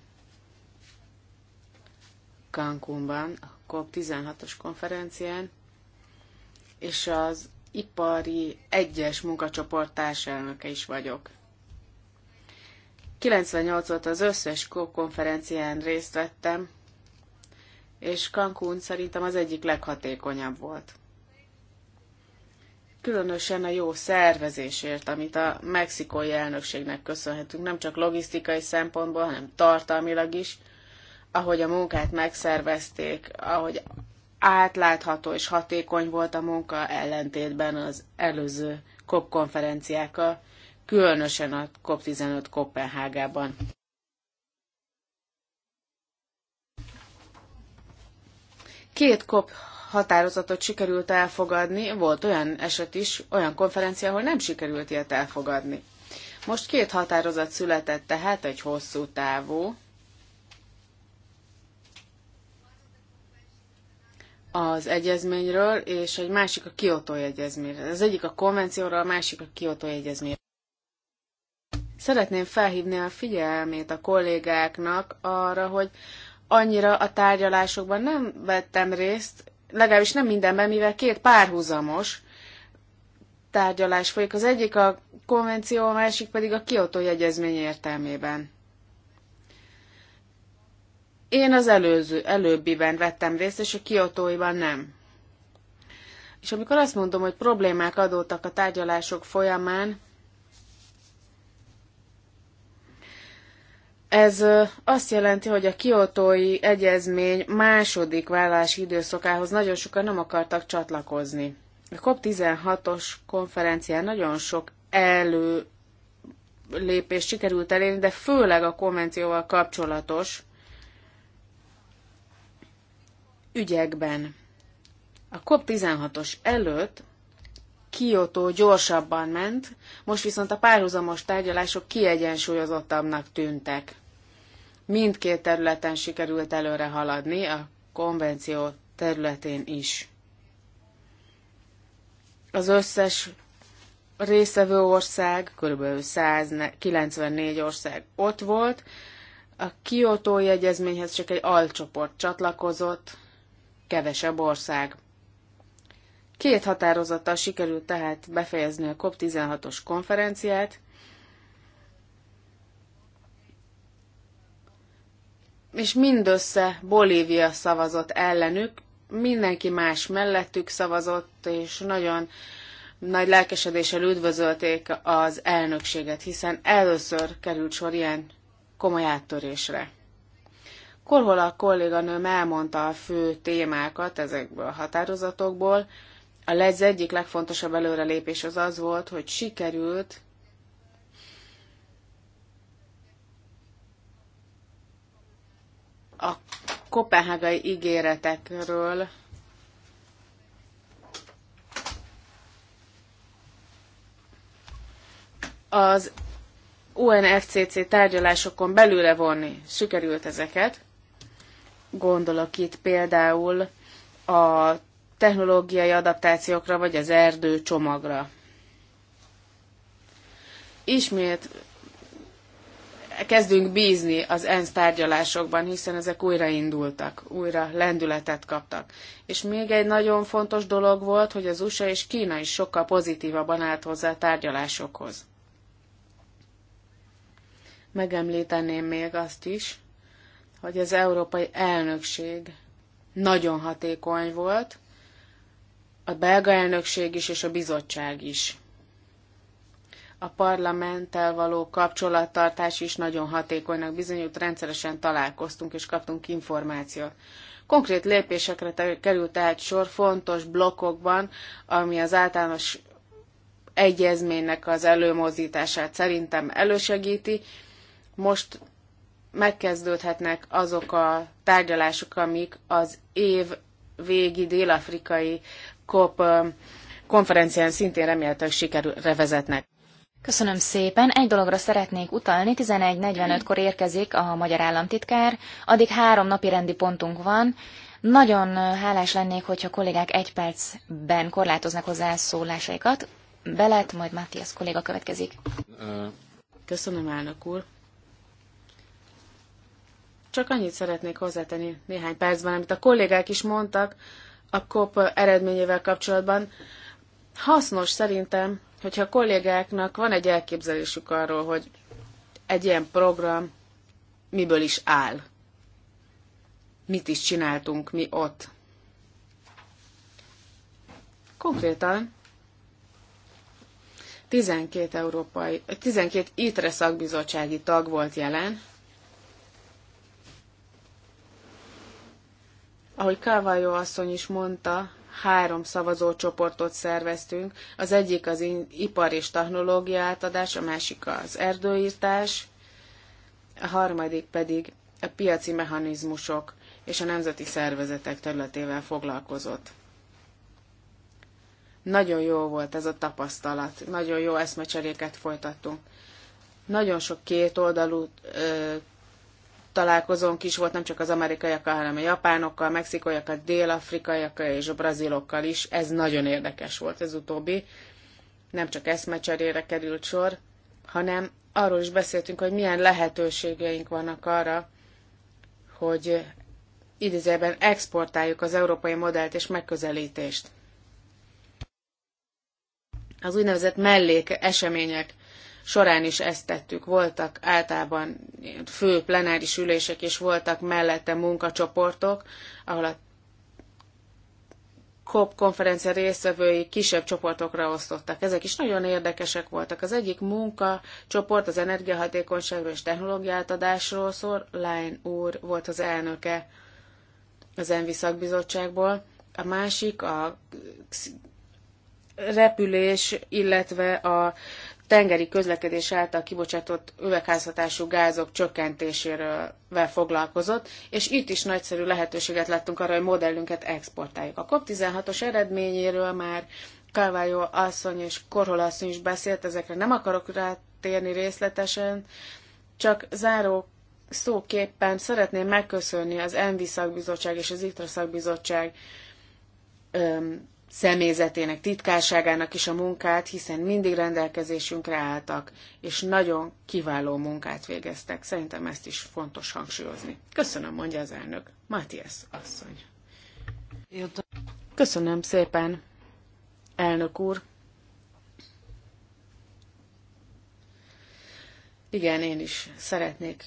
Cancúnban, a COP16-os konferencián, és az ipari egyes munkacsoport társelnöke is vagyok. 98 óta az összes konferencián részt vettem, és Cancún szerintem az egyik leghatékonyabb volt. Különösen a jó szervezésért, amit a mexikói elnökségnek köszönhetünk, nem csak logisztikai szempontból, hanem tartalmilag is, ahogy a munkát megszervezték, ahogy átlátható és hatékony volt a munka ellentétben az előző COP konferenciákkal, különösen a COP15 Kopenhágában. Két COP határozatot sikerült elfogadni, volt olyan eset is, olyan konferencia, ahol nem sikerült ilyet elfogadni. Most két határozat született tehát, egy hosszú távú, az egyezményről, és egy másik a kiotói egyezményről. Az egyik a konvencióról, a másik a kiotói egyezményről. Szeretném felhívni a figyelmét a kollégáknak arra, hogy annyira a tárgyalásokban nem vettem részt, legalábbis nem mindenben, mivel két párhuzamos tárgyalás folyik. Az egyik a konvenció, a másik pedig a Kyoto egyezmény értelmében. Én az előző, előbbiben vettem részt, és a kiotóiban nem. És amikor azt mondom, hogy problémák adódtak a tárgyalások folyamán, Ez azt jelenti, hogy a kiotói egyezmény második vállási időszakához nagyon sokan nem akartak csatlakozni. A COP16-os konferencián nagyon sok elő lépés sikerült elérni, de főleg a konvencióval kapcsolatos ügyekben. A COP16-os előtt Kyoto gyorsabban ment, most viszont a párhuzamos tárgyalások kiegyensúlyozottabbnak tűntek. Mindkét területen sikerült előre haladni, a konvenció területén is. Az összes részevő ország, kb. 194 ország ott volt, a Kyoto egyezményhez csak egy alcsoport csatlakozott, kevesebb ország. Két határozattal sikerült tehát befejezni a COP16-os konferenciát, és mindössze Bolívia szavazott ellenük, mindenki más mellettük szavazott, és nagyon nagy lelkesedéssel üdvözölték az elnökséget, hiszen először került sor ilyen komoly áttörésre. Korhol a kolléganőm elmondta a fő témákat ezekből a határozatokból. A az egyik legfontosabb előrelépés az az volt, hogy sikerült a kopenhágai ígéretekről az UNFCC tárgyalásokon belőle vonni. Sikerült ezeket. Gondolok itt például a technológiai adaptációkra, vagy az erdő csomagra. Ismét kezdünk bízni az ENSZ tárgyalásokban, hiszen ezek újra indultak, újra lendületet kaptak. És még egy nagyon fontos dolog volt, hogy az USA és Kína is sokkal pozitívabban állt hozzá a tárgyalásokhoz. Megemlíteném még azt is, hogy az európai elnökség nagyon hatékony volt, a belga elnökség is és a bizottság is. A parlamenttel való kapcsolattartás is nagyon hatékonynak bizonyult, rendszeresen találkoztunk és kaptunk információt. Konkrét lépésekre került tehát sor fontos blokkokban, ami az általános egyezménynek az előmozdítását szerintem elősegíti. Most megkezdődhetnek azok a tárgyalások, amik az év végi dél-afrikai COP konferencián szintén remélhetőleg sikerre vezetnek. Köszönöm szépen. Egy dologra szeretnék utalni. 11.45-kor érkezik a magyar államtitkár. Addig három napi rendi pontunk van. Nagyon hálás lennék, hogyha kollégák egy percben korlátoznak szólásaikat. Belet, majd Matthias kolléga következik. Köszönöm, elnök úr. Csak annyit szeretnék hozzátenni néhány percben, amit a kollégák is mondtak a COP eredményével kapcsolatban. Hasznos szerintem, hogyha a kollégáknak van egy elképzelésük arról, hogy egy ilyen program miből is áll, mit is csináltunk mi ott. Konkrétan 12, európai, 12 ITRE szakbizottsági tag volt jelen, Ahogy Kávályó asszony is mondta, három szavazócsoportot szerveztünk. Az egyik az ipar és technológia átadás, a másik az erdőírtás, a harmadik pedig a piaci mechanizmusok és a nemzeti szervezetek területével foglalkozott. Nagyon jó volt ez a tapasztalat, nagyon jó eszmecseréket folytattunk. Nagyon sok kétoldalú találkozónk is volt, nem csak az amerikaiakkal, hanem a japánokkal, mexikaiakkal, dél-afrikaiakkal és a brazilokkal is. Ez nagyon érdekes volt ez utóbbi. Nem csak eszmecserére került sor, hanem arról is beszéltünk, hogy milyen lehetőségeink vannak arra, hogy idézőben exportáljuk az európai modellt és megközelítést. Az úgynevezett mellék események során is ezt tettük. Voltak általában fő plenáris ülések, és voltak mellette munkacsoportok, ahol a COP konferencia résztvevői kisebb csoportokra osztottak. Ezek is nagyon érdekesek voltak. Az egyik munkacsoport az energiahatékonyságról és technológiátadásról szól. Lány úr volt az elnöke az ENVI szakbizottságból. A másik a repülés, illetve a tengeri közlekedés által kibocsátott üvegházhatású gázok csökkentéséről foglalkozott, és itt is nagyszerű lehetőséget láttunk arra, hogy modellünket exportáljuk. A COP16-os eredményéről már kávájó asszony és Korhol asszony is beszélt, ezekre nem akarok rátérni részletesen, csak záró szóképpen szeretném megköszönni az ENVI szakbizottság és az ITRA szakbizottság öm, személyzetének, titkárságának is a munkát, hiszen mindig rendelkezésünkre álltak, és nagyon kiváló munkát végeztek. Szerintem ezt is fontos hangsúlyozni. Köszönöm, mondja az elnök. Matthias asszony. Köszönöm szépen, elnök úr. Igen, én is szeretnék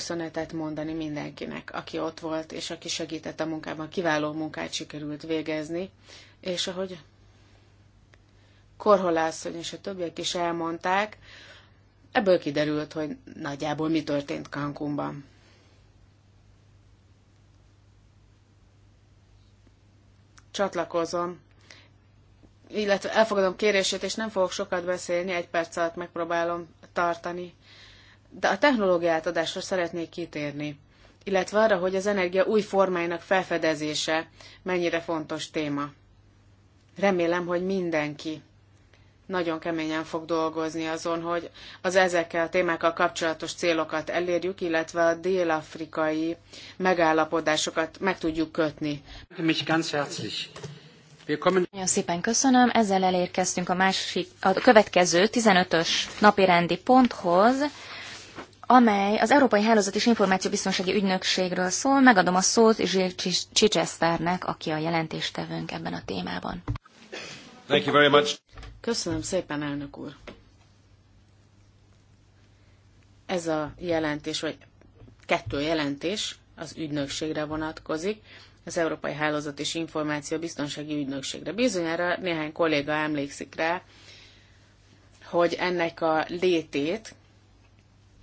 köszönetet mondani mindenkinek, aki ott volt, és aki segített a munkában. Kiváló munkát sikerült végezni, és ahogy Korholászony és a többiek is elmondták, ebből kiderült, hogy nagyjából mi történt Cancúnban. Csatlakozom, illetve elfogadom kérését, és nem fogok sokat beszélni, egy perc alatt megpróbálom tartani de a technológia átadásra szeretnék kitérni, illetve arra, hogy az energia új formáinak felfedezése mennyire fontos téma. Remélem, hogy mindenki nagyon keményen fog dolgozni azon, hogy az ezekkel a témákkal kapcsolatos célokat elérjük, illetve a dél-afrikai megállapodásokat meg tudjuk kötni. Nagyon szépen köszönöm. Ezzel elérkeztünk a, másik, a következő 15-ös napirendi ponthoz amely az Európai Hálózat és Információbiztonsági Ügynökségről szól. Megadom a szót Zsír Csicseszternek, aki a jelentéstevőnk ebben a témában. Thank you very much. Köszönöm szépen, elnök úr. Ez a jelentés, vagy kettő jelentés az ügynökségre vonatkozik, az Európai Hálózat és Információ Biztonsági Ügynökségre. Bizonyára néhány kolléga emlékszik rá, hogy ennek a létét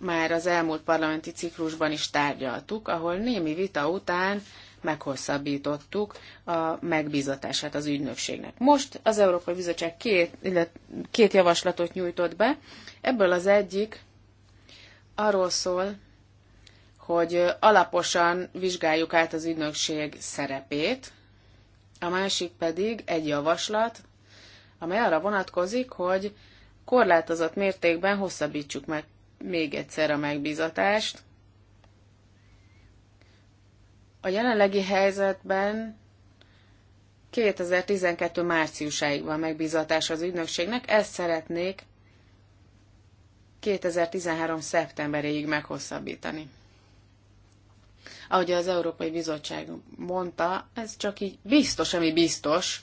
már az elmúlt parlamenti ciklusban is tárgyaltuk, ahol némi vita után meghosszabbítottuk a megbízatását az ügynökségnek. Most az Európai Bizottság két, két javaslatot nyújtott be, ebből az egyik arról szól, hogy alaposan vizsgáljuk át az ügynökség szerepét, a másik pedig egy javaslat, amely arra vonatkozik, hogy korlátozott mértékben hosszabbítsuk meg még egyszer a megbízatást. A jelenlegi helyzetben 2012. márciusáig van megbízatás az ügynökségnek, ezt szeretnék 2013. szeptemberéig meghosszabbítani. Ahogy az Európai Bizottság mondta, ez csak így biztos, ami biztos,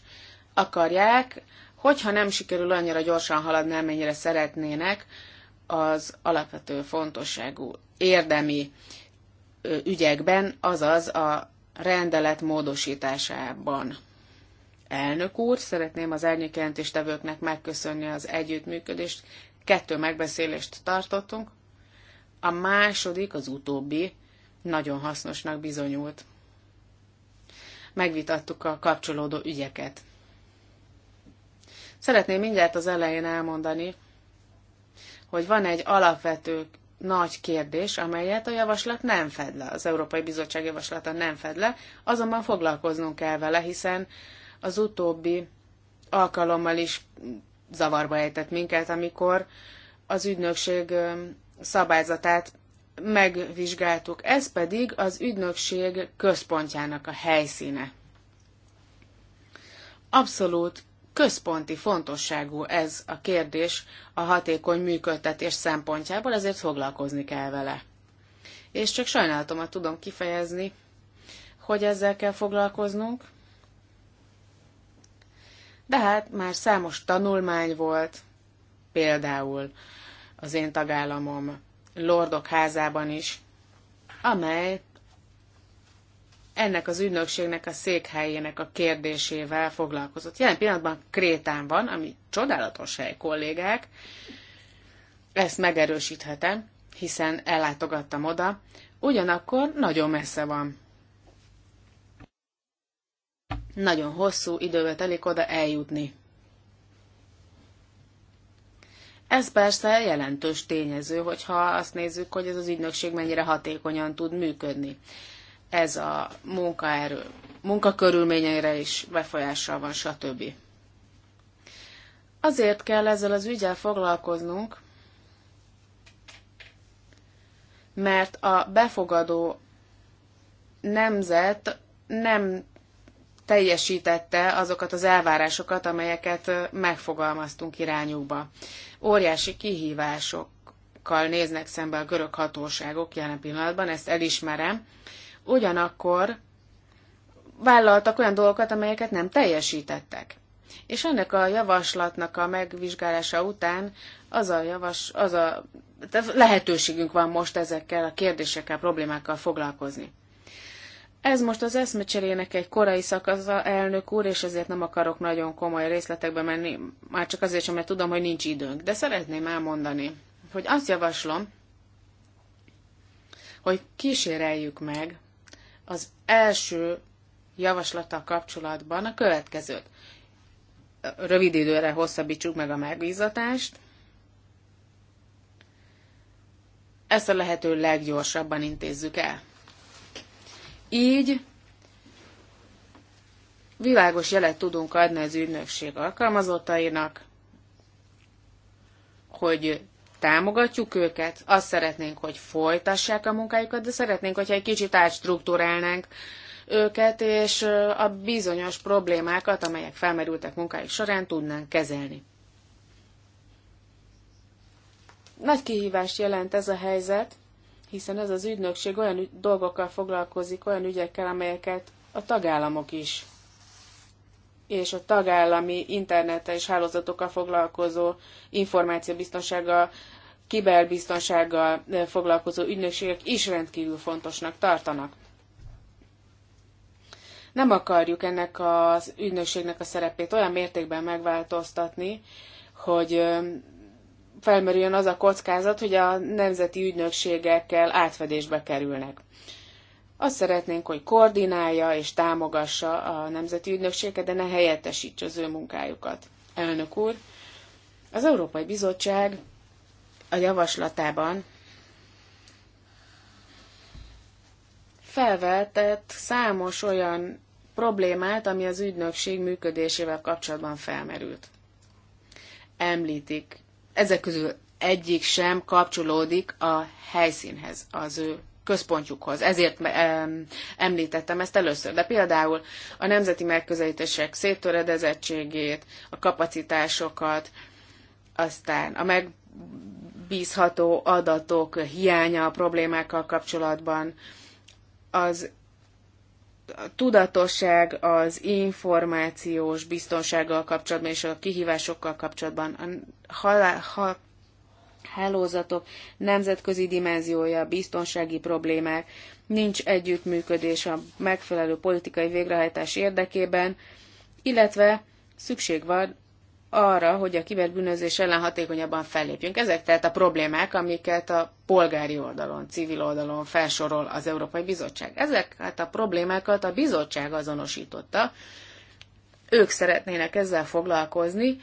akarják, hogyha nem sikerül annyira gyorsan haladni, amennyire szeretnének, az alapvető fontosságú érdemi ügyekben, azaz a rendelet módosításában. Elnök úr, szeretném az tevőknek megköszönni az együttműködést. Kettő megbeszélést tartottunk. A második, az utóbbi, nagyon hasznosnak bizonyult. Megvitattuk a kapcsolódó ügyeket. Szeretném mindjárt az elején elmondani, hogy van egy alapvető nagy kérdés, amelyet a javaslat nem fed le, az Európai Bizottság javaslata nem fed le, azonban foglalkoznunk kell vele, hiszen az utóbbi alkalommal is zavarba ejtett minket, amikor az ügynökség szabályzatát megvizsgáltuk. Ez pedig az ügynökség központjának a helyszíne. Abszolút központi fontosságú ez a kérdés a hatékony működtetés szempontjából, ezért foglalkozni kell vele. És csak sajnálatomat tudom kifejezni, hogy ezzel kell foglalkoznunk, de hát már számos tanulmány volt, például az én tagállamom Lordok házában is, amely ennek az ügynökségnek a székhelyének a kérdésével foglalkozott. Jelen pillanatban Krétán van, ami csodálatos hely, kollégák. Ezt megerősíthetem, hiszen ellátogattam oda, ugyanakkor nagyon messze van. Nagyon hosszú idővel telik oda eljutni. Ez persze jelentős tényező, hogyha azt nézzük, hogy ez az ügynökség mennyire hatékonyan tud működni ez a munkaerő munkakörülményeire is befolyással van, stb. Azért kell ezzel az ügyel foglalkoznunk, mert a befogadó nemzet nem teljesítette azokat az elvárásokat, amelyeket megfogalmaztunk irányukba. Óriási kihívásokkal néznek szembe a görög hatóságok jelen pillanatban, ezt elismerem, ugyanakkor vállaltak olyan dolgokat, amelyeket nem teljesítettek. És ennek a javaslatnak a megvizsgálása után az a, javas, az a lehetőségünk van most ezekkel a kérdésekkel, problémákkal foglalkozni. Ez most az eszmecserének egy korai szakasza, elnök úr, és ezért nem akarok nagyon komoly részletekbe menni, már csak azért sem, mert tudom, hogy nincs időnk. De szeretném elmondani, hogy azt javaslom, hogy kíséreljük meg az első javaslattal kapcsolatban a következőt. Rövid időre hosszabbítsuk meg a megbízatást. Ezt a lehető leggyorsabban intézzük el. Így világos jelet tudunk adni az ügynökség alkalmazottainak, hogy támogatjuk őket, azt szeretnénk, hogy folytassák a munkájukat, de szeretnénk, hogyha egy kicsit átstruktúrálnánk őket, és a bizonyos problémákat, amelyek felmerültek munkájuk során, tudnánk kezelni. Nagy kihívást jelent ez a helyzet, hiszen ez az ügynökség olyan dolgokkal foglalkozik, olyan ügyekkel, amelyeket a tagállamok is és a tagállami internettel és hálózatokkal foglalkozó információbiztonsággal, kiberbiztonsággal eh, foglalkozó ügynökségek is rendkívül fontosnak tartanak. Nem akarjuk ennek az ügynökségnek a szerepét olyan mértékben megváltoztatni, hogy eh, felmerüljön az a kockázat, hogy a nemzeti ügynökségekkel átfedésbe kerülnek. Azt szeretnénk, hogy koordinálja és támogassa a nemzeti ügynökséget, de ne helyettesítse az ő munkájukat. Elnök úr, az Európai Bizottság a javaslatában felvetett számos olyan problémát, ami az ügynökség működésével kapcsolatban felmerült. Említik. Ezek közül egyik sem kapcsolódik a helyszínhez, az ő központjukhoz. Ezért említettem ezt először. De például a nemzeti megközelítések széttöredezettségét, a kapacitásokat, aztán a megbízható adatok hiánya a problémákkal kapcsolatban, az a tudatosság az információs biztonsággal kapcsolatban és a kihívásokkal kapcsolatban, a halál, hálózatok, nemzetközi dimenziója, biztonsági problémák, nincs együttműködés a megfelelő politikai végrehajtás érdekében, illetve szükség van arra, hogy a kiberbűnözés ellen hatékonyabban fellépjünk. Ezek tehát a problémák, amiket a polgári oldalon, civil oldalon felsorol az Európai Bizottság. Ezek hát a problémákat a bizottság azonosította. Ők szeretnének ezzel foglalkozni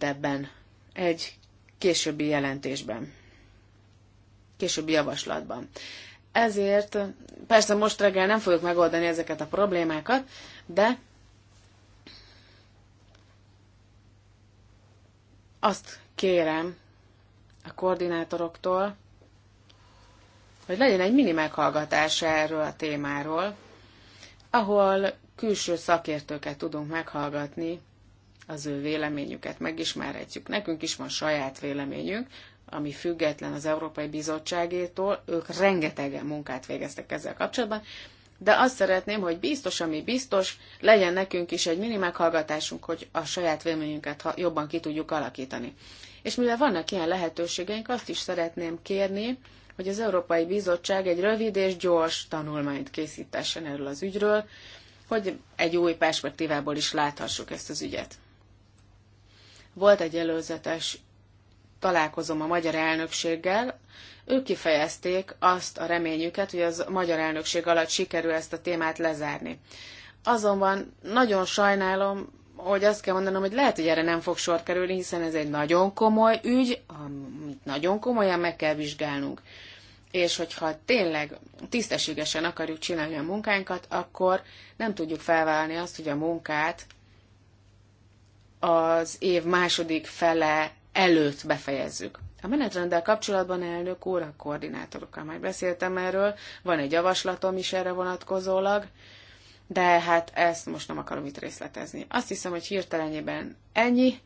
ebben Egy későbbi jelentésben, későbbi javaslatban. Ezért persze most reggel nem fogjuk megoldani ezeket a problémákat, de azt kérem a koordinátoroktól, hogy legyen egy mini meghallgatás erről a témáról, ahol külső szakértőket tudunk meghallgatni, az ő véleményüket megismerhetjük. Nekünk is van saját véleményünk, ami független az Európai Bizottságétól, ők rengetegen munkát végeztek ezzel kapcsolatban, de azt szeretném, hogy biztos, ami biztos, legyen nekünk is egy mini meghallgatásunk, hogy a saját véleményünket jobban ki tudjuk alakítani. És mivel vannak ilyen lehetőségeink, azt is szeretném kérni, hogy az Európai Bizottság egy rövid és gyors tanulmányt készítessen erről az ügyről, hogy egy új perspektívából is láthassuk ezt az ügyet. Volt egy előzetes találkozom a magyar elnökséggel, ők kifejezték azt a reményüket, hogy az magyar elnökség alatt sikerül ezt a témát lezárni. Azonban nagyon sajnálom, hogy azt kell mondanom, hogy lehet, hogy erre nem fog sor kerülni, hiszen ez egy nagyon komoly ügy, amit nagyon komolyan meg kell vizsgálnunk. És hogyha tényleg tisztességesen akarjuk csinálni a munkánkat, akkor nem tudjuk felvállalni azt, hogy a munkát az év második fele előtt befejezzük. A menetrenddel kapcsolatban elnök úr, a koordinátorokkal már beszéltem erről, van egy javaslatom is erre vonatkozólag, de hát ezt most nem akarom itt részletezni. Azt hiszem, hogy hirtelenében ennyi,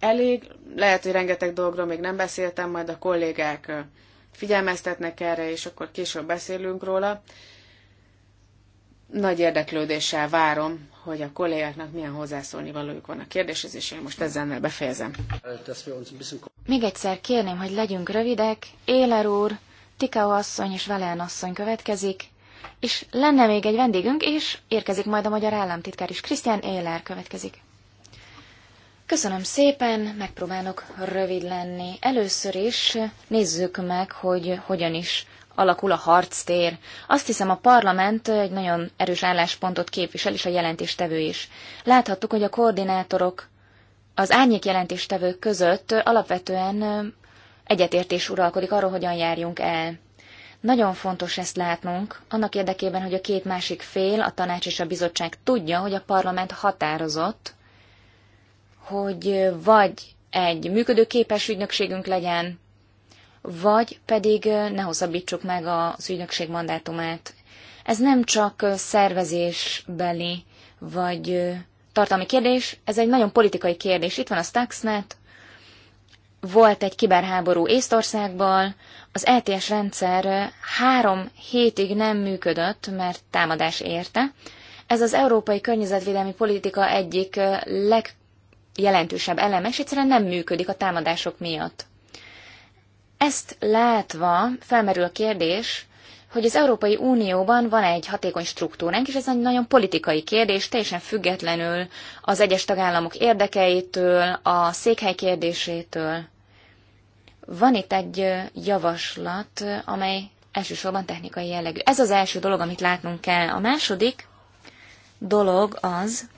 elég, lehet, hogy rengeteg dolgról még nem beszéltem, majd a kollégák figyelmeztetnek erre, és akkor később beszélünk róla nagy érdeklődéssel várom, hogy a kollégáknak milyen hozzászólni valójuk van a kérdéshez, és én most ezzel befejezem. Még egyszer kérném, hogy legyünk rövidek. Éler úr, Tikao asszony és Velen asszony következik, és lenne még egy vendégünk, és érkezik majd a magyar államtitkár is. Krisztián Éler következik. Köszönöm szépen, megpróbálok rövid lenni. Először is nézzük meg, hogy hogyan is alakul a harctér. Azt hiszem, a parlament egy nagyon erős álláspontot képvisel, és a jelentéstevő is. Láthattuk, hogy a koordinátorok az árnyék jelentéstevők között alapvetően egyetértés uralkodik arról, hogyan járjunk el. Nagyon fontos ezt látnunk, annak érdekében, hogy a két másik fél, a tanács és a bizottság tudja, hogy a parlament határozott, hogy vagy egy működőképes ügynökségünk legyen, vagy pedig ne hosszabbítsuk meg az ügynökség mandátumát. Ez nem csak szervezésbeli vagy tartalmi kérdés, ez egy nagyon politikai kérdés. Itt van a Stuxnet, volt egy kiberháború Észtországban, az LTS e rendszer három hétig nem működött, mert támadás érte. Ez az európai környezetvédelmi politika egyik legjelentősebb eleme, és egyszerűen nem működik a támadások miatt. Ezt látva felmerül a kérdés, hogy az Európai Unióban van egy hatékony struktúránk, és ez egy nagyon politikai kérdés, teljesen függetlenül az egyes tagállamok érdekeitől, a székhely kérdésétől. Van itt egy javaslat, amely elsősorban technikai jellegű. Ez az első dolog, amit látnunk kell. A második dolog az,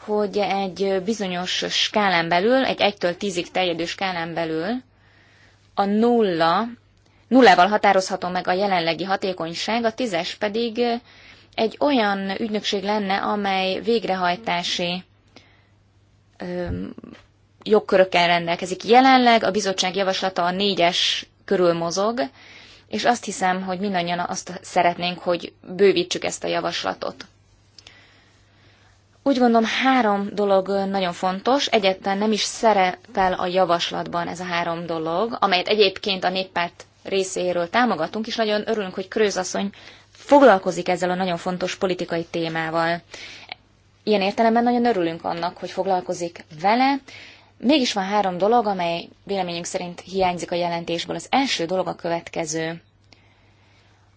hogy egy bizonyos skálán belül, egy 1-től 10-ig terjedő skálán belül a nulla, nullával határozható meg a jelenlegi hatékonyság, a tízes pedig egy olyan ügynökség lenne, amely végrehajtási ö, jogkörökkel rendelkezik. Jelenleg a bizottság javaslata a négyes körül mozog, és azt hiszem, hogy mindannyian azt szeretnénk, hogy bővítsük ezt a javaslatot. Úgy gondolom három dolog nagyon fontos, egyetlen nem is szerepel a javaslatban ez a három dolog, amelyet egyébként a néppárt részéről támogatunk, és nagyon örülünk, hogy Krőzasszony foglalkozik ezzel a nagyon fontos politikai témával. Ilyen értelemben nagyon örülünk annak, hogy foglalkozik vele. Mégis van három dolog, amely véleményünk szerint hiányzik a jelentésből. Az első dolog a következő,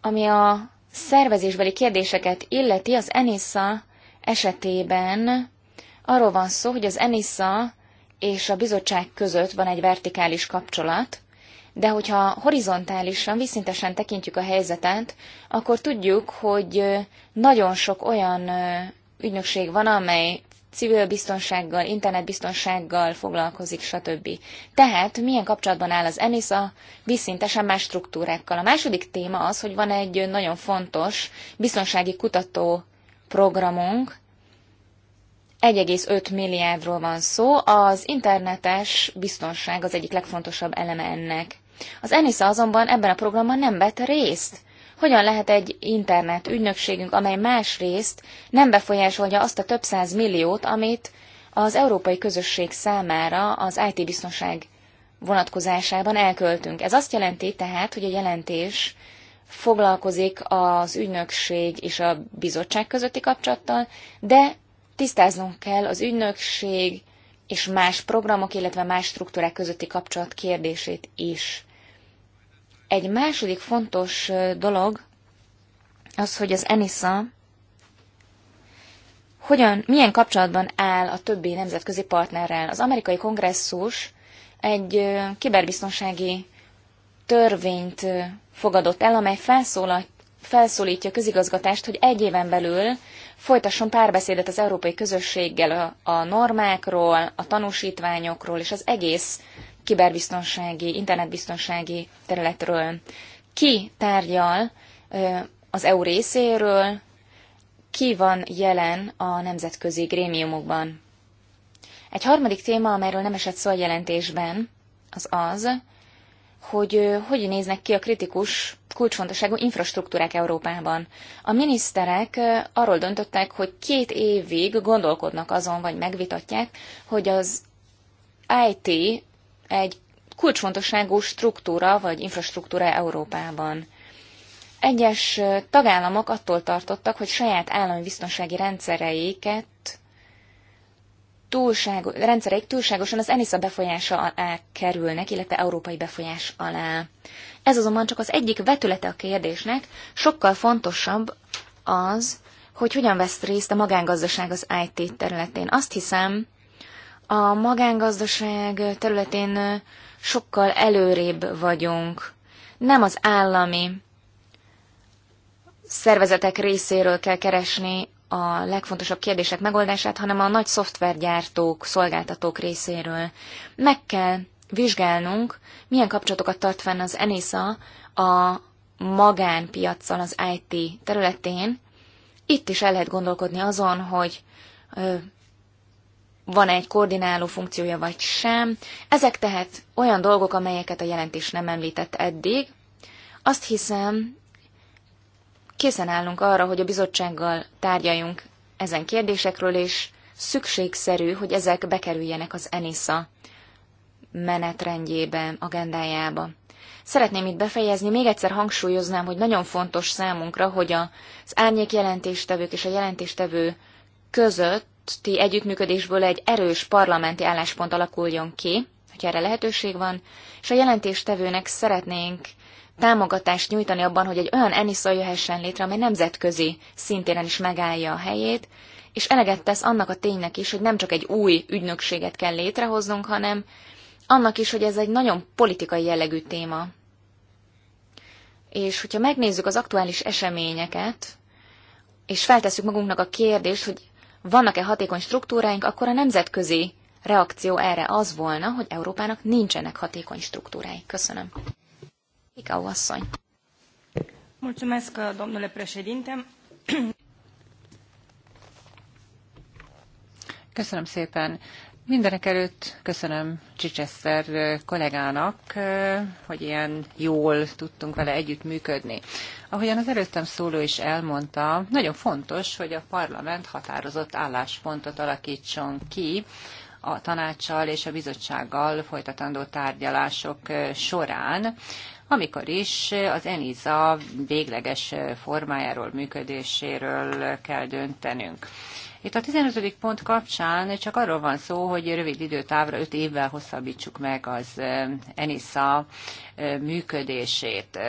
ami a szervezésbeli kérdéseket illeti, az ENISZA esetében arról van szó, hogy az ENISA és a bizottság között van egy vertikális kapcsolat, de hogyha horizontálisan, viszintesen tekintjük a helyzetet, akkor tudjuk, hogy nagyon sok olyan ügynökség van, amely civil biztonsággal, internetbiztonsággal foglalkozik, stb. Tehát milyen kapcsolatban áll az ENISA a más struktúrákkal. A második téma az, hogy van egy nagyon fontos biztonsági kutató programunk. 1,5 milliárdról van szó, az internetes biztonság az egyik legfontosabb eleme ennek. Az ENISA azonban ebben a programban nem vett részt. Hogyan lehet egy internet ügynökségünk, amely másrészt nem befolyásolja azt a több száz milliót, amit az európai közösség számára az IT-biztonság vonatkozásában elköltünk. Ez azt jelenti tehát, hogy a jelentés foglalkozik az ügynökség és a bizottság közötti kapcsolattal, de tisztáznunk kell az ügynökség és más programok, illetve más struktúrák közötti kapcsolat kérdését is. Egy második fontos dolog az, hogy az ENISA hogyan, milyen kapcsolatban áll a többi nemzetközi partnerrel. Az amerikai kongresszus egy kiberbiztonsági törvényt fogadott el, amely felszólítja a közigazgatást, hogy egy éven belül folytasson párbeszédet az európai közösséggel a, a normákról, a tanúsítványokról és az egész kiberbiztonsági, internetbiztonsági területről. Ki tárgyal az EU részéről, ki van jelen a nemzetközi grémiumokban. Egy harmadik téma, amelyről nem esett szó a jelentésben, az az, hogy hogy néznek ki a kritikus kulcsfontosságú infrastruktúrák Európában. A miniszterek arról döntöttek, hogy két évig gondolkodnak azon, vagy megvitatják, hogy az IT egy kulcsfontosságú struktúra vagy infrastruktúra Európában. Egyes tagállamok attól tartottak, hogy saját állami biztonsági rendszereiket túlságo, rendszereik túlságosan az ENISZA befolyása alá kerülnek, illetve európai befolyás alá. Ez azonban csak az egyik vetülete a kérdésnek, sokkal fontosabb az, hogy hogyan vesz részt a magángazdaság az IT területén. Azt hiszem, a magángazdaság területén sokkal előrébb vagyunk. Nem az állami szervezetek részéről kell keresni a legfontosabb kérdések megoldását, hanem a nagy szoftvergyártók, szolgáltatók részéről. Meg kell vizsgálnunk, milyen kapcsolatokat tart fenn az ENISA a magánpiacsal az IT területén. Itt is el lehet gondolkodni azon, hogy van -e egy koordináló funkciója vagy sem. Ezek tehát olyan dolgok, amelyeket a jelentés nem említett eddig. Azt hiszem, Készen állunk arra, hogy a bizottsággal tárgyaljunk ezen kérdésekről, és szükségszerű, hogy ezek bekerüljenek az ENISA menetrendjébe, agendájába. Szeretném itt befejezni, még egyszer hangsúlyoznám, hogy nagyon fontos számunkra, hogy az árnyék jelentéstevők és a jelentéstevő közötti együttműködésből egy erős parlamenti álláspont alakuljon ki, hogy erre lehetőség van, és a jelentéstevőnek szeretnénk támogatást nyújtani abban, hogy egy olyan ENISZA jöhessen létre, amely nemzetközi szintéren is megállja a helyét, és eleget tesz annak a ténynek is, hogy nem csak egy új ügynökséget kell létrehoznunk, hanem annak is, hogy ez egy nagyon politikai jellegű téma. És hogyha megnézzük az aktuális eseményeket, és feltesszük magunknak a kérdést, hogy vannak-e hatékony struktúráink, akkor a nemzetközi reakció erre az volna, hogy Európának nincsenek hatékony struktúrái. Köszönöm. Ikau asszony. Mulțumesc, domnule președinte. Köszönöm szépen. Mindenek előtt köszönöm Csicseszter kollégának, hogy ilyen jól tudtunk vele együttműködni. Ahogyan az előttem szóló is elmondta, nagyon fontos, hogy a parlament határozott álláspontot alakítson ki a tanácssal és a bizottsággal folytatandó tárgyalások során amikor is az ENISA végleges formájáról, működéséről kell döntenünk. Itt a 15. pont kapcsán csak arról van szó, hogy rövid időtávra, 5 évvel hosszabbítsuk meg az eh, ENISA működését,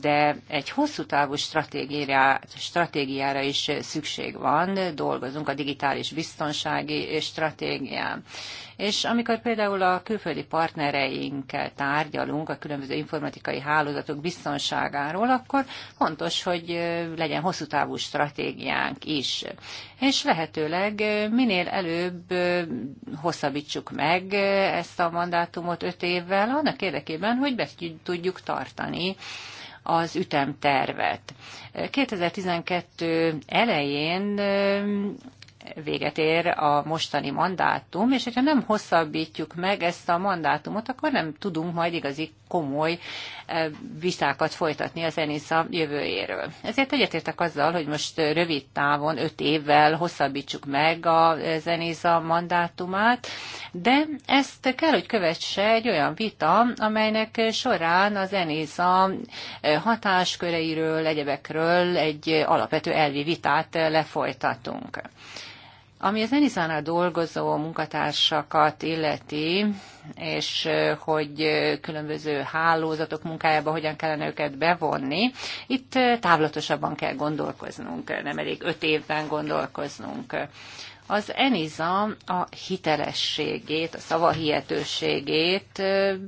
de egy hosszú távú stratégiára, is szükség van, dolgozunk a digitális biztonsági stratégián. És amikor például a külföldi partnereinkkel tárgyalunk a különböző informatikai hálózatok biztonságáról, akkor fontos, hogy legyen hosszú távú stratégiánk is. És lehetőleg minél előbb hosszabbítsuk meg ezt a mandátumot öt évvel, annak érdekében, hogy be tudjuk tartani az ütemtervet. 2012 elején véget ér a mostani mandátum, és hogyha nem hosszabbítjuk meg ezt a mandátumot, akkor nem tudunk majd igazi komoly eh, vitákat folytatni az ENISZA jövőjéről. Ezért egyetértek azzal, hogy most rövid távon, öt évvel hosszabbítsuk meg a eh, ENISZA mandátumát, de ezt kell, hogy kövesse egy olyan vita, amelynek során az ENISZA eh, hatásköreiről, egyebekről egy alapvető elvi vitát lefolytatunk. Ami az Enizánál dolgozó munkatársakat illeti, és hogy különböző hálózatok munkájába hogyan kellene őket bevonni, itt távlatosabban kell gondolkoznunk, nem elég öt évben gondolkoznunk. Az Eniza a hitelességét, a szavahihetőségét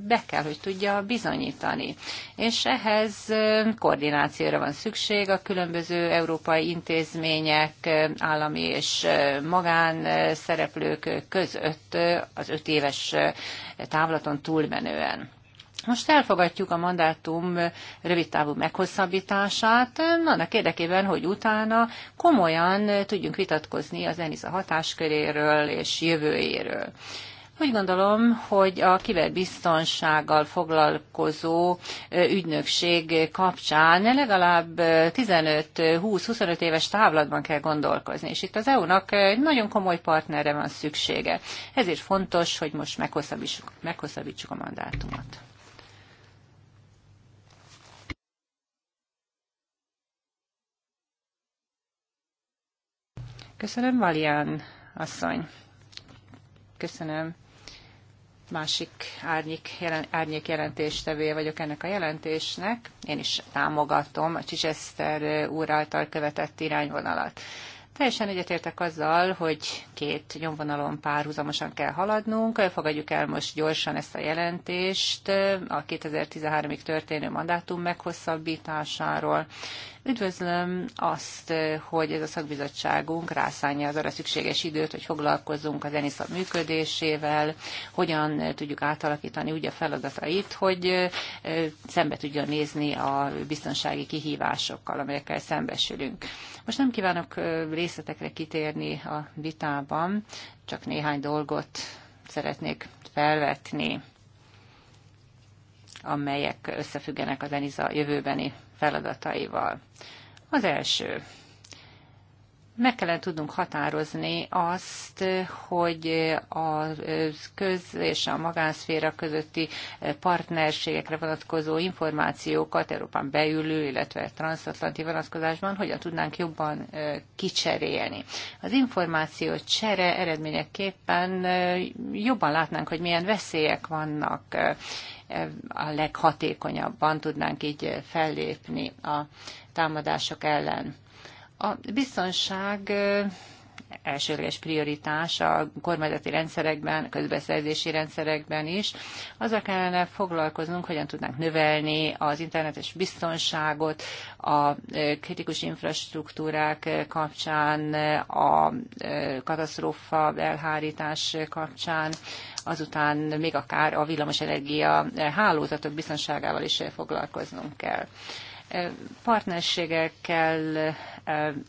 be kell, hogy tudja bizonyítani. És ehhez koordinációra van szükség a különböző európai intézmények, állami és magán szereplők között az öt éves távlaton túlmenően. Most elfogadjuk a mandátum rövidtávú meghosszabbítását, annak érdekében, hogy utána komolyan tudjunk vitatkozni az ENISZ a hatásköréről és jövőjéről. Úgy gondolom, hogy a kiberbiztonsággal foglalkozó ügynökség kapcsán legalább 15-20-25 éves távlatban kell gondolkozni, és itt az EU-nak egy nagyon komoly partnerre van szüksége. Ezért fontos, hogy most meghosszabbítsuk, meghosszabbítsuk a mandátumot. Köszönöm, Valian asszony. Köszönöm. Másik árnyék, jelen, árnyék jelentéstevője vagyok ennek a jelentésnek. Én is támogatom a Csicseszter úr által követett irányvonalat. Teljesen egyetértek azzal, hogy két nyomvonalon párhuzamosan kell haladnunk. Fogadjuk el most gyorsan ezt a jelentést a 2013-ig történő mandátum meghosszabbításáról, Üdvözlöm azt, hogy ez a szakbizottságunk rászánja az arra szükséges időt, hogy foglalkozzunk az ENISZA működésével, hogyan tudjuk átalakítani úgy a feladatait, hogy szembe tudjon nézni a biztonsági kihívásokkal, amelyekkel szembesülünk. Most nem kívánok részletekre kitérni a vitában, csak néhány dolgot szeretnék felvetni amelyek összefüggenek az ENISA jövőbeni feladataival. Az első, meg kellene tudnunk határozni azt, hogy a köz és a magánszféra közötti partnerségekre vonatkozó információkat Európán belülő, illetve transatlanti vonatkozásban hogyan tudnánk jobban kicserélni. Az információ csere eredményeképpen jobban látnánk, hogy milyen veszélyek vannak a leghatékonyabban tudnánk így fellépni a támadások ellen. A biztonság elsőleges prioritás a kormányzati rendszerekben, a közbeszerzési rendszerekben is. Azzal kellene foglalkoznunk, hogyan tudnánk növelni az internetes biztonságot, a kritikus infrastruktúrák kapcsán, a katasztrófa elhárítás kapcsán, azután még akár a villamosenergia hálózatok biztonságával is foglalkoznunk kell partnerségekkel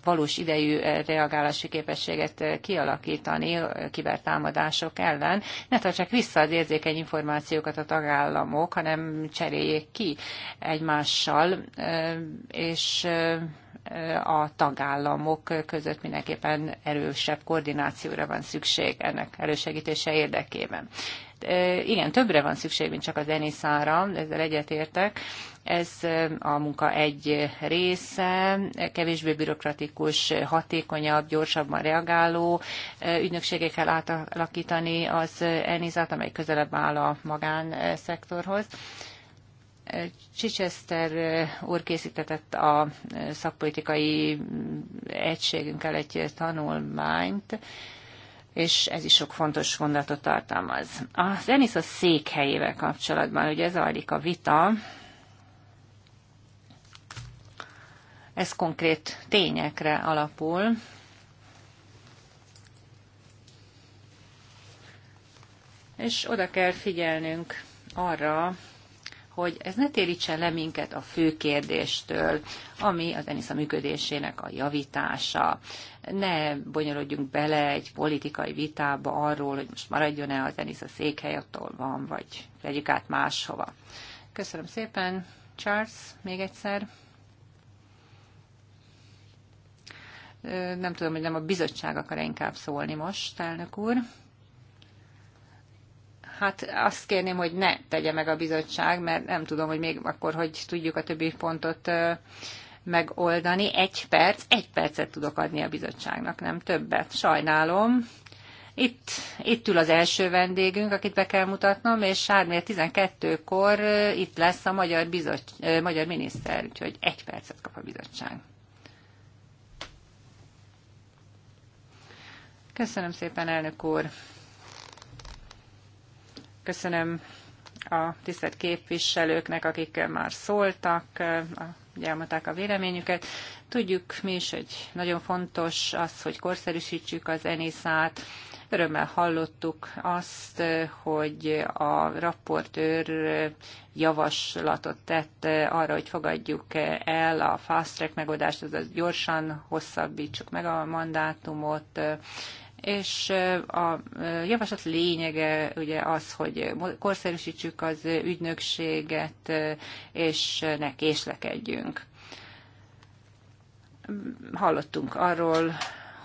valós idejű reagálási képességet kialakítani kibertámadások ellen. Ne tartsák vissza az érzékeny információkat a tagállamok, hanem cseréljék ki egymással, és a tagállamok között mindenképpen erősebb koordinációra van szükség ennek elősegítése érdekében. Eh, igen, többre van szükség, mint csak az Enisára, ezzel egyetértek. Ez eh, a munka egy része, kevésbé bürokratikus, hatékonyabb, gyorsabban reagáló eh, ügynökségekkel átalakítani az Enizát, amely közelebb áll a magánszektorhoz Csicsester úr készítetett a szakpolitikai egységünkkel egy tanulmányt, és ez is sok fontos gondolatot tartalmaz. A Zenisza székhelyével kapcsolatban, ugye zajlik a vita, ez konkrét tényekre alapul, és oda kell figyelnünk arra, hogy ez ne térítse le minket a fő kérdéstől, ami az ENISZA működésének a javítása. Ne bonyolodjunk bele egy politikai vitába arról, hogy most maradjon-e az ENISZA székhely, attól van, vagy vegyük át máshova. Köszönöm szépen, Charles, még egyszer. Nem tudom, hogy nem a bizottság akar inkább szólni most, elnök úr. Hát azt kérném, hogy ne tegye meg a bizottság, mert nem tudom, hogy még akkor, hogy tudjuk a többi pontot megoldani. Egy perc, egy percet tudok adni a bizottságnak, nem többet. Sajnálom. Itt, itt ül az első vendégünk, akit be kell mutatnom, és Sármér 12-kor itt lesz a magyar, bizottság, magyar miniszter, úgyhogy egy percet kap a bizottság. Köszönöm szépen, elnök úr! Köszönöm a tisztelt képviselőknek, akik már szóltak, ugye elmondták a véleményüket. Tudjuk mi is, hogy nagyon fontos az, hogy korszerűsítsük az enészát. Örömmel hallottuk azt, hogy a raportőr javaslatot tett arra, hogy fogadjuk el a fast track megoldást, azaz gyorsan hosszabbítsuk meg a mandátumot, és a javaslat lényege ugye az, hogy korszerűsítsük az ügynökséget, és ne késlekedjünk. Mm, hallottunk arról,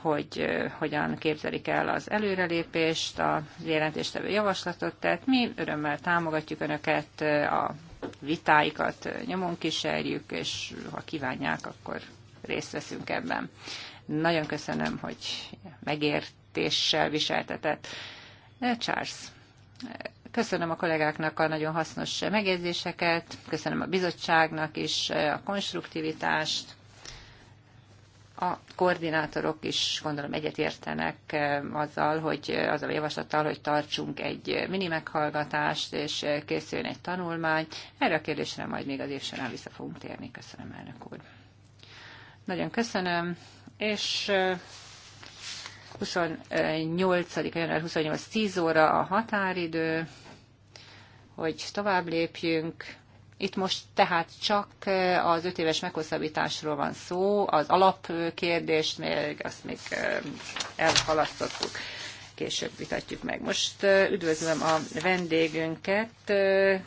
hogy hogyan képzelik el az előrelépést, a jelentéstevő javaslatot, tehát mi örömmel támogatjuk Önöket, a vitáikat nyomon kísérjük, és ha kívánják, akkor részt veszünk ebben. Nagyon köszönöm, hogy megért megközelítéssel viseltetett. Eh, Charles, köszönöm a kollégáknak a nagyon hasznos megjegyzéseket, köszönöm a bizottságnak is eh, a konstruktivitást, a koordinátorok is gondolom egyetértenek eh, azzal, hogy az a javaslattal, hogy tartsunk egy mini meghallgatást, és készüljön egy tanulmány. Erre a kérdésre majd még az év során vissza fogunk térni. Köszönöm, elnök úr. Nagyon köszönöm, és 28. január 28. 10 óra a határidő, hogy tovább lépjünk. Itt most tehát csak az öt éves meghosszabbításról van szó, az alapkérdést még, azt még elhalasztottuk később vitatjuk meg. Most üdvözlöm a vendégünket,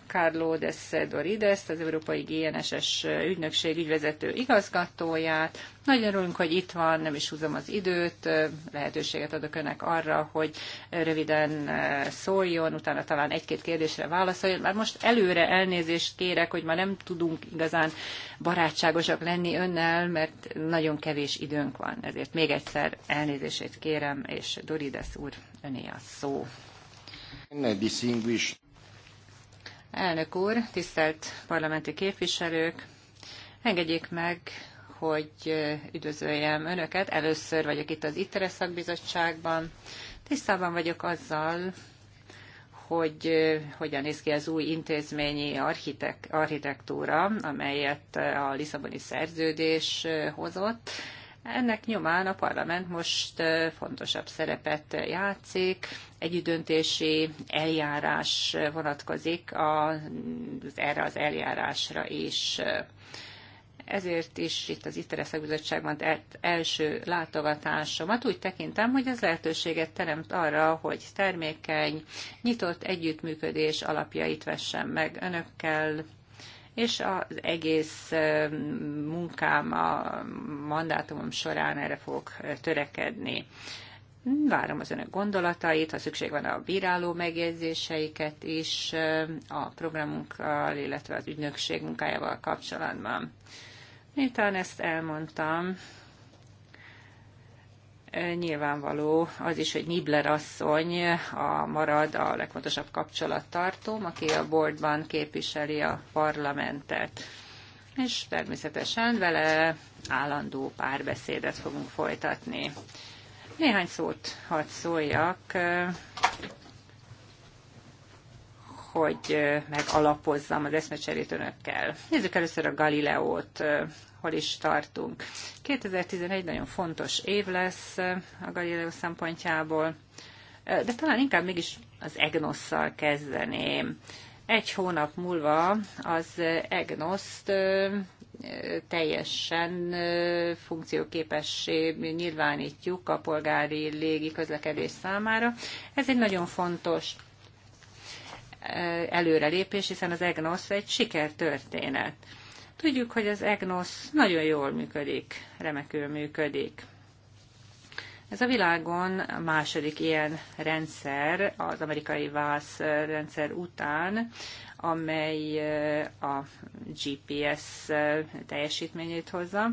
Carlo de Dorides, az Európai GNSS ügynökség ügyvezető igazgatóját. Nagyon örülünk, hogy itt van, nem is húzom az időt, lehetőséget adok önnek arra, hogy röviden szóljon, utána talán egy-két kérdésre válaszoljon. Már most előre elnézést kérek, hogy már nem tudunk igazán barátságosak lenni önnel, mert nagyon kevés időnk van. Ezért még egyszer elnézését kérem, és Dorides úr öné a szó. Elnök úr, tisztelt parlamenti képviselők, engedjék meg, hogy üdvözöljem Önöket. Először vagyok itt az ITERE szakbizottságban. Tisztában vagyok azzal, hogy eh, hogyan néz ki az új intézményi architek, architektúra, amelyet a Lisszaboni szerződés eh, hozott, ennek nyomán a parlament most fontosabb szerepet játszik, Egy döntési eljárás vonatkozik az, erre az eljárásra is. Ezért is itt az ITERE szakbizottságban első látogatásomat úgy tekintem, hogy ez lehetőséget teremt arra, hogy termékeny, nyitott együttműködés alapjait vessem meg önökkel, és az egész munkám, a mandátumom során erre fogok törekedni. Várom az önök gondolatait, ha szükség van a bíráló megjegyzéseiket is a programunkkal, illetve az ügynökség munkájával kapcsolatban. Miután ezt elmondtam, Nyilvánvaló az is, hogy Nibler asszony a marad a legfontosabb kapcsolattartóm, aki a boardban képviseli a parlamentet. És természetesen vele állandó párbeszédet fogunk folytatni. Néhány szót hadd szóljak, hogy megalapozzam az eszmecserét önökkel. Nézzük először a Galileót hol is tartunk. 2011 nagyon fontos év lesz a Galileo szempontjából, de talán inkább mégis az EGNOS-szal kezdeném. Egy hónap múlva az egnos teljesen funkcióképessé nyilvánítjuk a polgári légi közlekedés számára. Ez egy nagyon fontos előrelépés, hiszen az EGNOS egy sikertörténet. Tudjuk, hogy az EGNOSZ nagyon jól működik, remekül működik. Ez a világon a második ilyen rendszer, az amerikai VASZ rendszer után, amely eh, a GPS eh, teljesítményét hozza,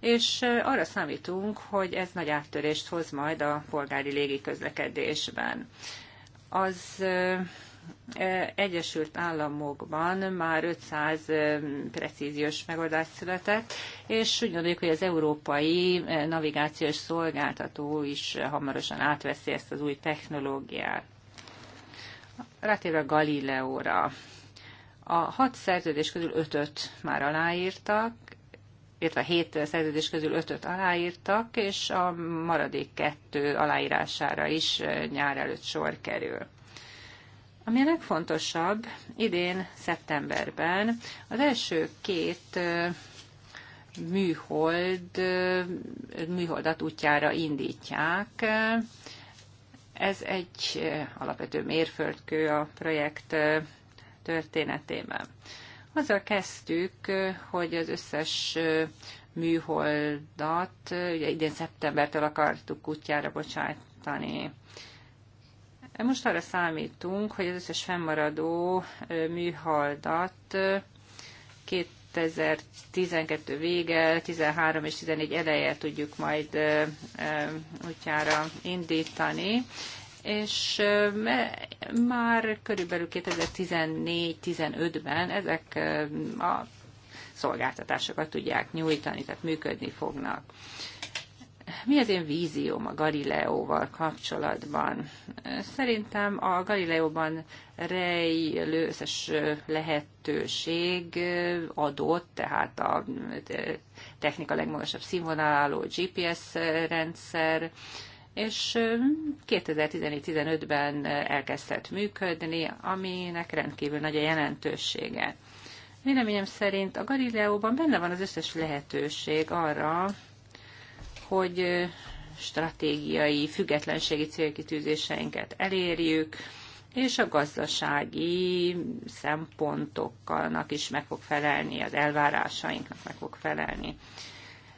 és eh, arra számítunk, hogy ez nagy áttörést hoz majd a polgári légiközlekedésben. Az Egyesült Államokban már 500 precíziós megoldás született, és úgy gondoljuk, hogy az európai navigációs szolgáltató is hamarosan átveszi ezt az új technológiát. Rátérve a Galileóra. A hat szerződés közül ötöt már aláírtak, illetve hét szerződés közül ötöt aláírtak, és a maradék kettő aláírására is nyár előtt sor kerül. Ami a legfontosabb, idén szeptemberben az első két műhold, műholdat útjára indítják. Ez egy alapvető mérföldkő a projekt történetében. Azzal kezdtük, hogy az összes műholdat, ugye idén szeptembertől akartuk útjára bocsátani. Hát most arra számítunk, hogy az összes fennmaradó műholdat 2012 vége, 13 és 14 eleje tudjuk majd útjára indítani, és már körülbelül 2014-15-ben ezek a szolgáltatásokat tudják nyújtani, tehát működni fognak. Mi az én vízióm a Galileóval kapcsolatban? Szerintem a Galileóban rejlő összes lehetőség adott, tehát a technika legmagasabb színvonaláló GPS rendszer, és 2014-15-ben elkezdett működni, aminek rendkívül nagy a jelentősége. Véleményem szerint a Galileóban benne van az összes lehetőség arra, hogy stratégiai függetlenségi célkitűzéseinket elérjük, és a gazdasági szempontoknak is meg fog felelni, az elvárásainknak meg fog felelni.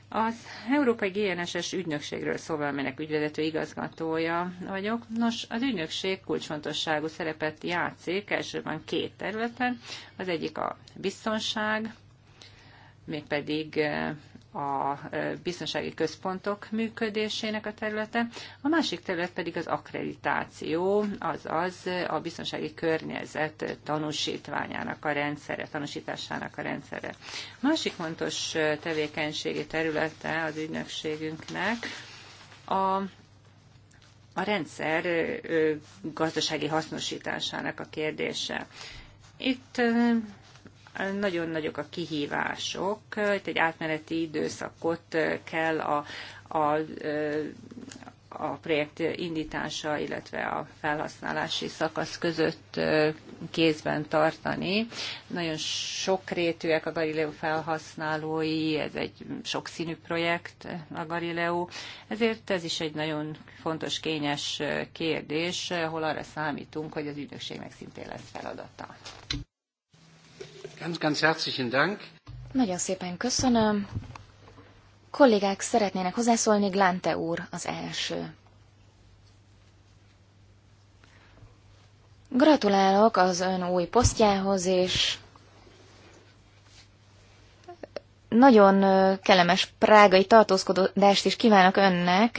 Az Európai GNSS ügynökségről szóval, aminek ügyvezető igazgatója vagyok. Nos, az ügynökség kulcsfontosságú szerepet játszik elsőben két területen. Az egyik a biztonság, mégpedig a biztonsági központok működésének a területe, a másik terület pedig az akkreditáció, azaz a biztonsági környezet tanúsítványának a rendszere, tanúsításának a rendszere. A másik fontos tevékenységi területe az ügynökségünknek a a rendszer gazdasági hasznosításának a kérdése. Itt nagyon nagyok a kihívások. Itt egy átmeneti időszakot kell a, a, a projekt indítása, illetve a felhasználási szakasz között kézben tartani. Nagyon sokrétűek a Galileo felhasználói, ez egy sokszínű projekt a Galileo, ezért ez is egy nagyon fontos, kényes kérdés, hol arra számítunk, hogy az ügynökségnek szintén lesz feladata. Ganz, ganz herzlichen Dank. Nagyon szépen köszönöm. Kollégák szeretnének hozzászólni, Glante úr az első. Gratulálok az ön új posztjához, és nagyon kellemes prágai tartózkodást is kívánok önnek.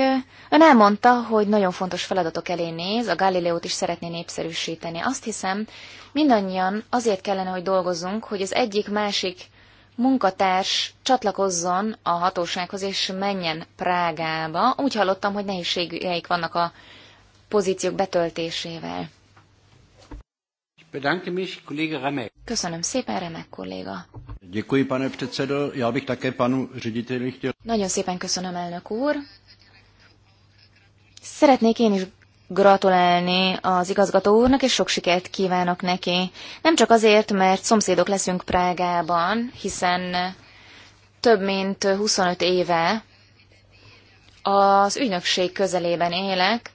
Ön elmondta, hogy nagyon fontos feladatok elé néz, a Galileót is szeretné népszerűsíteni. Azt hiszem, mindannyian azért kellene, hogy dolgozunk, hogy az egyik másik munkatárs csatlakozzon a hatósághoz és menjen Prágába. Úgy hallottam, hogy nehézségeik vannak a pozíciók betöltésével. Köszönöm szépen, Remek kolléga. Děkuji, pane předsedo. Já bych také panu řediteli chtěl... Nagyon szépen köszönöm, elnök úr. Szeretnék én is gratulálni az igazgató úrnak, és sok sikert kívánok neki. Nem csak azért, mert szomszédok leszünk Prágában, hiszen több mint 25 éve az ügynökség közelében élek,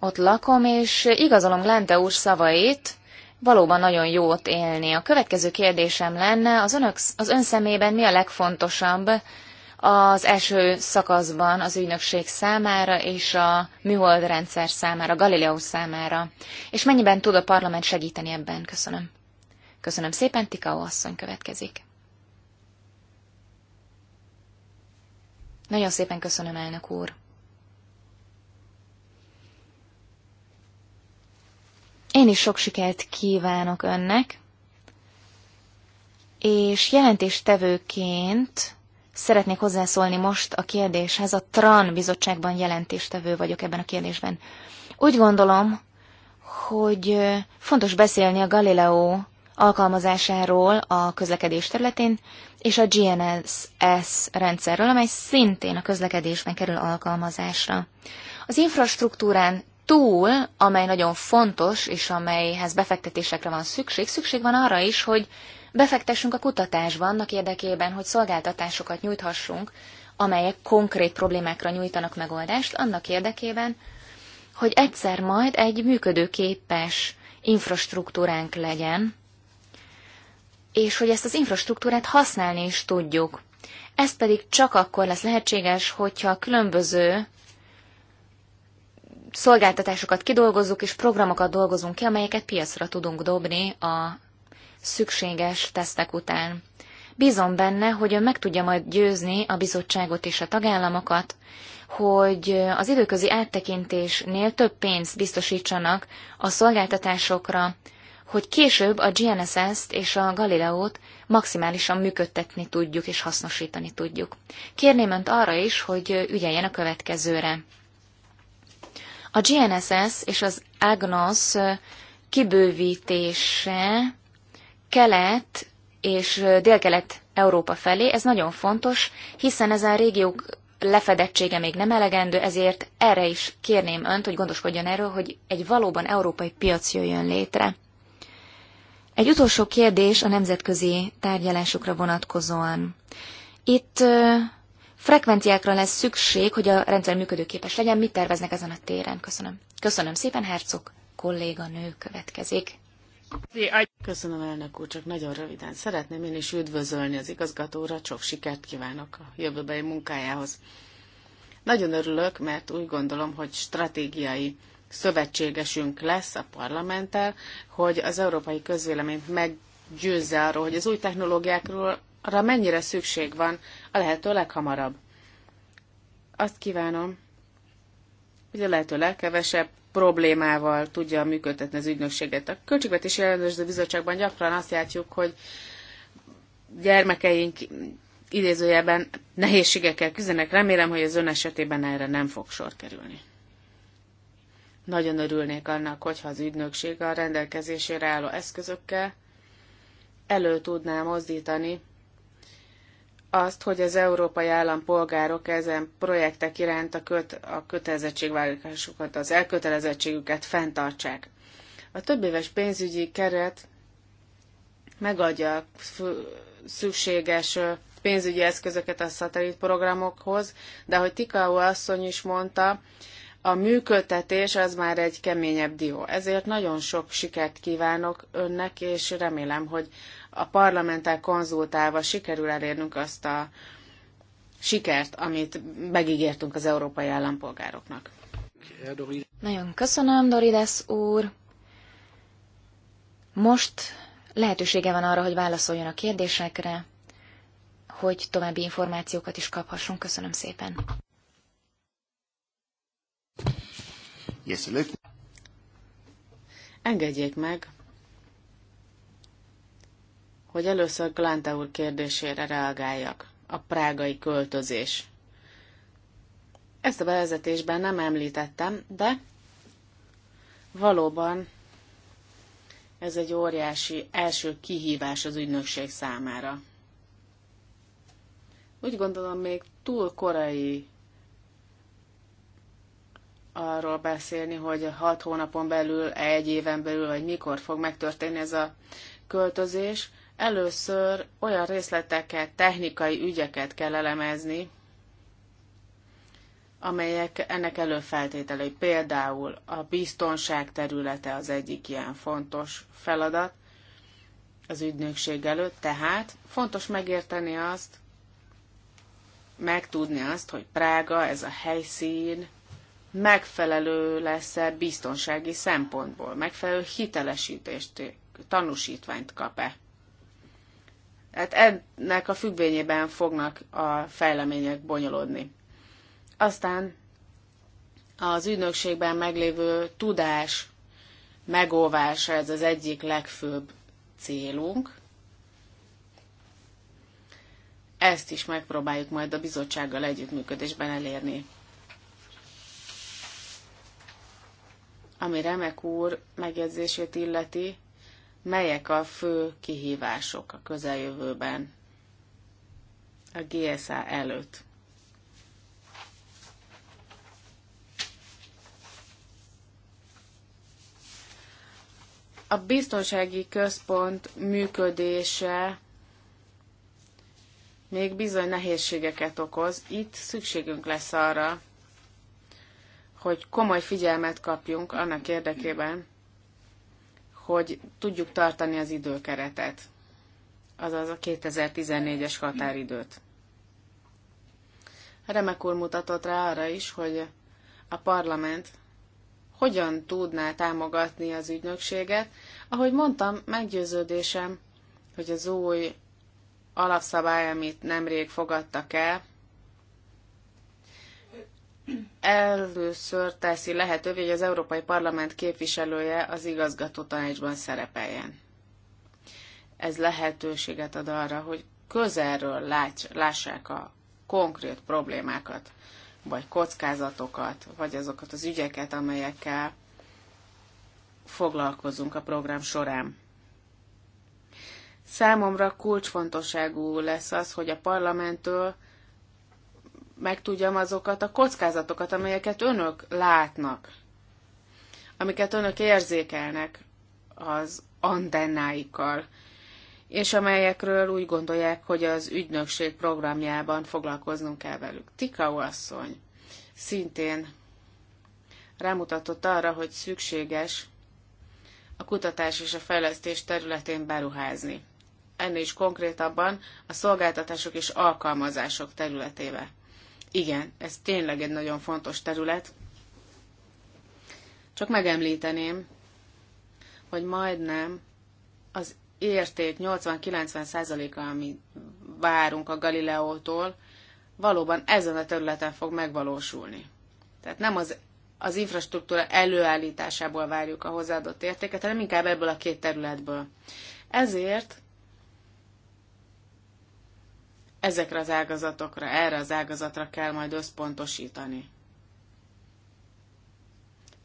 ott lakom, és igazolom Lente úr szavait, valóban nagyon jó ott élni. A következő kérdésem lenne, az, önök, az ön szemében mi a legfontosabb az első szakaszban az ügynökség számára és a műholdrendszer számára, Galileo számára? És mennyiben tud a parlament segíteni ebben? Köszönöm. Köszönöm szépen, Tikao asszony következik. Nagyon szépen köszönöm, elnök úr. Én is sok sikert kívánok önnek, és jelentéstevőként szeretnék hozzászólni most a kérdéshez. A TRAN bizottságban jelentéstevő vagyok ebben a kérdésben. Úgy gondolom, hogy fontos beszélni a Galileo alkalmazásáról a közlekedés területén, és a GNSS rendszerről, amely szintén a közlekedésben kerül alkalmazásra. Az infrastruktúrán túl, amely nagyon fontos, és amelyhez befektetésekre van szükség, szükség van arra is, hogy befektessünk a kutatásba annak érdekében, hogy szolgáltatásokat nyújthassunk, amelyek konkrét problémákra nyújtanak megoldást, annak érdekében, hogy egyszer majd egy működőképes infrastruktúránk legyen, és hogy ezt az infrastruktúrát használni is tudjuk. Ez pedig csak akkor lesz lehetséges, hogyha a különböző szolgáltatásokat kidolgozzuk, és programokat dolgozunk ki, amelyeket piacra tudunk dobni a szükséges tesztek után. Bízom benne, hogy ön meg tudja majd győzni a bizottságot és a tagállamokat, hogy az időközi áttekintésnél több pénzt biztosítsanak a szolgáltatásokra, hogy később a GNSS-t és a Galileót maximálisan működtetni tudjuk és hasznosítani tudjuk. Kérném Önt arra is, hogy ügyeljen a következőre. A GNSS és az Agnos kibővítése kelet és délkelet Európa felé, ez nagyon fontos, hiszen ezen régiók lefedettsége még nem elegendő, ezért erre is kérném önt, hogy gondoskodjon erről, hogy egy valóban európai piac jöjjön létre. Egy utolsó kérdés a nemzetközi tárgyalásokra vonatkozóan. Itt frekvenciákra lesz szükség, hogy a rendszer működőképes legyen. Mit terveznek ezen a téren? Köszönöm. Köszönöm szépen, Herzog kolléganő következik. Köszönöm, elnök úr, csak nagyon röviden. Szeretném én is üdvözölni az igazgatóra, sok sikert kívánok a jövőbeli munkájához. Nagyon örülök, mert úgy gondolom, hogy stratégiai szövetségesünk lesz a parlamenttel, hogy az európai közvéleményt meggyőzze arról, hogy az új technológiákról arra mennyire szükség van a lehető leghamarabb. Azt kívánom, hogy a lehető legkevesebb problémával tudja működtetni az ügynökséget. A Költségvetési Ellenőrző Bizottságban gyakran azt látjuk, hogy gyermekeink idézőjelben nehézségekkel küzdenek. Remélem, hogy az ön esetében erre nem fog sor kerülni. Nagyon örülnék annak, hogyha az ügynökség a rendelkezésére álló eszközökkel elő tudná mozdítani azt, hogy az európai állampolgárok ezen projektek iránt a, köt, a kötelezettségvállalásukat, az elkötelezettségüket fenntartsák. A többéves pénzügyi keret megadja a szükséges pénzügyi eszközöket a szatellitprogramokhoz, de ahogy Tikau asszony is mondta, a működtetés az már egy keményebb dió. Ezért nagyon sok sikert kívánok önnek, és remélem, hogy a parlamenttel konzultálva sikerül elérnünk azt a sikert, amit megígértünk az európai állampolgároknak. Nagyon köszönöm, Dorides úr. Most lehetősége van arra, hogy válaszoljon a kérdésekre, hogy további információkat is kaphassunk. Köszönöm szépen. Yes, Engedjék meg, hogy először Glánta úr kérdésére reagáljak. A prágai költözés. Ezt a bevezetésben nem említettem, de valóban ez egy óriási első kihívás az ügynökség számára. Úgy gondolom, még túl korai arról beszélni, hogy hat hónapon belül, egy éven belül, vagy mikor fog megtörténni ez a költözés. Először olyan részleteket, technikai ügyeket kell elemezni, amelyek ennek előfeltételei. Például a biztonság területe az egyik ilyen fontos feladat az ügynökség előtt, tehát fontos megérteni azt, megtudni azt, hogy Prága, ez a helyszín megfelelő lesz-e biztonsági szempontból, megfelelő hitelesítést, tanúsítványt kap-e. Hát ennek a függvényében fognak a fejlemények bonyolódni. Aztán az ügynökségben meglévő tudás megóvása, ez az egyik legfőbb célunk. Ezt is megpróbáljuk majd a bizottsággal együttműködésben elérni. Ami Remek úr megjegyzését illeti, melyek a fő kihívások a közeljövőben a GSA előtt. A biztonsági központ működése még bizony nehézségeket okoz. Itt szükségünk lesz arra, hogy komoly figyelmet kapjunk annak érdekében, hogy tudjuk tartani az időkeretet, azaz a 2014-es határidőt. Remek úr mutatott rá arra is, hogy a parlament hogyan tudná támogatni az ügynökséget. Ahogy mondtam, meggyőződésem, hogy az új alapszabály, amit nemrég fogadtak el, először teszi lehetővé, hogy az Európai Parlament képviselője az igazgató tanácsban szerepeljen. Ez lehetőséget ad arra, hogy közelről láts, lássák a konkrét problémákat, vagy kockázatokat, vagy azokat az ügyeket, amelyekkel foglalkozunk a program során. Számomra kulcsfontosságú lesz az, hogy a parlamenttől megtudjam azokat a kockázatokat, amelyeket önök látnak, amiket önök érzékelnek az antennáikkal, és amelyekről úgy gondolják, hogy az ügynökség programjában foglalkoznunk kell velük. Tikau asszony szintén rámutatott arra, hogy szükséges a kutatás és a fejlesztés területén beruházni. Ennél is konkrétabban a szolgáltatások és alkalmazások területével. Igen, ez tényleg egy nagyon fontos terület. Csak megemlíteném, hogy majdnem az érték 80-90%-a, amit várunk a Galileótól, valóban ezen a területen fog megvalósulni. Tehát nem az, az infrastruktúra előállításából várjuk a hozzáadott értéket, hanem inkább ebből a két területből. Ezért ezekre az ágazatokra, erre az ágazatra kell majd összpontosítani.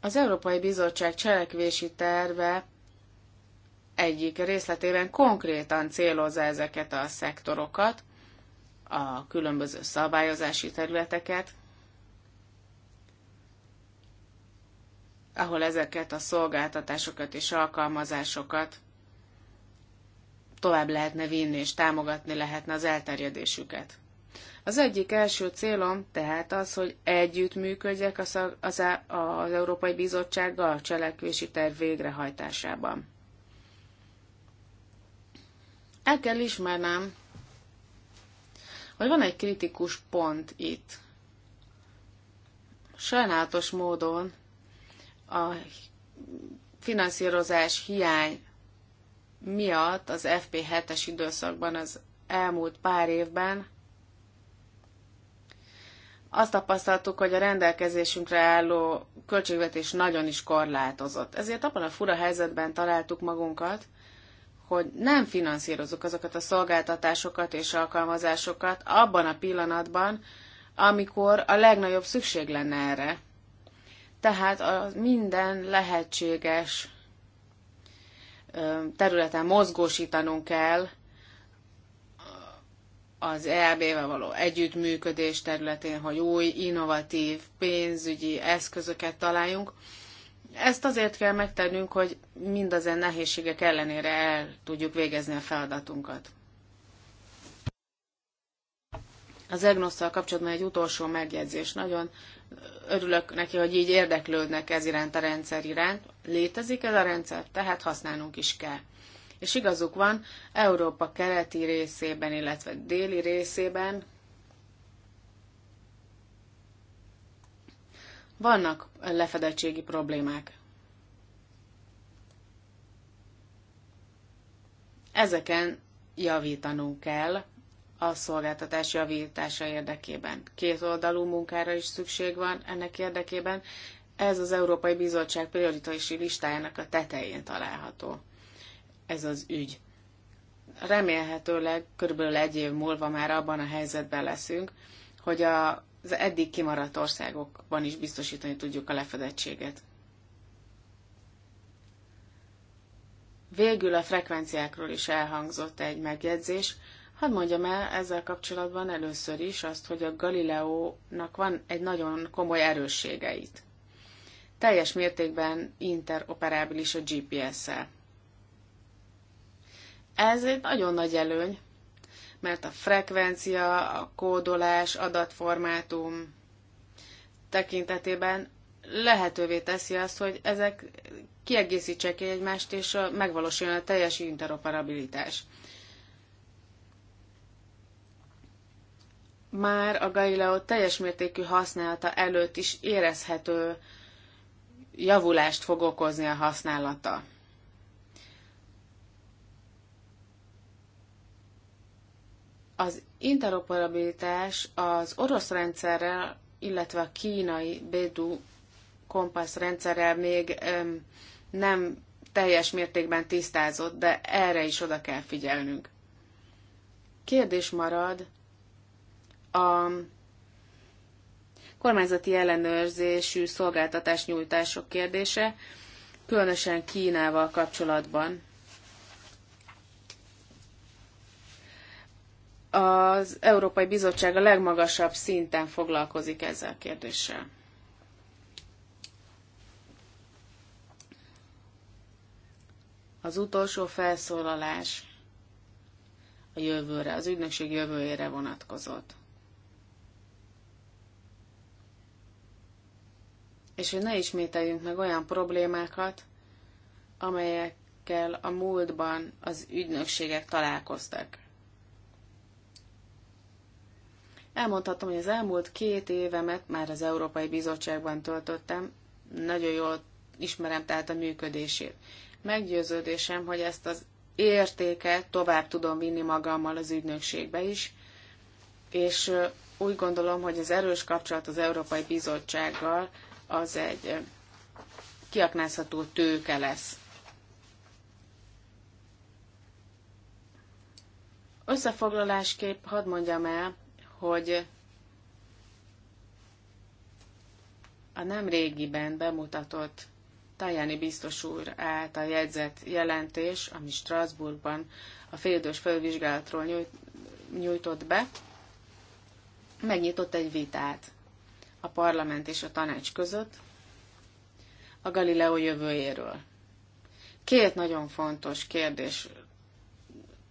Az Európai Bizottság cselekvési terve egyik részletében konkrétan célozza ezeket a szektorokat, a különböző szabályozási területeket, ahol ezeket a szolgáltatásokat és alkalmazásokat tovább lehetne vinni és támogatni lehetne az elterjedésüket. Az egyik első célom tehát az, hogy együttműködjek az, az, az Európai Bizottsággal a cselekvési terv végrehajtásában. El kell ismernem, hogy van egy kritikus pont itt. Sajnálatos módon a finanszírozás hiány miatt az FP7-es időszakban az elmúlt pár évben azt tapasztaltuk, hogy a rendelkezésünkre álló költségvetés nagyon is korlátozott. Ezért abban a fura helyzetben találtuk magunkat, hogy nem finanszírozunk azokat a szolgáltatásokat és alkalmazásokat abban a pillanatban, amikor a legnagyobb szükség lenne erre. Tehát a minden lehetséges területen mozgósítanunk kell az EAB-vel való együttműködés területén, hogy új, innovatív pénzügyi eszközöket találjunk. Ezt azért kell megtennünk, hogy mindazen nehézségek ellenére el tudjuk végezni a feladatunkat. Az EGNOSZ-szal kapcsolatban egy utolsó megjegyzés. Nagyon örülök neki, hogy így érdeklődnek ez iránt a rendszer iránt. Létezik ez a rendszer, tehát használnunk is kell. És igazuk van, Európa keleti részében, illetve déli részében vannak lefedettségi problémák. Ezeken javítanunk kell, a szolgáltatás javítása érdekében. Két oldalú munkára is szükség van ennek érdekében. Ez az Európai Bizottság prioritási listájának a tetején található. Ez az ügy. Remélhetőleg körülbelül egy év múlva már abban a helyzetben leszünk, hogy a az eddig kimaradt országokban is biztosítani tudjuk a lefedettséget. Végül a frekvenciákról is elhangzott egy megjegyzés. Hadd mondjam el ezzel kapcsolatban először is azt, hogy a Galileónak van egy nagyon komoly erősségeit. Teljes mértékben interoperábilis a GPS-szel. Ez egy nagyon nagy előny, mert a frekvencia, a kódolás, adatformátum tekintetében lehetővé teszi azt, hogy ezek kiegészítsék egymást, és megvalósuljon a teljes interoperabilitás. már a Galileo teljes mértékű használata előtt is érezhető javulást fog okozni a használata. Az interoperabilitás az orosz rendszerrel, illetve a kínai Bédu kompassz rendszerrel még öm, nem teljes mértékben tisztázott, de erre is oda kell figyelnünk. Kérdés marad, a kormányzati ellenőrzésű szolgáltatás nyújtások kérdése, különösen Kínával kapcsolatban. Az Európai Bizottság a legmagasabb szinten foglalkozik ezzel a kérdéssel. Az utolsó felszólalás a jövőre, az ügynökség jövőjére vonatkozott. és hogy ne ismételjünk meg olyan problémákat, amelyekkel a múltban az ügynökségek találkoztak. Elmondhatom, hogy az elmúlt két évemet már az Európai Bizottságban töltöttem, nagyon jól ismerem tehát a működését. Meggyőződésem, hogy ezt az értéket tovább tudom vinni magammal az ügynökségbe is, és úgy gondolom, hogy az erős kapcsolat az Európai Bizottsággal az egy kiaknázható tőke lesz. Összefoglalásképp hadd mondjam el, hogy a nem régiben bemutatott Tajani biztos úr által jegyzett jelentés, ami Strasbourgban a félidős fölvizsgálatról nyújtott be, megnyitott egy vitát a parlament és a tanács között a Galileo jövőjéről. Két nagyon fontos kérdés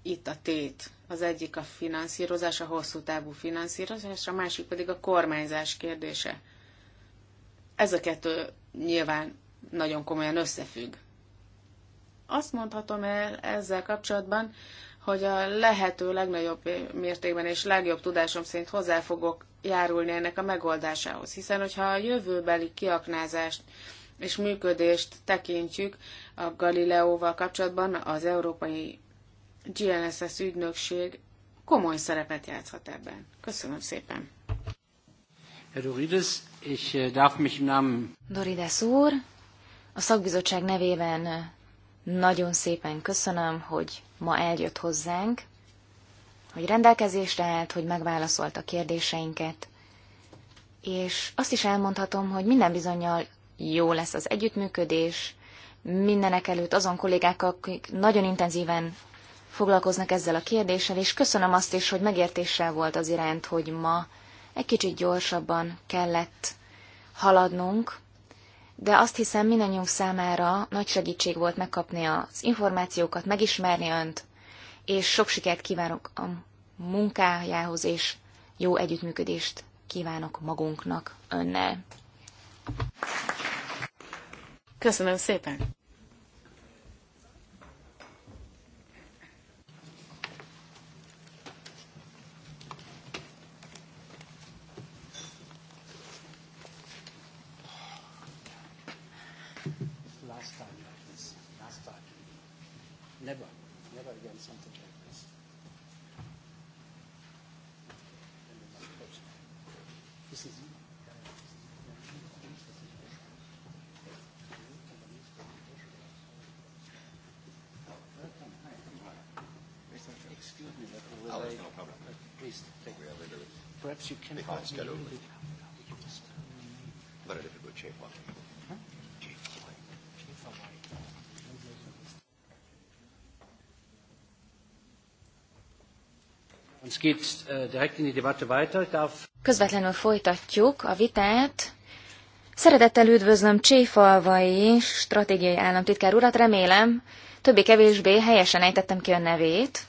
itt a tét. Az egyik a finanszírozás, a hosszú távú finanszírozás, a másik pedig a kormányzás kérdése. Ez a kettő nyilván nagyon komolyan összefügg. Azt mondhatom el ezzel kapcsolatban, hogy a lehető legnagyobb mértékben és legjobb tudásom szerint hozzá fogok járulni ennek a megoldásához. Hiszen, hogyha a jövőbeli kiaknázást és működést tekintjük a Galileóval kapcsolatban, az Európai GNSS ügynökség komoly szerepet játszhat ebben. Köszönöm szépen. Herr Dorides, ich äh, darf mich im Namen... Dorides úr, a szakbizottság nevében nagyon szépen köszönöm, hogy ma eljött hozzánk hogy rendelkezésre állt, hogy megválaszolta a kérdéseinket, és azt is elmondhatom, hogy minden bizonyal jó lesz az együttműködés, mindenek előtt azon kollégákkal, akik nagyon intenzíven foglalkoznak ezzel a kérdéssel, és köszönöm azt is, hogy megértéssel volt az iránt, hogy ma egy kicsit gyorsabban kellett haladnunk, de azt hiszem mindannyiunk számára nagy segítség volt megkapni az információkat, megismerni önt, és sok sikert kívánok a munkájához, és jó együttműködést kívánok magunknak önnel. Köszönöm szépen! Äh, Közvetlenül folytatjuk a vitát. Szeretettel üdvözlöm Cséfalvai stratégiai államtitkár urat, remélem Többi kevésbé helyesen ejtettem ki a nevét.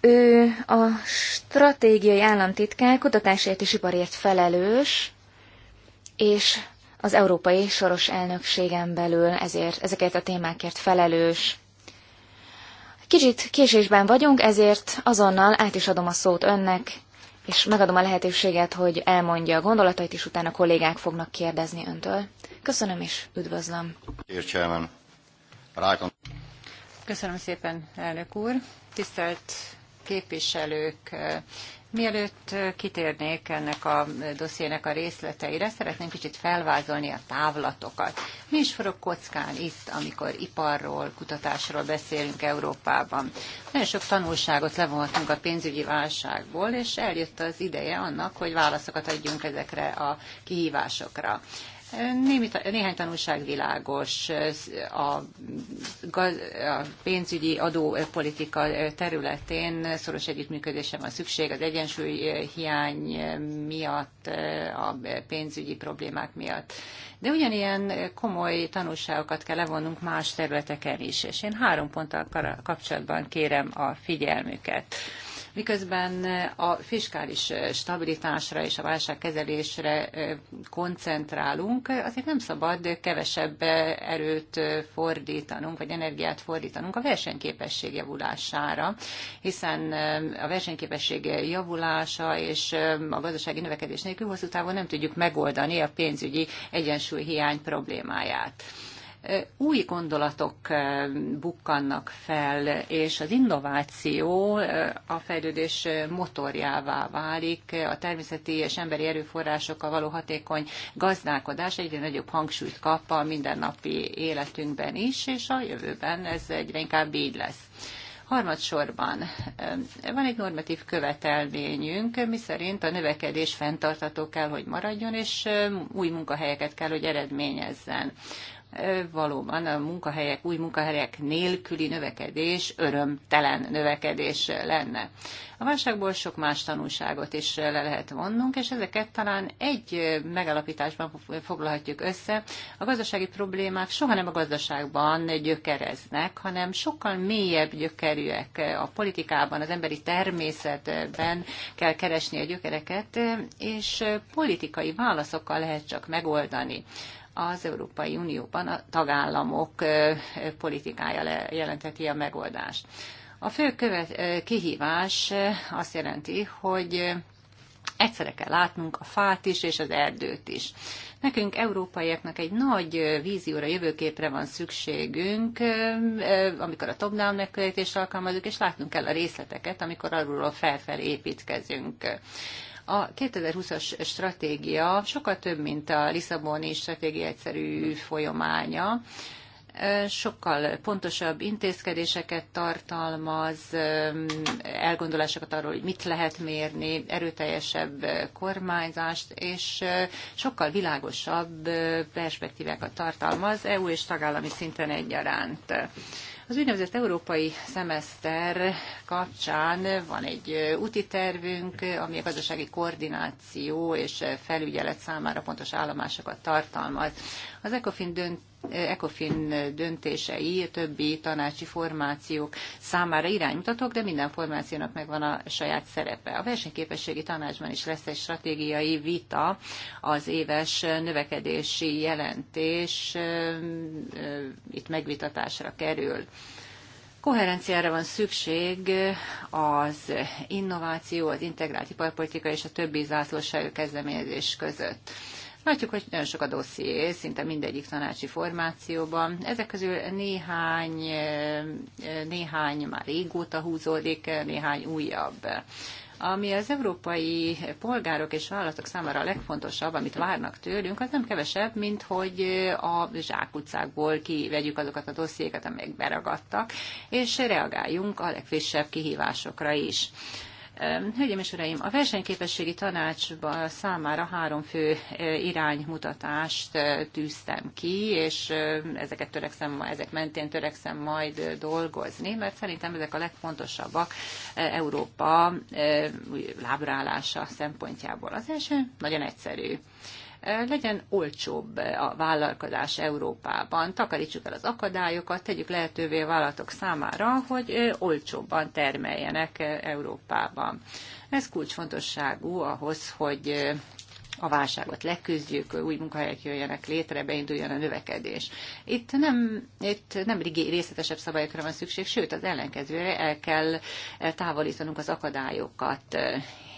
Ő a stratégiai államtitkár kutatásért és iparért felelős, és az európai soros elnökségen belül ezért, ezeket a témákért felelős. Kicsit késésben vagyunk, ezért azonnal át is adom a szót önnek, és megadom a lehetőséget, hogy elmondja a gondolatait, és utána kollégák fognak kérdezni öntől. Köszönöm, és üdvözlöm. Köszönöm szépen, elnök úr. Tisztelt képviselők, eh, Mielőtt eh, kitérnék ennek a dossziének a részleteire, szeretném kicsit felvázolni a távlatokat. Mi is forog kockán itt, amikor iparról, kutatásról beszélünk Európában. Nagyon sok tanulságot levonhatunk a pénzügyi válságból, és eljött az ideje annak, hogy válaszokat adjunk ezekre a kihívásokra. Némi, néhány tanulság világos a, a pénzügyi adópolitika területén szoros együttműködésre van szükség az egyensúly hiány miatt, a pénzügyi problémák miatt. De ugyanilyen komoly tanulságokat kell levonnunk más területeken is, és én három ponttal kapcsolatban kérem a figyelmüket miközben a fiskális stabilitásra és a válságkezelésre koncentrálunk, azért nem szabad kevesebb erőt fordítanunk, vagy energiát fordítanunk a versenyképesség javulására, hiszen a versenyképesség javulása és a gazdasági növekedés nélkül hosszú távon nem tudjuk megoldani a pénzügyi egyensúly hiány problémáját új gondolatok bukkannak fel, és az innováció a fejlődés motorjává válik, a természeti és emberi erőforrásokkal való hatékony gazdálkodás egyre nagyobb hangsúlyt kap a mindennapi életünkben is, és a jövőben ez egyre inkább így lesz. Harmadsorban van egy normatív követelményünk, miszerint a növekedés fenntartató kell, hogy maradjon, és új munkahelyeket kell, hogy eredményezzen valóban a munkahelyek, új munkahelyek nélküli növekedés örömtelen növekedés lenne. A válságból sok más tanulságot is le lehet vonnunk, és ezeket talán egy megalapításban foglalhatjuk össze. A gazdasági problémák soha nem a gazdaságban gyökereznek, hanem sokkal mélyebb gyökerűek a politikában, az emberi természetben kell keresni a gyökereket, és politikai válaszokkal lehet csak megoldani az Európai Unióban a tagállamok politikája jelenteti a megoldást. A fő követ, kihívás azt jelenti, hogy egyszerre kell látnunk a fát is és az erdőt is. Nekünk, európaiaknak egy nagy vízióra, jövőképre van szükségünk, amikor a top-down megközelítést alkalmazunk, és látnunk kell a részleteket, amikor arról felfelé építkezünk. A 2020-as stratégia sokkal több, mint a Lisszaboni stratégia egyszerű folyamánya sokkal pontosabb intézkedéseket tartalmaz, elgondolásokat arról, hogy mit lehet mérni, erőteljesebb kormányzást, és sokkal világosabb perspektívákat tartalmaz EU és tagállami szinten egyaránt. Az úgynevezett európai szemeszter kapcsán van egy úti tervünk, ami a gazdasági koordináció és felügyelet számára pontos állomásokat tartalmaz. Az ECOFIN, dönt, ECOFIN döntései többi tanácsi formációk számára iránymutatók, de minden formációnak megvan a saját szerepe. A versenyképességi tanácsban is lesz egy stratégiai vita az éves növekedési jelentés itt megvitatásra kerül. Koherenciára van szükség az innováció, az integrált iparpolitika és a többi zászlóságú kezdeményezés között. Látjuk, hogy nagyon sok a dosszié, szinte mindegyik tanácsi formációban. Ezek közül néhány, néhány már régóta húzódik, néhány újabb. Ami az európai polgárok és vállalatok számára a legfontosabb, amit várnak tőlünk, az nem kevesebb, mint hogy a zsákutcákból kivegyük azokat a dossziékat, amelyek beragadtak, és reagáljunk a legfrissebb kihívásokra is. Hölgyeim és Uraim, a versenyképességi tanácsban számára három fő e, iránymutatást e, tűztem ki, és e, ezeket törekszem, ezek mentén törekszem majd dolgozni, mert szerintem ezek a legfontosabbak Európa lábrálása szempontjából. Az első nagyon egyszerű legyen olcsóbb a vállalkozás Európában, takarítsuk el az akadályokat, tegyük lehetővé a vállalatok számára, hogy olcsóbban termeljenek Európában. Ez kulcsfontosságú ahhoz, hogy a válságot leküzdjük, új munkahelyek jöjjenek létre, beinduljon a növekedés. Itt nem, itt nem részletesebb szabályokra van szükség, sőt az ellenkezőre el kell távolítanunk az akadályokat,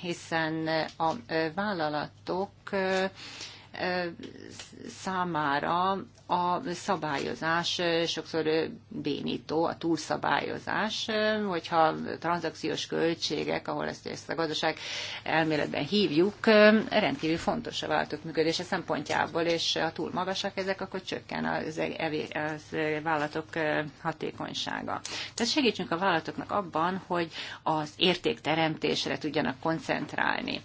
hiszen a vállalatok számára a szabályozás sokszor bénító, a túlszabályozás, hogyha tranzakciós költségek, ahol ezt, ezt a gazdaság elméletben hívjuk, rendkívül fontos a vállalatok működése szempontjából, és ha túl magasak ezek, akkor csökken az, e- az vállalatok hatékonysága. Tehát segítsünk a vállalatoknak abban, hogy az értékteremtésre tudjanak koncentrálni.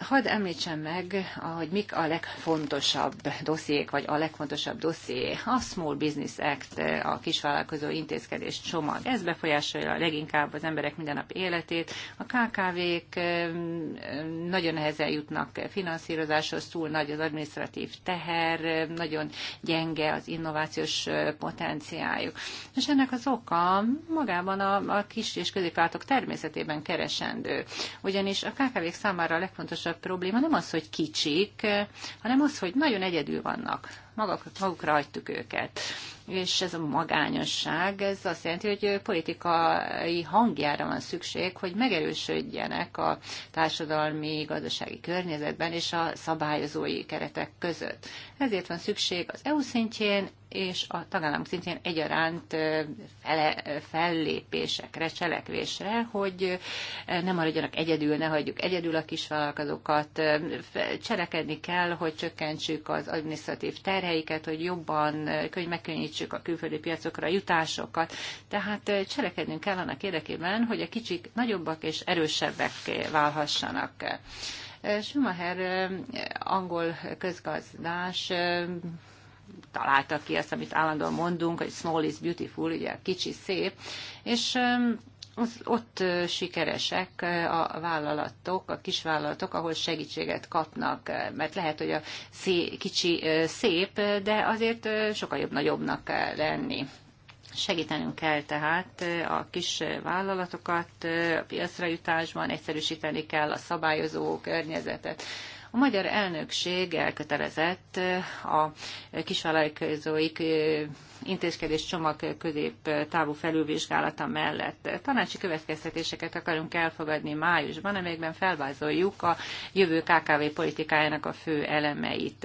Hadd említsem meg, hogy mik a legfontosabb dossziék, vagy a legfontosabb dosszié. A Small Business Act, a kisvállalkozó intézkedés csomag. Ez befolyásolja leginkább az emberek mindennapi életét. A KKV-k nagyon nehezen jutnak finanszírozáshoz, túl nagy az administratív teher, nagyon gyenge az innovációs potenciáljuk. És ennek az oka magában a, a kis és középvállalatok természetében keresendő. Ugyanis a KKV-k számára a legfontosabb legfontosabb probléma nem az, hogy kicsik, hanem az, hogy nagyon egyedül vannak. Maguk, magukra hagytuk őket. És ez a magányosság, ez azt jelenti, hogy politikai hangjára van szükség, hogy megerősödjenek a társadalmi, gazdasági környezetben és a szabályozói keretek között. Ezért van szükség az EU szintjén és a tagállamok szintjén egyaránt fele, fellépésekre, cselekvésre, hogy nem maradjanak egyedül, ne hagyjuk egyedül a kisvállalkozókat, cselekedni kell, hogy csökkentsük az administratív terheiket, hogy jobban hogy megkönnyítsük a külföldi piacokra a jutásokat. Tehát cselekednünk kell annak érdekében, hogy a kicsik nagyobbak és erősebbek válhassanak. Schumacher eh, angol közgazdás eh, találta ki azt, amit állandóan mondunk, hogy small is beautiful, ugye kicsi szép, és eh, ott sikeresek a vállalatok, a kisvállalatok, ahol segítséget kapnak, mert lehet, hogy a szé, kicsi szép, de azért sokkal jobb nagyobbnak lenni. Segítenünk kell tehát a kis vállalatokat a piacra jutásban, egyszerűsíteni kell a szabályozó környezetet. A magyar elnökség elkötelezett a kisvállalkozóik intézkedés csomag közép eh, távú felülvizsgálata mellett. Tanácsi következtetéseket akarunk elfogadni májusban, amelyekben felvázoljuk a jövő KKV politikájának a fő elemeit.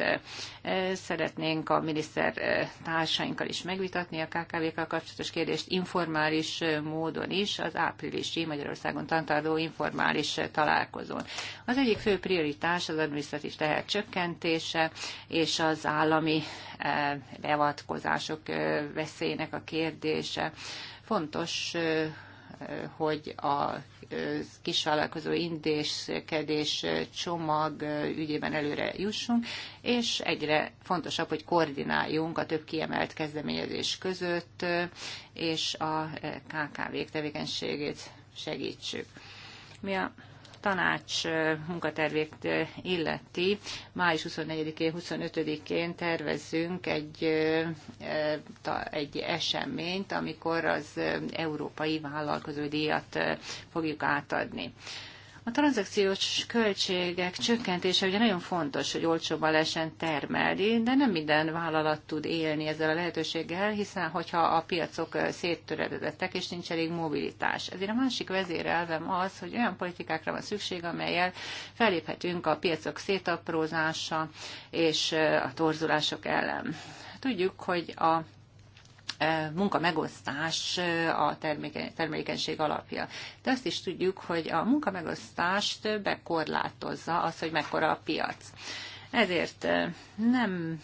Eh, szeretnénk a miniszter eh, társainkkal is megvitatni a KKV-kkal kapcsolatos kérdést informális módon is az áprilisi Magyarországon tantardó informális találkozón. Az egyik fő prioritás az administratív teher csökkentése és az állami beavatkozások veszélynek a kérdése. Fontos, hogy a kisvállalkozó indéskedés csomag ügyében előre jussunk, és egyre fontosabb, hogy koordináljunk a több kiemelt kezdeményezés között, és a KKV-k tevékenységét segítsük. Mi a tanács munkatervét illeti, május 24-én, 25-én tervezzünk egy, egy eseményt, amikor az európai vállalkozó díjat fogjuk átadni. A tranzakciós költségek csökkentése ugye nagyon fontos, hogy olcsóban lehessen termelni, de nem minden vállalat tud élni ezzel a lehetőséggel, hiszen hogyha a piacok széttöredeztek és nincs elég mobilitás. Ezért a másik vezérelvem az, hogy olyan politikákra van szükség, amelyel feléphetünk a piacok szétaprózása és a torzulások ellen. Tudjuk, hogy a munkamegosztás a termékenység alapja. De azt is tudjuk, hogy a munkamegosztást bekorlátozza az, hogy mekkora a piac. Ezért nem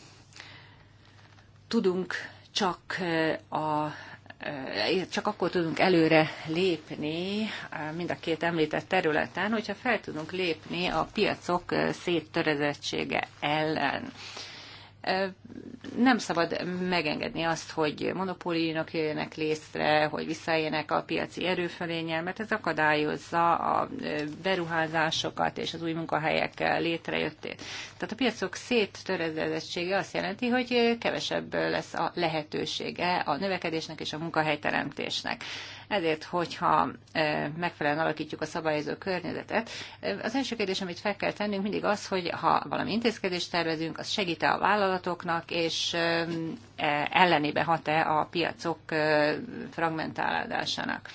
tudunk csak a csak akkor tudunk előre lépni mind a két említett területen, hogyha fel tudunk lépni a piacok széttörezettsége ellen nem szabad megengedni azt, hogy monopóliumok jöjjenek létre, hogy visszaéljenek a piaci erőfölényel, mert ez akadályozza a beruházásokat és az új munkahelyek létrejöttét. Tehát a piacok széttöredezettsége azt jelenti, hogy kevesebb lesz a lehetősége a növekedésnek és a munkahelyteremtésnek. Ezért, hogyha megfelelően alakítjuk a szabályozó környezetet, az első kérdés, amit fel kell tennünk, mindig az, hogy ha valami intézkedést tervezünk, az segít -e a vállalatoknak, és e, ellenébe hat-e a piacok fragmentálásának.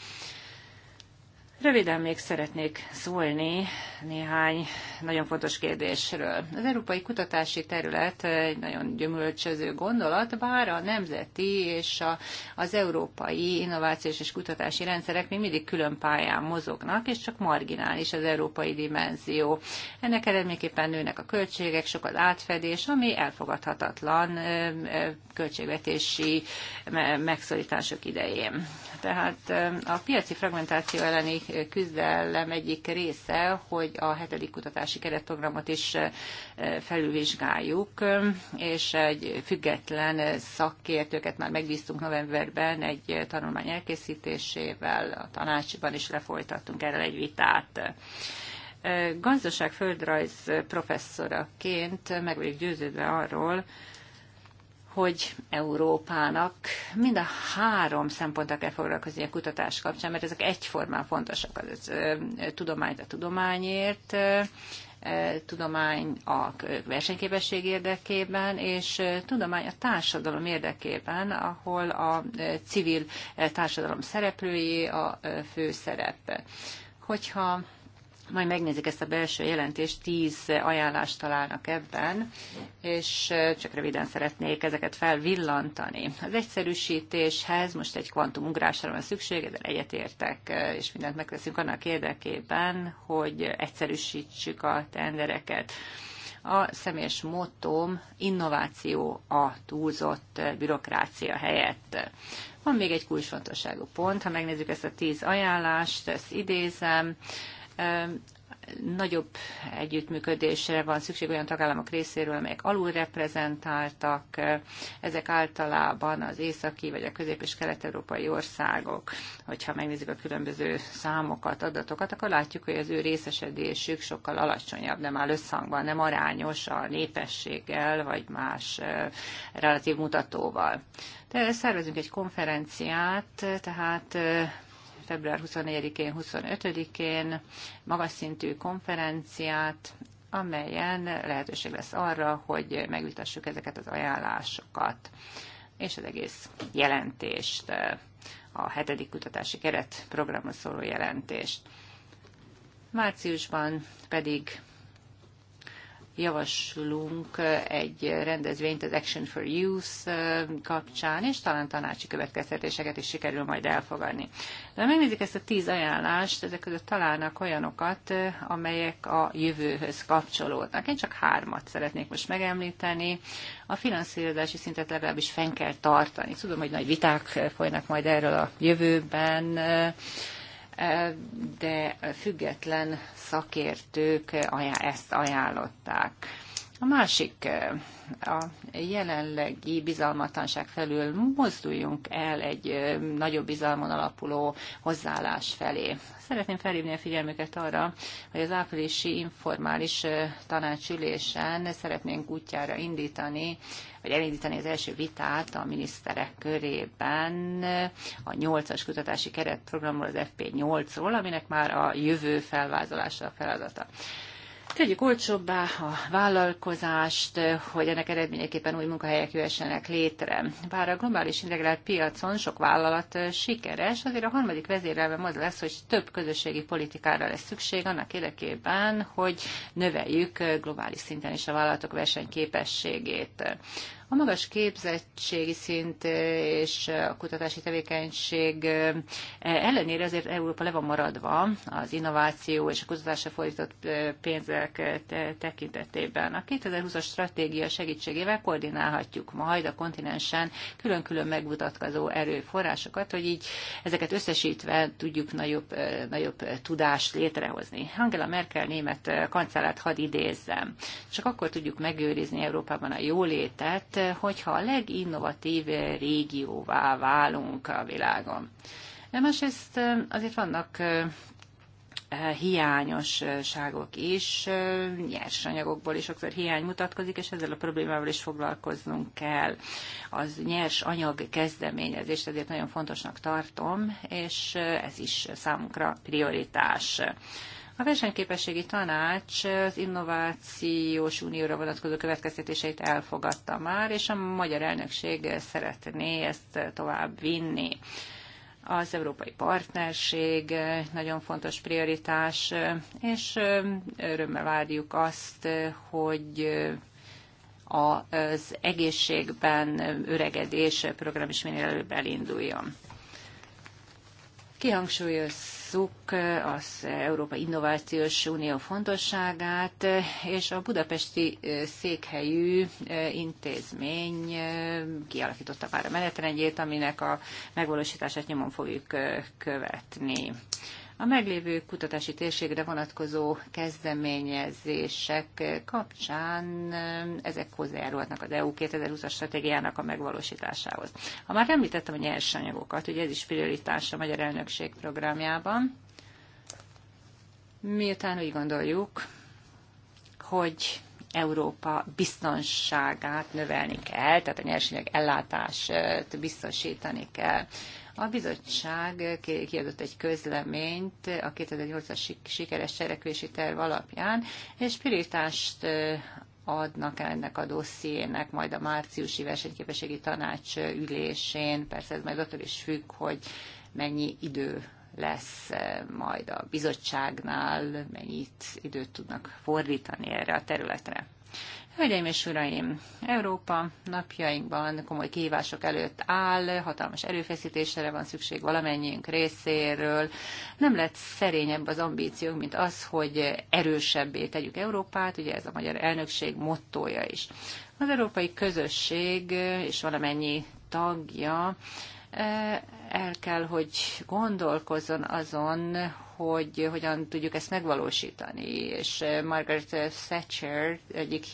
Röviden még szeretnék szólni néhány nagyon fontos kérdésről. Az európai kutatási terület egy nagyon gyümölcsöző gondolat, bár a nemzeti és a, az európai innovációs és kutatási rendszerek még mindig külön pályán mozognak, és csak marginális az európai dimenzió. Ennek eredményképpen nőnek a költségek, sok az átfedés, ami elfogadhatatlan költségvetési megszorítások idején. Tehát a piaci fragmentáció elleni küzdelem egyik része, hogy a hetedik kutatási keretprogramot is felülvizsgáljuk, és egy független szakértőket már megbíztunk novemberben egy tanulmány elkészítésével, a tanácsban is lefolytattunk erre egy vitát gazdaságföldrajz professzoraként meg vagyok győződve arról, hogy Európának mind a három szemponttal kell foglalkozni a kutatás kapcsán, mert ezek egyformán fontosak az tudományt a tudományért, tudomány a versenyképesség érdekében, és tudomány a társadalom érdekében, ahol a civil társadalom szereplői a főszerep. Hogyha majd megnézik ezt a belső jelentést, tíz ajánlást találnak ebben, és csak röviden szeretnék ezeket felvillantani. Az egyszerűsítéshez most egy kvantumugrásra van szükség, de egyetértek, és mindent megteszünk annak érdekében, hogy egyszerűsítsük a tendereket. A személyes motom: innováció a túlzott bürokrácia helyett. Van még egy kulcsfontosságú pont, ha megnézzük ezt a tíz ajánlást, ezt idézem, nagyobb együttműködésre van szükség olyan tagállamok részéről, amelyek alulreprezentáltak, eh, ezek általában az északi vagy a közép- és kelet-európai országok. Hogyha megnézzük a különböző számokat, adatokat, akkor látjuk, hogy az ő részesedésük sokkal alacsonyabb, nem áll összhangban, nem arányos a népességgel vagy más eh, relatív mutatóval. De szervezünk egy konferenciát, tehát eh, február 24-én, 25-én magas szintű konferenciát, amelyen lehetőség lesz arra, hogy megvitassuk ezeket az ajánlásokat és az egész jelentést, a hetedik kutatási keret programra szóló jelentést. Márciusban pedig javaslunk egy rendezvényt az Action for Youth kapcsán, és talán tanácsi következtetéseket is sikerül majd elfogadni. De megnézik ezt a tíz ajánlást, ezek között találnak olyanokat, amelyek a jövőhöz kapcsolódnak. Én csak hármat szeretnék most megemlíteni. A finanszírozási szintet legalábbis fenn kell tartani. Tudom, hogy nagy viták folynak majd erről a jövőben, de független szakértők ezt ajánlották a másik, eh, a jelenlegi bizalmatlanság felül mozduljunk el egy eh, nagyobb bizalmon alapuló hozzáállás felé. Szeretném felhívni a figyelmüket arra, hogy az áprilisi informális eh, tanácsülésen szeretnénk útjára indítani, vagy elindítani az első vitát a miniszterek körében a 8-as kutatási keretprogramról, az FP8-ról, aminek már a jövő felvázolása a feladata tegyük olcsóbbá a vállalkozást, hogy ennek eredményeképpen új munkahelyek jöhessenek létre. Bár a globális integrált piacon sok vállalat sikeres, azért a harmadik vezérelve az lesz, hogy több közösségi politikára lesz szükség annak érdekében, hogy növeljük globális szinten is a vállalatok versenyképességét. A magas képzettségi szint és a kutatási tevékenység ellenére azért Európa le van maradva az innováció és a kutatásra fordított pénzek tekintetében. A 2020-as stratégia segítségével koordinálhatjuk majd a kontinensen külön-külön megmutatkozó erőforrásokat, hogy így ezeket összesítve tudjuk nagyobb, nagyobb tudást létrehozni. Angela Merkel német kancellát hadd idézzem. Csak akkor tudjuk megőrizni Európában a jólétet, Eh, hogyha a leginnovatív eh, régióvá válunk a világon. ezt eh, azért vannak hiányosságok is, nyersanyagokból is sokszor hiány mutatkozik, és ezzel a problémával is foglalkoznunk kell. Az nyers anyag kezdeményezést ezért nagyon fontosnak tartom, és ez is számunkra prioritás. A versenyképességi tanács az innovációs unióra vonatkozó következtetéseit elfogadta már, és a magyar elnökség szeretné ezt tovább vinni. Az európai partnerség nagyon fontos prioritás, és örömmel várjuk azt, hogy az egészségben öregedés program is minél előbb elinduljon. Kihangsúlyoz aláhúzzuk az Európai Innovációs Unió fontosságát, és a budapesti székhelyű intézmény kialakította már a menetrendjét, aminek a megvalósítását nyomon fogjuk követni. A meglévő kutatási térségre vonatkozó kezdeményezések kapcsán um, ezek hozzájárulhatnak az EU 2020-as stratégiának a megvalósításához. Ha már említettem a nyersanyagokat, ugye ez is prioritás a Magyar Elnökség programjában, miután úgy gondoljuk, hogy Európa biztonságát növelni kell, tehát a nyersanyag ellátást biztosítani kell. A bizottság kiadott egy közleményt a 2008-as sikeres cselekvési terv alapján, és pirítást adnak el ennek a dossziének majd a márciusi versenyképességi tanács ülésén. Persze ez majd attól is függ, hogy mennyi idő lesz majd a bizottságnál, mennyit időt tudnak fordítani erre a területre. Hölgyeim és Uraim, Európa napjainkban komoly kihívások előtt áll, hatalmas erőfeszítésre van szükség valamennyiünk részéről. Nem lett szerényebb az ambíciók, mint az, hogy erősebbé tegyük Európát, ugye ez a magyar elnökség mottója is. Az európai közösség és valamennyi tagja eh, el kell, hogy gondolkozzon azon, hogy hogyan tudjuk ezt megvalósítani. És Margaret Thatcher egyik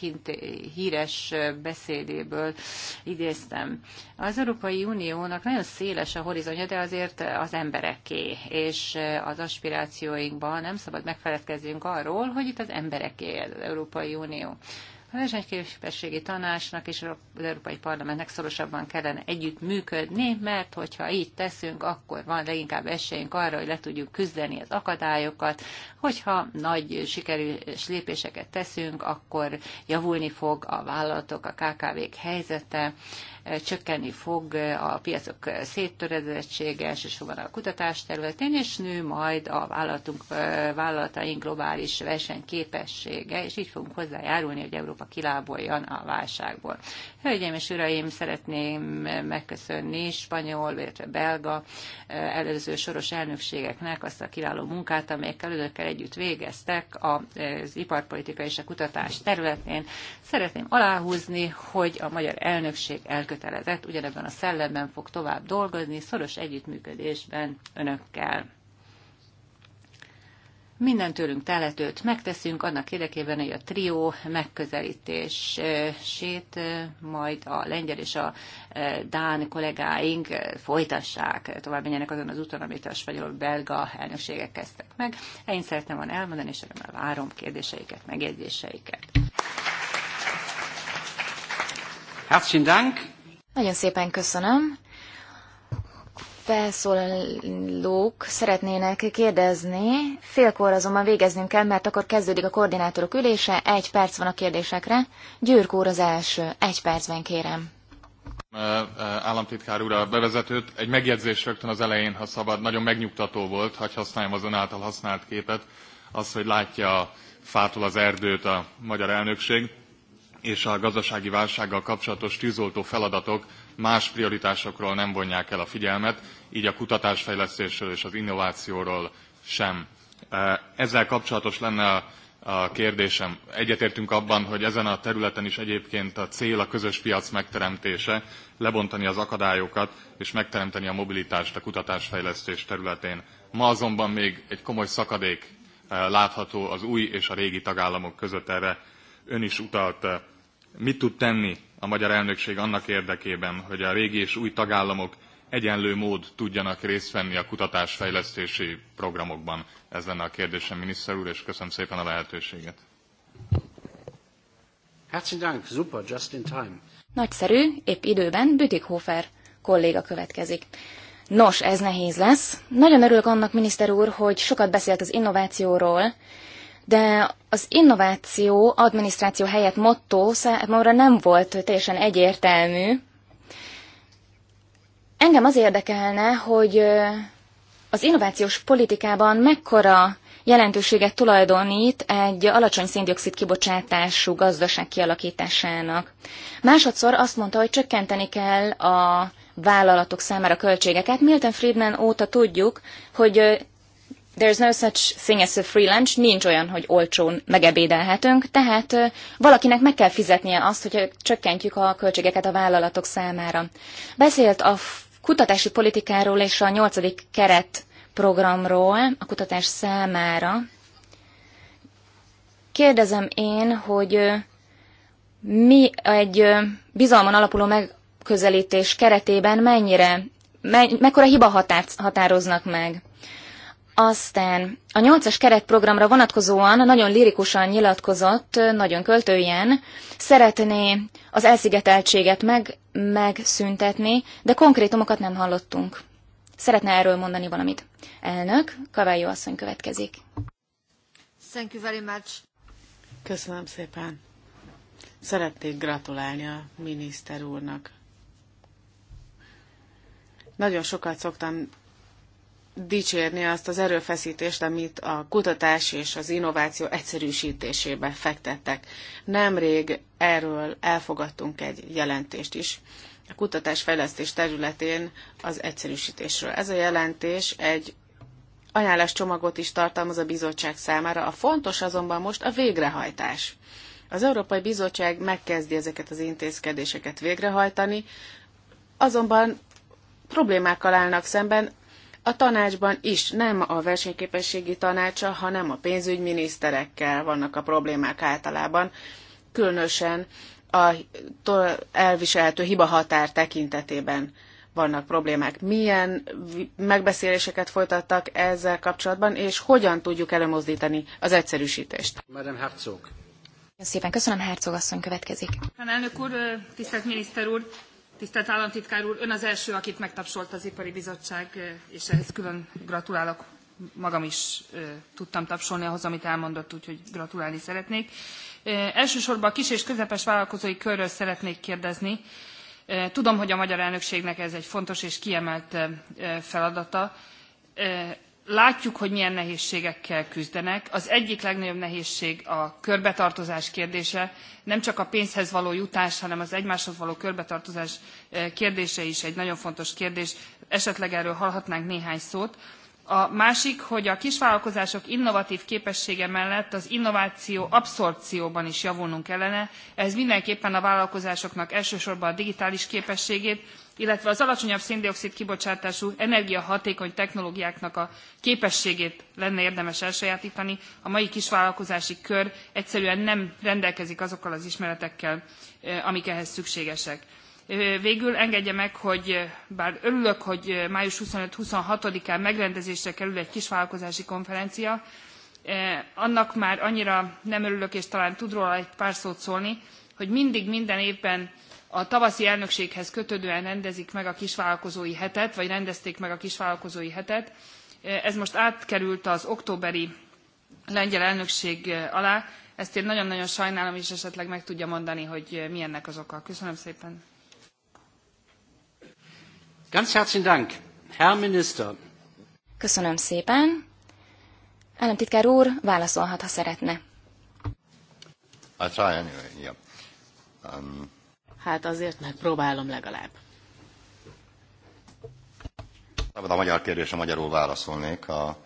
híres beszédéből idéztem. Az Európai Uniónak nagyon széles a horizontja, de azért az embereké, és az aspirációinkban nem szabad megfeledkezzünk arról, hogy itt az embereké az Európai Unió. A versenyképességi tanácsnak és az Európai Parlamentnek szorosabban kellene együtt működni, mert hogyha így teszünk, akkor van leginkább esélyünk arra, hogy le tudjuk küzdeni az akadályokat. Hogyha nagy sikerű lépéseket teszünk, akkor javulni fog a vállalatok, a KKV-k helyzete, csökkenni fog a piacok széttöredezettsége, elsősorban a kutatás területén, és nő majd a vállalatunk, vállalataink globális versenyképessége, és így fogunk hozzájárulni, hogy Európa kiláboljon a válságból. Hölgyeim és uraim, szeretném megköszönni spanyol, illetve belga előző soros elnökségeknek azt a kiváló munkát, amelyekkel önökkel együtt végeztek az iparpolitika és a kutatás területén. Szeretném aláhúzni, hogy a magyar elnökség elkö elkötelezett, ugyanebben a szellemben fog tovább dolgozni, szoros együttműködésben önökkel. Minden tőlünk telhetőt megteszünk annak érdekében, hogy a trió megközelítését eh, majd a lengyel és a eh, dán kollégáink eh, folytassák, tovább menjenek azon az úton, amit a spanyol-belga elnökségek kezdtek meg. Én szeretném van elmondani, és örömmel várom kérdéseiket, megjegyzéseiket. Herzlichen Dank. Nagyon szépen köszönöm. Felszólók szeretnének kérdezni, félkor azonban végeznünk kell, mert akkor kezdődik a koordinátorok ülése, egy perc van a kérdésekre. Győrk úr az első, egy percben kérem. Eh, eh, államtitkár úr a bevezetőt. Egy megjegyzés rögtön az elején, ha szabad, nagyon megnyugtató volt, ha használjam az ön által használt képet, az, hogy látja a fától az erdőt a magyar elnökség és a gazdasági válsággal kapcsolatos tűzoltó feladatok más prioritásokról nem vonják el a figyelmet, így a kutatásfejlesztésről és az innovációról sem. E, ezzel kapcsolatos lenne a kérdésem. Egyetértünk abban, hogy ezen a területen is egyébként a cél a közös piac megteremtése, lebontani az akadályokat és megteremteni a mobilitást a kutatásfejlesztés területén. Ma azonban még egy komoly szakadék e, látható az új és a régi tagállamok között erre ön is utalt. E, mit tud tenni a magyar elnökség annak érdekében, hogy a régi és új tagállamok egyenlő mód tudjanak részt venni a kutatásfejlesztési programokban? Ez lenne a kérdésem, miniszter úr, és köszönöm szépen a lehetőséget. Nagyszerű, épp időben Bütikhofer kolléga következik. Nos, ez nehéz lesz. Nagyon örülök annak, miniszter úr, hogy sokat beszélt az innovációról, de az innováció, adminisztráció helyett motto számomra nem volt teljesen egyértelmű. Engem az érdekelne, hogy az innovációs politikában mekkora jelentőséget tulajdonít egy alacsony széndiokszid kibocsátású gazdaság kialakításának. Másodszor azt mondta, hogy csökkenteni kell a vállalatok számára költségeket. Milton Friedman óta tudjuk, hogy There's no such thing as a free lunch, nincs olyan, hogy olcsón megebédelhetünk, tehát valakinek meg kell fizetnie azt, hogy csökkentjük a költségeket a vállalatok számára. Beszélt a kutatási politikáról és a nyolcadik keret programról a kutatás számára. Kérdezem én, hogy mi egy bizalmon alapuló megközelítés keretében mennyire, mekkora hiba határoznak meg? Aztán a nyolcas keretprogramra vonatkozóan nagyon lirikusan nyilatkozott, nagyon költőjen, szeretné az elszigeteltséget meg, megszüntetni, de konkrétumokat nem hallottunk. Szeretne erről mondani valamit. Elnök, Kavályó asszony következik. Thank you very much. Köszönöm szépen. Szeretnék gratulálni a miniszter úrnak. Nagyon sokat szoktam dicsérni azt az erőfeszítést, amit a kutatás és az innováció egyszerűsítésébe fektettek. Nemrég erről elfogadtunk egy jelentést is a kutatásfejlesztés területén az egyszerűsítésről. Ez a jelentés egy ajánláscsomagot is tartalmaz a bizottság számára, a fontos azonban most a végrehajtás. Az Európai Bizottság megkezdi ezeket az intézkedéseket végrehajtani, azonban problémákkal állnak szemben a tanácsban is nem a versenyképességi tanácsa, hanem a pénzügyminiszterekkel vannak a problémák általában, különösen a elviselhető hibahatár tekintetében vannak problémák. Milyen megbeszéléseket folytattak ezzel kapcsolatban, és hogyan tudjuk előmozdítani az egyszerűsítést? Madame Herzog. Szépen köszönöm, Herzog asszony következik. Elnök úr, tisztelt miniszter úr, Tisztelt államtitkár úr, ön az első, akit megtapsolt az Ipari Bizottság, és ehhez külön gratulálok. Magam is tudtam tapsolni ahhoz, amit elmondott, úgyhogy gratulálni szeretnék. Elsősorban a kis és közepes vállalkozói körről szeretnék kérdezni. Tudom, hogy a magyar elnökségnek ez egy fontos és kiemelt feladata látjuk, hogy milyen nehézségekkel küzdenek. Az egyik legnagyobb nehézség a körbetartozás kérdése. Nem csak a pénzhez való jutás, hanem az egymáshoz való körbetartozás eh, kérdése is egy nagyon fontos kérdés. Esetleg erről hallhatnánk néhány szót. A másik, hogy a kisvállalkozások innovatív képessége mellett az innováció abszorpcióban is javulnunk kellene, ez mindenképpen a vállalkozásoknak elsősorban a digitális képességét, illetve az alacsonyabb széndiokszid kibocsátású energiahatékony technológiáknak a képességét lenne érdemes elsajátítani. A mai kisvállalkozási kör egyszerűen nem rendelkezik azokkal az ismeretekkel, amik ehhez szükségesek. Végül engedje meg, hogy bár örülök, hogy május 25-26-án megrendezésre kerül egy kisvállalkozási konferencia, annak már annyira nem örülök, és talán tud róla egy pár szót szólni, hogy mindig minden évben a tavaszi elnökséghez kötődően rendezik meg a kisvállalkozói hetet, vagy rendezték meg a kisvállalkozói hetet. Ez most átkerült az októberi lengyel elnökség alá. Ezt én nagyon-nagyon sajnálom, és esetleg meg tudja mondani, hogy mi ennek az oka. Köszönöm szépen. Ganz herzlichen Dank, Herr Minister. Köszönöm szépen. Államtitkár úr, válaszolhat, ha szeretne. I try anyway, yeah. Um... Hát azért megpróbálom legalább. A magyar kérdésre magyarul válaszolnék. A...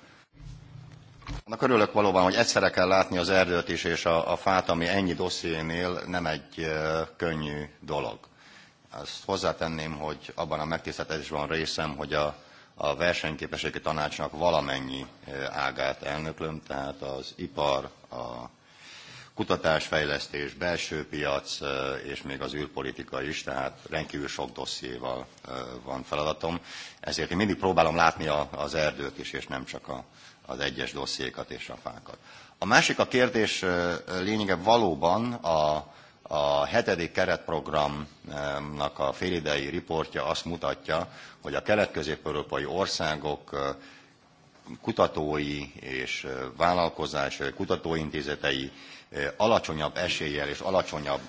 Annak örülök valóban, hogy egyszerre kell látni az erdőt is és a, a fát, ami ennyi dossziénél nem egy e, könnyű dolog. Azt hozzátenném, hogy abban a megtiszteltetésben részem, hogy a, a versenyképességi tanácsnak valamennyi ágát elnöklöm, tehát az ipar, a kutatásfejlesztés, belső piac és még az űrpolitika is, tehát rendkívül sok dossziéval van feladatom. Ezért én mindig próbálom látni az erdőt is, és nem csak a, az egyes dossziékat és a fákat. A másik a kérdés lényege valóban a, a hetedik keretprogramnak a félidei riportja azt mutatja, hogy a kelet-közép-európai országok kutatói és vállalkozás kutatóintézetei alacsonyabb eséllyel és alacsonyabb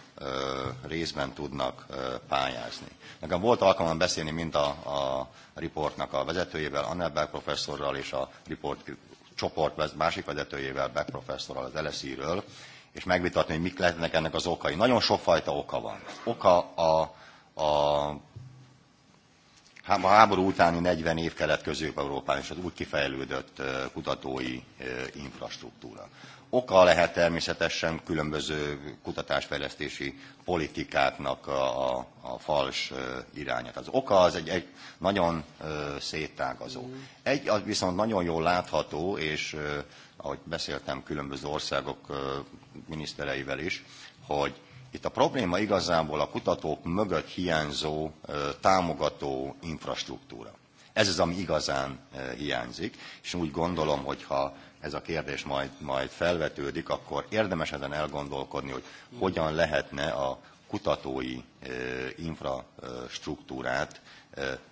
részben tudnak pályázni. Nekem volt alkalmam beszélni mind a, a riportnak a vezetőjével, Beck professzorral és a riport csoport másik vezetőjével, Beck professzorral az LSI-ről, és megvitatni, hogy mik lehetnek ennek az okai. Nagyon sokfajta oka van. Oka a, a a háború utáni 40 év kelet közép-európán és az úgy kifejlődött kutatói infrastruktúra oka lehet természetesen különböző kutatásfejlesztési politikáknak a, a, a fals irányát. Az oka az egy, egy nagyon széttágazó. Mm. Egy az viszont nagyon jól látható, és ahogy beszéltem különböző országok minisztereivel is, hogy itt a probléma igazából a kutatók mögött hiányzó támogató infrastruktúra. Ez az, ami igazán hiányzik, és úgy gondolom, hogy ha ez a kérdés majd, majd felvetődik, akkor érdemes ezen elgondolkodni, hogy hogyan lehetne a kutatói infrastruktúrát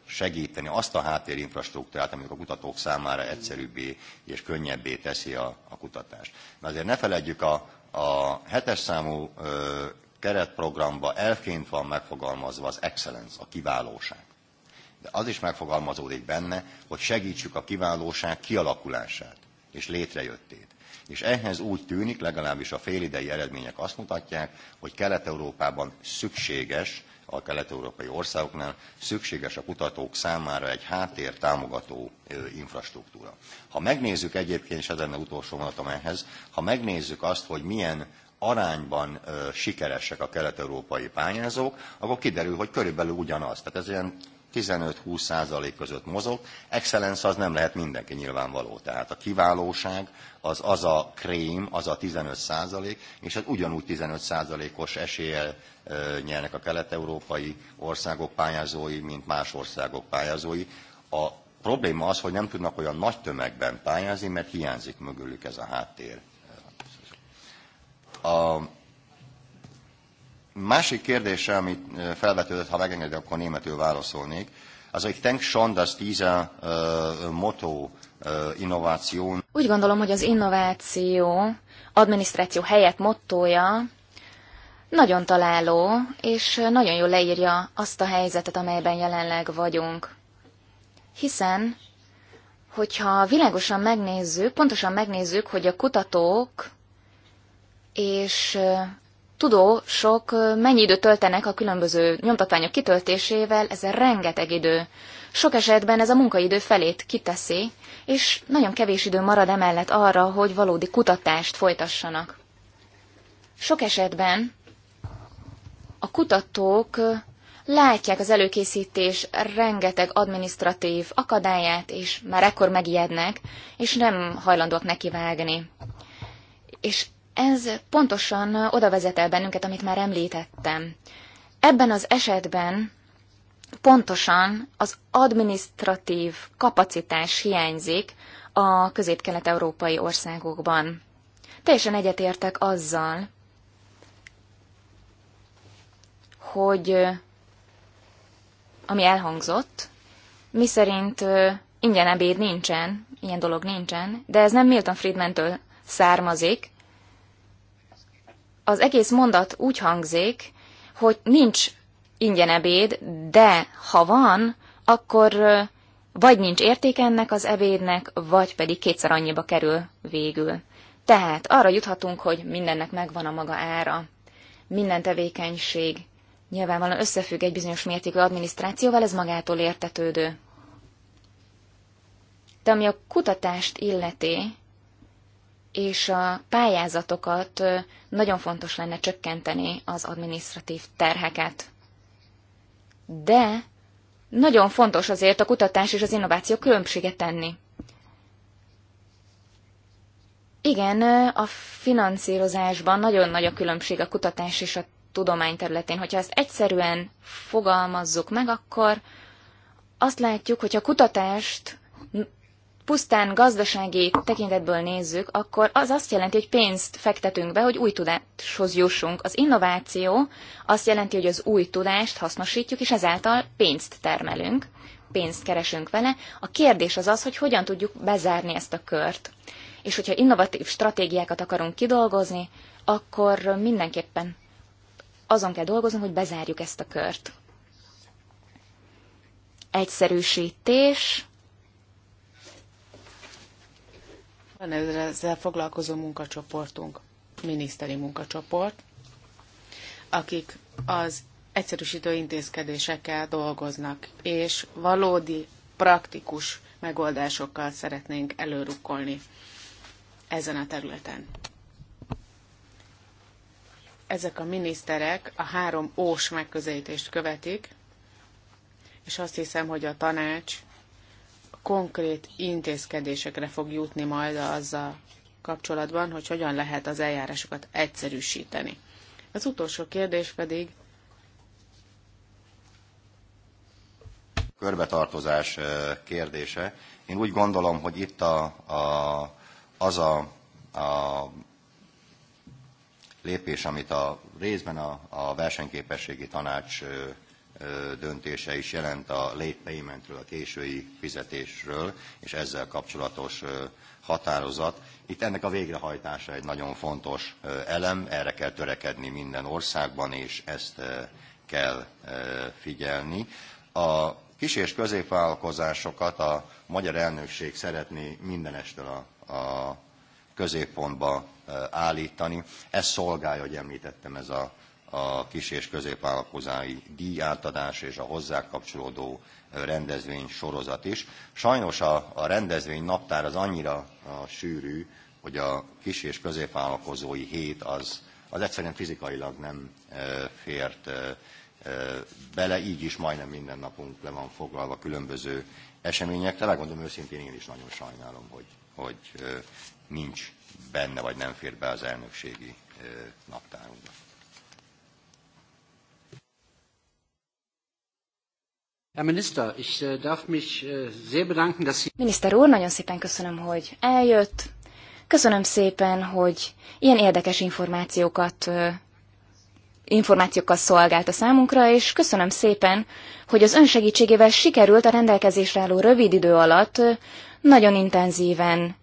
segíteni, azt a háttérinfrastruktúrát, amit a kutatók számára egyszerűbbé és könnyebbé teszi a, a kutatást. Na azért ne feledjük, a, a hetes számú ö, keretprogramba elként van megfogalmazva az excellence, a kiválóság. De az is megfogalmazódik benne, hogy segítsük a kiválóság kialakulását és létrejöttét. És ehhez úgy tűnik, legalábbis a félidei eredmények azt mutatják, hogy Kelet-Európában szükséges, a kelet-európai országoknál szükséges a kutatók számára egy háttér támogató infrastruktúra. Ha megnézzük egyébként, és ez lenne utolsó mondatom ehhez, ha megnézzük azt, hogy milyen arányban sikeresek a kelet-európai pályázók, akkor kiderül, hogy körülbelül ugyanaz. Tehát ez ilyen 15-20 százalék között mozog. Excellence az nem lehet mindenki nyilvánvaló. Tehát a kiválóság az az a krém, az a 15 százalék, és az hát ugyanúgy 15 százalékos eséllyel nyernek a kelet-európai országok pályázói, mint más országok pályázói. A probléma az, hogy nem tudnak olyan nagy tömegben pályázni, mert hiányzik mögülük ez a háttér. A Másik kérdése, amit felvetődött, ha megengedi, akkor németül válaszolnék. az egy denke schon, dass dieser uh, Motto uh, Úgy gondolom, hogy az innováció adminisztráció helyett mottója nagyon találó, és nagyon jól leírja azt a helyzetet, amelyben jelenleg vagyunk. Hiszen, hogyha világosan megnézzük, pontosan megnézzük, hogy a kutatók és tudósok mennyi időt töltenek a különböző nyomtatványok kitöltésével, ez rengeteg idő. Sok esetben ez a munkaidő felét kiteszi, és nagyon kevés idő marad emellett arra, hogy valódi kutatást folytassanak. Sok esetben a kutatók látják az előkészítés rengeteg administratív akadályát, és már ekkor megijednek, és nem hajlandóak nekivágni. És ez pontosan oda vezet el bennünket, amit már említettem. Ebben az esetben pontosan az administratív kapacitás hiányzik a közép-kelet-európai országokban. Teljesen egyetértek azzal, hogy ami elhangzott, miszerint ingyen ebéd nincsen, ilyen dolog nincsen, de ez nem Milton Friedmantől származik, az egész mondat úgy hangzik, hogy nincs ingyen ebéd, de ha van, akkor vagy nincs értéke ennek az ebédnek, vagy pedig kétszer annyiba kerül végül. Tehát arra juthatunk, hogy mindennek megvan a maga ára. Minden tevékenység nyilvánvalóan összefügg egy bizonyos mértékű adminisztrációval, ez magától értetődő. De ami a kutatást illeti, és a pályázatokat nagyon fontos lenne csökkenteni az administratív terheket. De nagyon fontos azért a kutatás és az innováció különbséget tenni. Igen, a finanszírozásban nagyon nagy a különbség a kutatás és a tudomány területén. Hogyha ezt egyszerűen fogalmazzuk meg, akkor azt látjuk, hogy a kutatást pusztán gazdasági tekintetből nézzük, akkor az azt jelenti, hogy pénzt fektetünk be, hogy új tudáshoz jussunk. Az innováció azt jelenti, hogy az új tudást hasznosítjuk, és ezáltal pénzt termelünk, pénzt keresünk vele. A kérdés az az, hogy hogyan tudjuk bezárni ezt a kört. És hogyha innovatív stratégiákat akarunk kidolgozni, akkor mindenképpen azon kell dolgoznunk, hogy bezárjuk ezt a kört. Egyszerűsítés, Van ezzel foglalkozó munkacsoportunk, miniszteri munkacsoport, akik az egyszerűsítő intézkedésekkel dolgoznak, és valódi, praktikus megoldásokkal szeretnénk előrukkolni ezen a területen. Ezek a miniszterek a három ós megközelítést követik, és azt hiszem, hogy a tanács konkrét intézkedésekre fog jutni majd azzal kapcsolatban, hogy hogyan lehet az eljárásokat egyszerűsíteni. Az utolsó kérdés pedig. Körbetartozás kérdése. Én úgy gondolom, hogy itt a, a, az a, a lépés, amit a részben a, a versenyképességi tanács döntése is jelent a late paymentről, a késői fizetésről, és ezzel kapcsolatos határozat. Itt ennek a végrehajtása egy nagyon fontos elem, erre kell törekedni minden országban, és ezt kell figyelni. A kis- és középvállalkozásokat a magyar elnökség szeretné mindenestől a, a középpontba állítani. Ez szolgálja, hogy említettem, ez a a kis- és középvállalkozói díjátadás és a hozzá kapcsolódó rendezvény sorozat is. Sajnos a, a rendezvény naptár az annyira a sűrű, hogy a kis- és középvállalkozói hét az, az egyszerűen fizikailag nem e, fért e, bele, így is majdnem minden napunk le van foglalva különböző eseményekre. Megmondom őszintén, én is nagyon sajnálom, hogy, hogy nincs benne, vagy nem fér be az elnökségi naptárunkba. Miniszter úr, nagyon szépen köszönöm, hogy eljött. Köszönöm szépen, hogy ilyen érdekes információkat információkkal szolgált a számunkra, és köszönöm szépen, hogy az ön segítségével sikerült a rendelkezésre álló rövid idő alatt nagyon intenzíven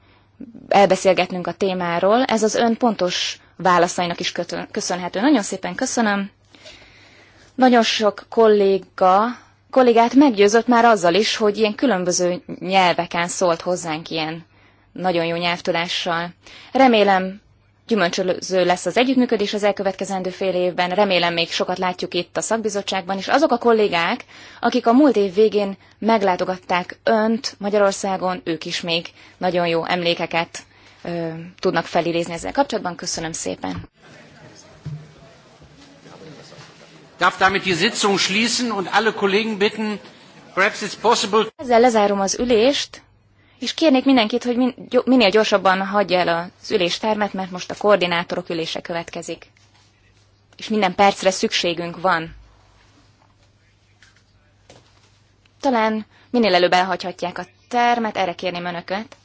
elbeszélgetnünk a témáról. Ez az ön pontos válaszainak is köszönhető. Nagyon szépen köszönöm. Nagyon sok kolléga kollégát meggyőzött már azzal is, hogy ilyen különböző nyelveken szólt hozzánk ilyen nagyon jó nyelvtudással. Remélem, gyümölcsöző lesz az együttműködés az elkövetkezendő fél évben, remélem még sokat látjuk itt a szakbizottságban, és azok a kollégák, akik a múlt év végén meglátogatták önt Magyarországon, ők is még nagyon jó emlékeket ö, tudnak felidézni ezzel kapcsolatban. Köszönöm szépen! darf damit die Sitzung schließen und alle Kollegen bitten, perhaps it's possible... Ezzel lezárom az ülést, és kérnék mindenkit, hogy minél gyorsabban hagyja el az üléstermet, mert most a koordinátorok ülése következik. És minden percre szükségünk van. Talán minél előbb elhagyhatják a termet, erre kérném önöket.